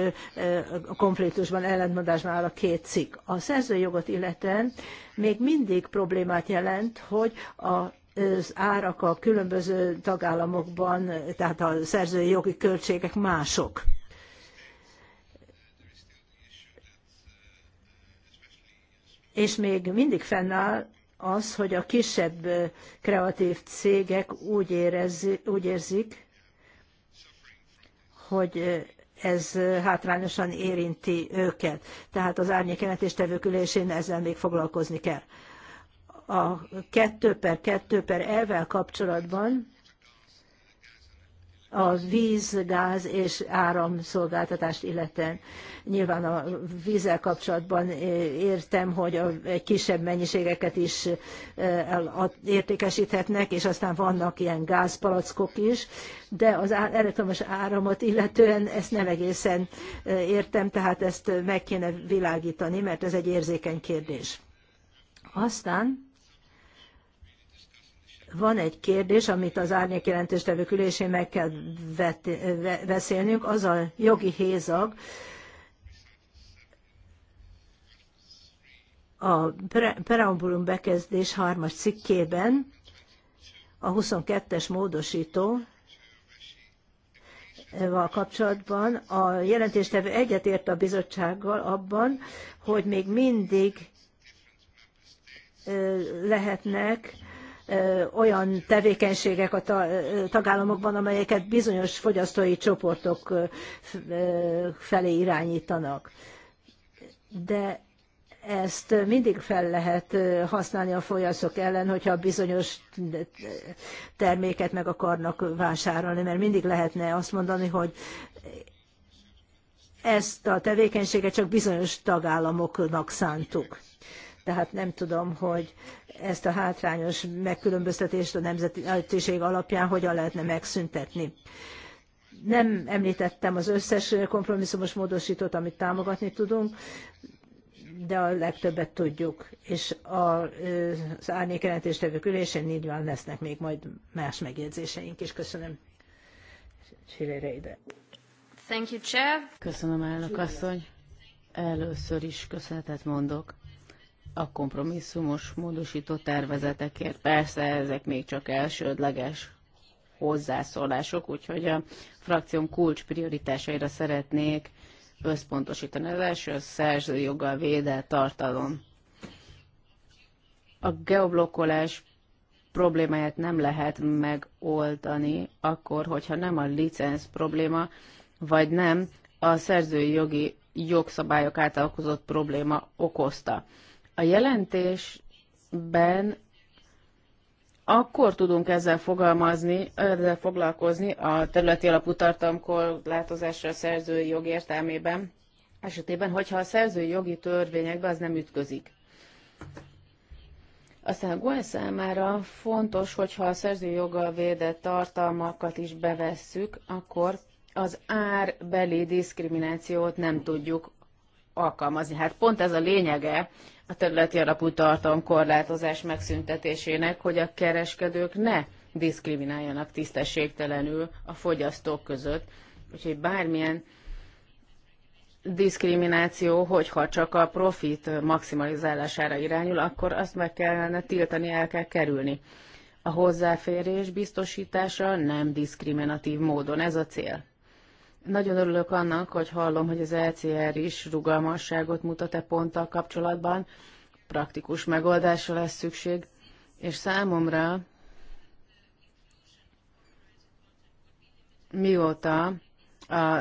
a konfliktusban ellentmondásban áll a két cikk. A jogot illetően még mindig problémát jelent, hogy a az árak a különböző tagállamokban, tehát a szerzői jogi költségek mások. És még mindig fennáll az, hogy a kisebb kreatív cégek úgy, érezzi, úgy érzik, hogy ez hátrányosan érinti őket. Tehát az árnyék jelentéstevők ezzel még foglalkozni kell a 2 per 2 per elvel kapcsolatban a víz, gáz és áram szolgáltatást illeten. Nyilván a vízzel kapcsolatban értem, hogy a kisebb mennyiségeket is értékesíthetnek, és aztán vannak ilyen gázpalackok is, de az elektromos áramot illetően ezt nem egészen értem, tehát ezt meg kéne világítani, mert ez egy érzékeny kérdés. Aztán van egy kérdés, amit az árnyék jelentéstevők ülésén meg kell vet, beszélnünk, az a jogi hézag, a preambulum bekezdés 3 cikkében a 22-es módosító val kapcsolatban a jelentéstevő egyetért a bizottsággal abban, hogy még mindig lehetnek olyan tevékenységek a tagállamokban, amelyeket bizonyos fogyasztói csoportok felé irányítanak. De ezt mindig fel lehet használni a folyaszok ellen, hogyha bizonyos terméket meg akarnak vásárolni, mert mindig lehetne azt mondani, hogy ezt a tevékenységet csak bizonyos tagállamoknak szántuk. Tehát nem tudom, hogy ezt a hátrányos megkülönböztetést a nemzetiség alapján hogyan lehetne megszüntetni. Nem említettem az összes kompromisszumos módosítót, amit támogatni tudunk, de a legtöbbet tudjuk, és a, az árnyékjelentéstevők ülésén nyilván lesznek még majd más megjegyzéseink is. Köszönöm. Csillére Thank you, Chair. Köszönöm, elnök asszony. Először is köszönetet mondok a kompromisszumos módosító tervezetekért. Persze ezek még csak elsődleges hozzászólások, úgyhogy a frakción kulcs prioritásaira szeretnék összpontosítani. Az első a szerzőjoggal védett tartalom. A geoblokkolás problémáját nem lehet megoldani akkor, hogyha nem a licenc probléma, vagy nem a szerzői jogi jogszabályok által okozott probléma okozta. A jelentésben akkor tudunk ezzel fogalmazni, ezzel foglalkozni a területi alapú tartalomkorlátozásra a szerzői jog értelmében, esetében, hogyha a szerzői jogi törvényekbe az nem ütközik. Aztán a GOE számára fontos, hogyha a szerzői joggal védett tartalmakat is bevesszük, akkor az árbeli diszkriminációt nem tudjuk alkalmazni. Hát pont ez a lényege a területi alapú tartalomkorlátozás megszüntetésének, hogy a kereskedők ne diszkrimináljanak tisztességtelenül a fogyasztók között. Úgyhogy bármilyen diszkrimináció, hogyha csak a profit maximalizálására irányul, akkor azt meg kellene tiltani, el kell kerülni. A hozzáférés biztosítása nem diszkriminatív módon, ez a cél. Nagyon örülök annak, hogy hallom, hogy az LCR e is rugalmasságot mutat-e ponttal kapcsolatban. Praktikus megoldásra lesz szükség, és számomra mióta a,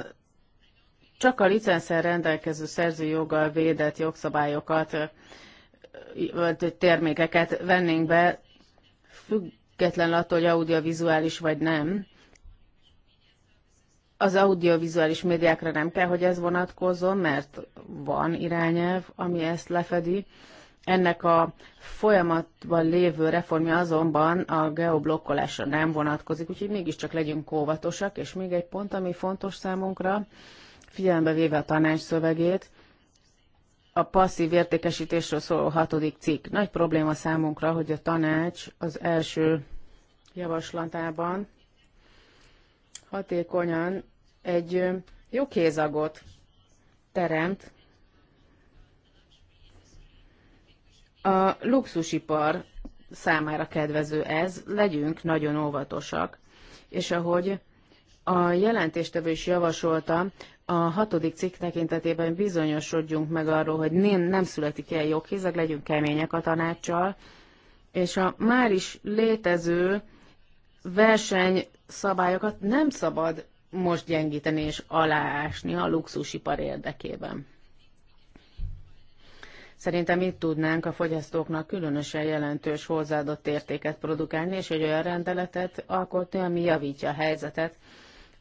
csak a licenszer rendelkező szerzőjoggal védett jogszabályokat, vagy termékeket vennénk be, függetlenül attól, hogy audiovizuális vagy nem, az audiovizuális médiákra nem kell, hogy ez vonatkozzon, mert van irányelv, ami ezt lefedi. Ennek a folyamatban lévő reformja azonban a geoblokkolásra nem vonatkozik, úgyhogy mégiscsak legyünk óvatosak, és még egy pont, ami fontos számunkra, figyelembe véve a tanács szövegét, a passzív értékesítésről szóló hatodik cikk. Nagy probléma számunkra, hogy a tanács az első javaslatában hatékonyan egy jó kézagot teremt a luxusipar számára kedvező ez, legyünk nagyon óvatosak. És ahogy a jelentéstevő is javasolta, a hatodik cikk tekintetében bizonyosodjunk meg arról, hogy nem, nem születik el jókézag, legyünk kemények a tanácssal, és a már is létező versenyszabályokat nem szabad most gyengíteni és aláásni a luxusipar érdekében. Szerintem itt tudnánk a fogyasztóknak különösen jelentős hozzáadott értéket produkálni, és egy olyan rendeletet alkotni, ami javítja a helyzetet,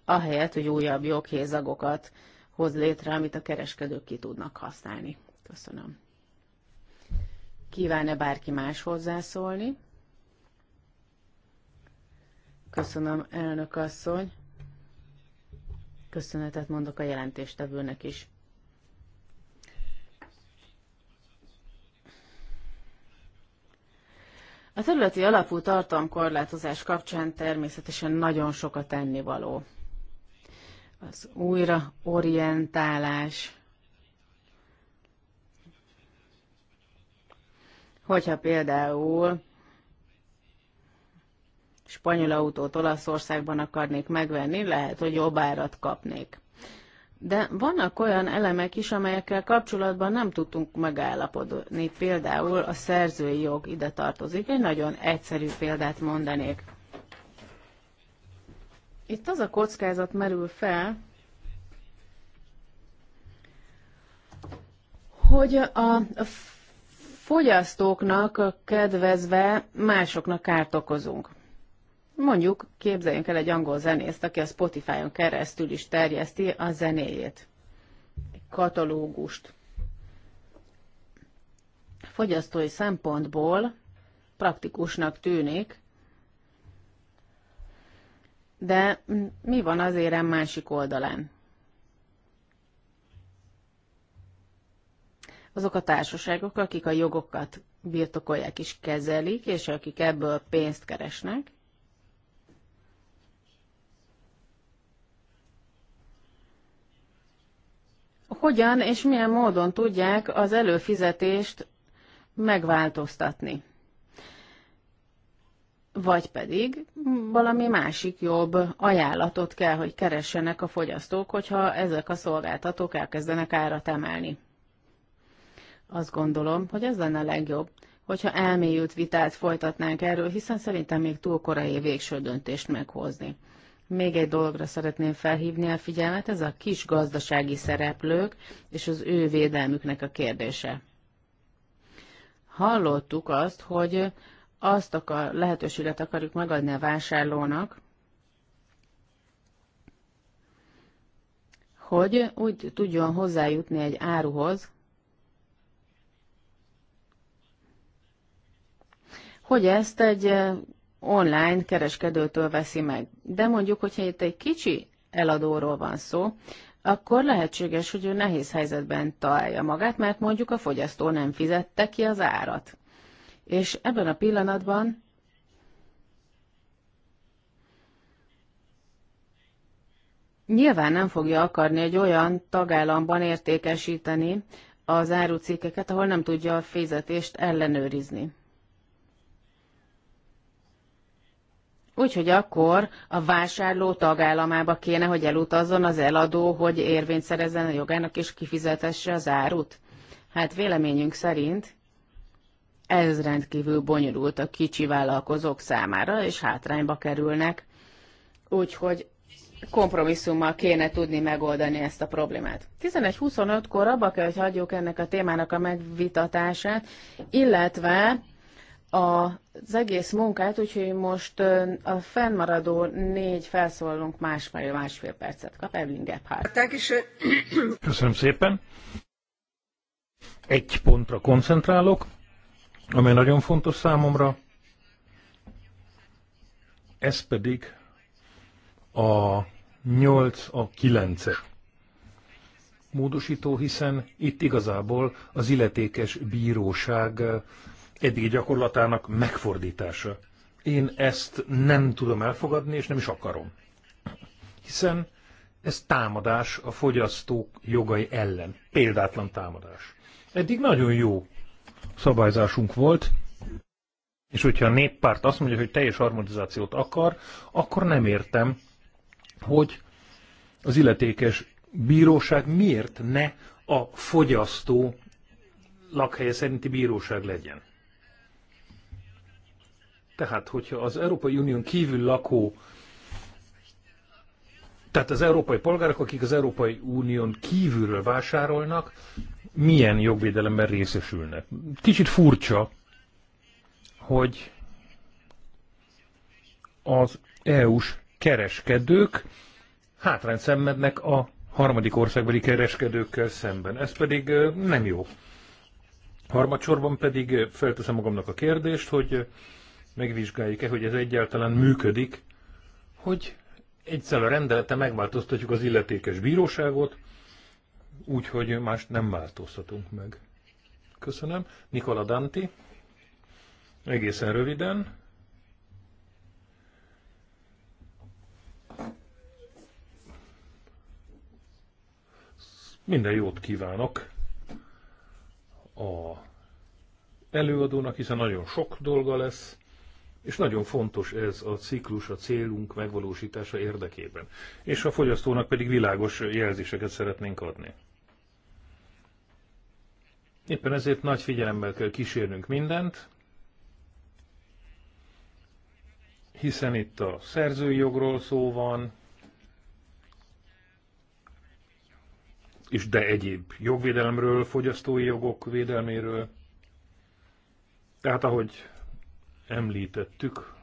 ahelyett, hogy újabb joghézagokat hoz létre, amit a kereskedők ki tudnak használni. Köszönöm. Kíván-e bárki más hozzászólni? Köszönöm, elnök asszony. Köszönetet mondok a jelentéstevőnek is. A területi alapú tartalomkorlátozás kapcsán természetesen nagyon sokat tennivaló. Az újra orientálás, hogyha például spanyol autót Olaszországban akarnék megvenni, lehet, hogy jobb árat kapnék. De vannak olyan elemek is, amelyekkel kapcsolatban nem tudtunk megállapodni. Például a szerzői jog ide tartozik. Egy nagyon egyszerű példát mondanék. Itt az a kockázat merül fel, hogy a fogyasztóknak kedvezve másoknak kárt okozunk. Mondjuk képzeljünk el egy angol zenészt, aki a Spotify-on keresztül is terjeszti a zenéjét. Egy katalógust. Fogyasztói szempontból praktikusnak tűnik, de mi van az érem másik oldalán? Azok a társaságok, akik a jogokat birtokolják és kezelik, és akik ebből pénzt keresnek, hogyan és milyen módon tudják az előfizetést megváltoztatni. Vagy pedig valami másik jobb ajánlatot kell, hogy keressenek a fogyasztók, hogyha ezek a szolgáltatók elkezdenek árat emelni. Azt gondolom, hogy ez lenne a legjobb, hogyha elmélyült vitát folytatnánk erről, hiszen szerintem még túl korai végső döntést meghozni. Még egy dologra szeretném felhívni a figyelmet, ez a kis gazdasági szereplők és az ő védelmüknek a kérdése. Hallottuk azt, hogy azt a lehetőséget akarjuk megadni a vásárlónak, hogy úgy tudjon hozzájutni egy áruhoz, hogy ezt egy online kereskedőtől veszi meg. De mondjuk, hogyha itt egy kicsi eladóról van szó, akkor lehetséges, hogy ő nehéz helyzetben találja magát, mert mondjuk a fogyasztó nem fizette ki az árat. És ebben a pillanatban nyilván nem fogja akarni egy olyan tagállamban értékesíteni az árucikkeket, ahol nem tudja a fizetést ellenőrizni. Úgyhogy akkor a vásárló tagállamába kéne, hogy elutazzon az eladó, hogy érvényt szerezzen a jogának és kifizetesse az árut. Hát véleményünk szerint ez rendkívül bonyolult a kicsi vállalkozók számára, és hátrányba kerülnek. Úgyhogy kompromisszummal kéne tudni megoldani ezt a problémát. 11.25-kor abba kell, hogy hagyjuk ennek a témának a megvitatását, illetve az egész munkát, úgyhogy most a fennmaradó négy felszólalunk másfél, másfél percet kap Evelyn Gebhardt. Köszönöm szépen. Egy pontra koncentrálok, amely nagyon fontos számomra. Ez pedig a 8 a 9 -e módosító, hiszen itt igazából az illetékes bíróság eddigi gyakorlatának megfordítása. Én ezt nem tudom elfogadni, és nem is akarom. Hiszen ez támadás a fogyasztók jogai ellen. Példátlan támadás. Eddig nagyon jó szabályzásunk volt, és hogyha a néppárt azt mondja, hogy teljes harmonizációt akar, akkor nem értem, hogy az illetékes bíróság miért ne a fogyasztó lakhelye szerinti bíróság legyen. Tehát, hogyha az Európai Unión kívül lakó, tehát az európai polgárok, akik az Európai Unión kívülről vásárolnak, milyen jogvédelemben részesülnek. Kicsit furcsa, hogy az EU-s kereskedők hátrányt szenvednek a harmadik országbeli kereskedőkkel szemben. Ez pedig nem jó. Harmadsorban pedig felteszem magamnak a kérdést, hogy megvizsgáljuk-e, hogy ez egyáltalán működik, hogy egyszer a rendelete megváltoztatjuk az illetékes bíróságot, úgyhogy más nem változtatunk meg. Köszönöm. Nikola Danti, egészen röviden. Minden jót kívánok a előadónak, hiszen nagyon sok dolga lesz, és nagyon fontos ez a ciklus, a célunk megvalósítása érdekében. És a fogyasztónak pedig világos jelzéseket szeretnénk adni. Éppen ezért nagy figyelemmel kell kísérnünk mindent, hiszen itt a szerzői jogról szó van, és de egyéb jogvédelemről, fogyasztói jogok védelméről. Tehát ahogy említettük,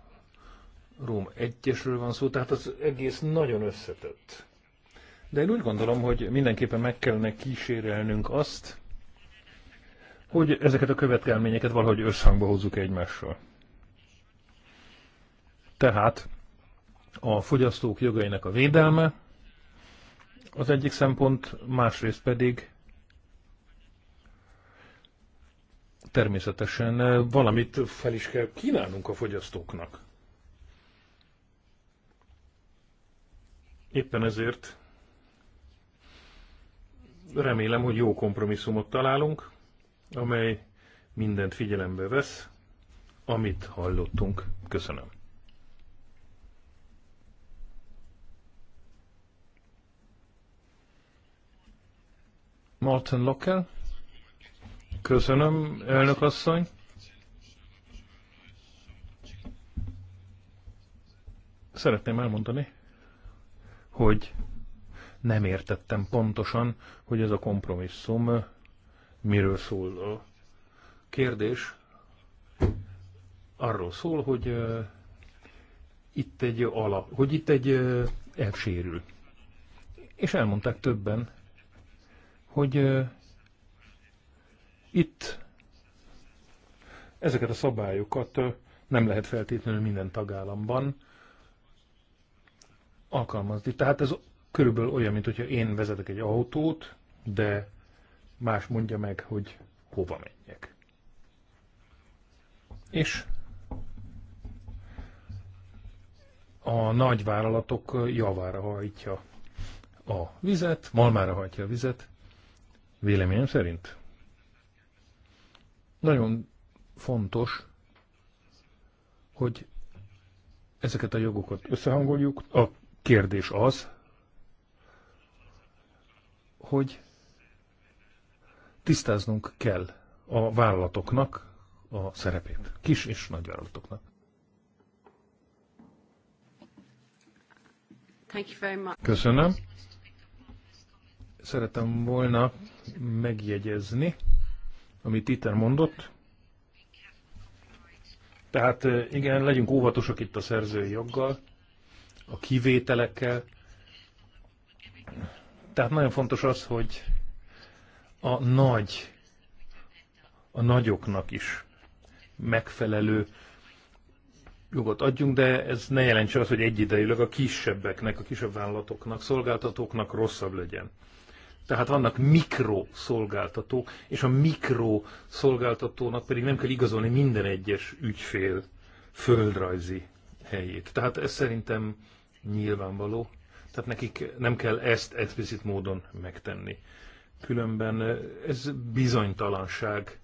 Róm egyesről van szó, tehát az egész nagyon összetett. De én úgy gondolom, hogy mindenképpen meg kellene kísérelnünk azt, hogy ezeket a követelményeket valahogy összhangba hozzuk egymással. Tehát a fogyasztók jogainak a védelme az egyik szempont, másrészt pedig természetesen eh, valamit fel is kell kínálnunk a fogyasztóknak. Éppen ezért remélem, hogy jó kompromisszumot találunk, amely mindent figyelembe vesz, amit hallottunk. Köszönöm. Martin Lockel. Köszönöm, elnök asszony. Szeretném elmondani, hogy nem értettem pontosan, hogy ez a kompromisszum miről szól. A kérdés arról szól, hogy uh, itt egy alap, hogy itt egy uh, elsérül. És elmondták többen, hogy uh, itt ezeket a szabályokat nem lehet feltétlenül minden tagállamban alkalmazni. Tehát ez körülbelül olyan, mint hogyha én vezetek egy autót, de más mondja meg, hogy hova menjek. És a nagyvállalatok javára hajtja a vizet, malmára hajtja a vizet, véleményem szerint. Nagyon fontos, hogy ezeket a jogokat összehangoljuk. A kérdés az, hogy tisztáznunk kell a vállalatoknak a szerepét, kis és nagy vállalatoknak. Köszönöm. Szeretem volna megjegyezni, amit Titer mondott. Tehát igen, legyünk óvatosak itt a szerzői joggal, a kivételekkel. Tehát nagyon fontos az, hogy a nagy, a nagyoknak is megfelelő jogot adjunk, de ez ne jelentse azt, hogy egyidejűleg a kisebbeknek, a kisebb vállalatoknak, szolgáltatóknak rosszabb legyen. Tehát vannak mikroszolgáltatók, és a mikroszolgáltatónak pedig nem kell igazolni minden egyes ügyfél földrajzi helyét. Tehát ez szerintem nyilvánvaló. Tehát nekik nem kell ezt explicit módon megtenni. Különben ez bizonytalanság.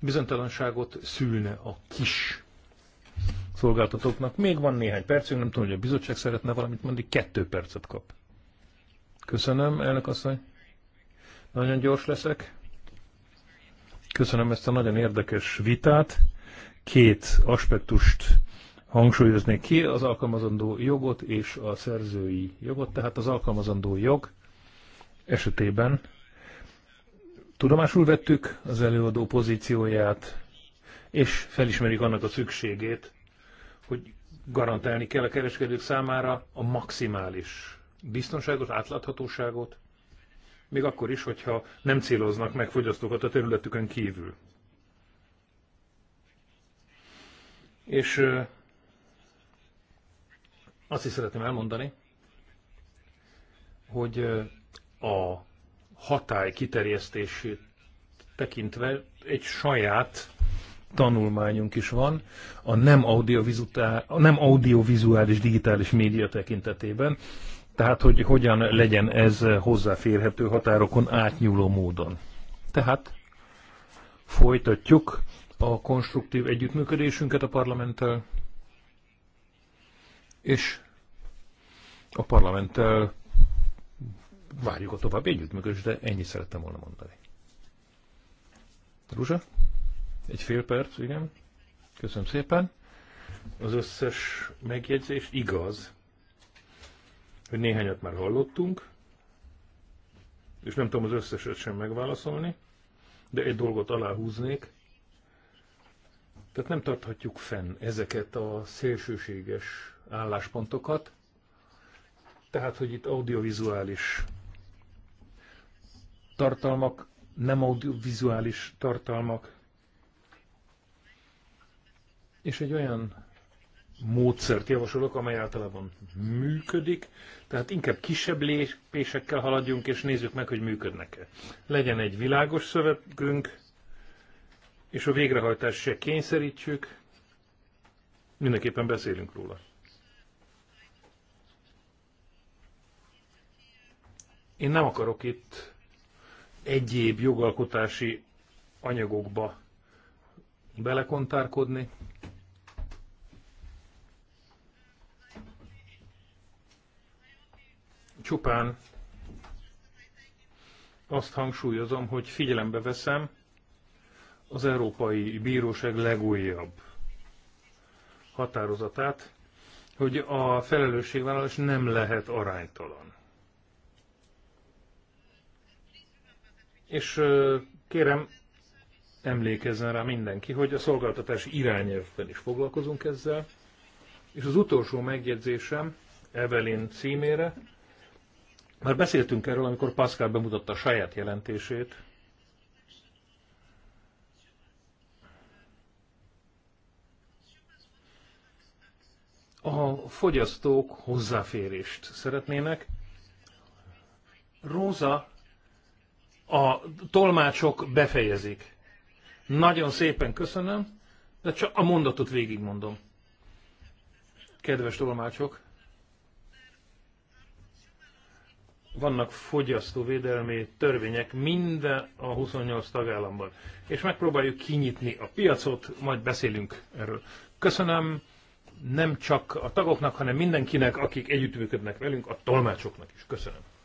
Bizonytalanságot szülne a kis szolgáltatóknak. Még van néhány percünk, nem tudom, hogy a bizottság szeretne valamit mondani, kettő percet kap. Köszönöm, elnök asszony. Nagyon gyors leszek. Köszönöm ezt a nagyon érdekes vitát. Két aspektust hangsúlyoznék ki, az alkalmazandó jogot és a szerzői jogot. Tehát az alkalmazandó jog esetében tudomásul vettük az előadó pozícióját, és felismerik annak a szükségét, hogy garantálni kell a kereskedők számára a maximális biztonságot, átláthatóságot, még akkor is, hogyha nem céloznak meg fogyasztókat a területükön kívül. És azt is szeretném elmondani, hogy a hatály kiterjesztését tekintve egy saját tanulmányunk is van a nem audiovizuális, nem audiovizuális digitális média tekintetében, tehát, hogy hogyan legyen ez hozzáférhető határokon átnyúló módon. Tehát folytatjuk a konstruktív együttműködésünket a parlamenttel, és a parlamenttel várjuk a további együttműködést, de ennyit szerettem volna mondani. Rúzsa? Egy fél perc, igen. Köszönöm szépen. Az összes megjegyzés igaz, hogy néhányat már hallottunk, és nem tudom az összeset sem megválaszolni, de egy dolgot aláhúznék. Tehát nem tarthatjuk fenn ezeket a szélsőséges álláspontokat, tehát, hogy itt audiovizuális tartalmak, nem audiovizuális tartalmak, és egy olyan módszert javasolok, amely általában működik, tehát inkább kisebb lépésekkel haladjunk, és nézzük meg, hogy működnek-e. Legyen egy világos szövegünk, és a végrehajtást se kényszerítsük, mindenképpen beszélünk róla. Én nem akarok itt egyéb jogalkotási anyagokba belekontárkodni, Csupán azt hangsúlyozom, hogy figyelembe veszem az Európai Bíróság legújabb határozatát, hogy a felelősségvállalás nem lehet aránytalan. És kérem, emlékezzen rá mindenki, hogy a szolgáltatás irányelvben is foglalkozunk ezzel. És az utolsó megjegyzésem Evelyn címére, már beszéltünk erről, amikor Pascal bemutatta a saját jelentését. A fogyasztók hozzáférést szeretnének. Róza, a tolmácsok befejezik. Nagyon szépen köszönöm, de csak a mondatot végigmondom. Kedves tolmácsok, vannak fogyasztóvédelmi törvények minden a 28 tagállamban. És megpróbáljuk kinyitni a piacot, majd beszélünk erről. Köszönöm nem csak a tagoknak, hanem mindenkinek, akik együttműködnek velünk, a tolmácsoknak is. Köszönöm.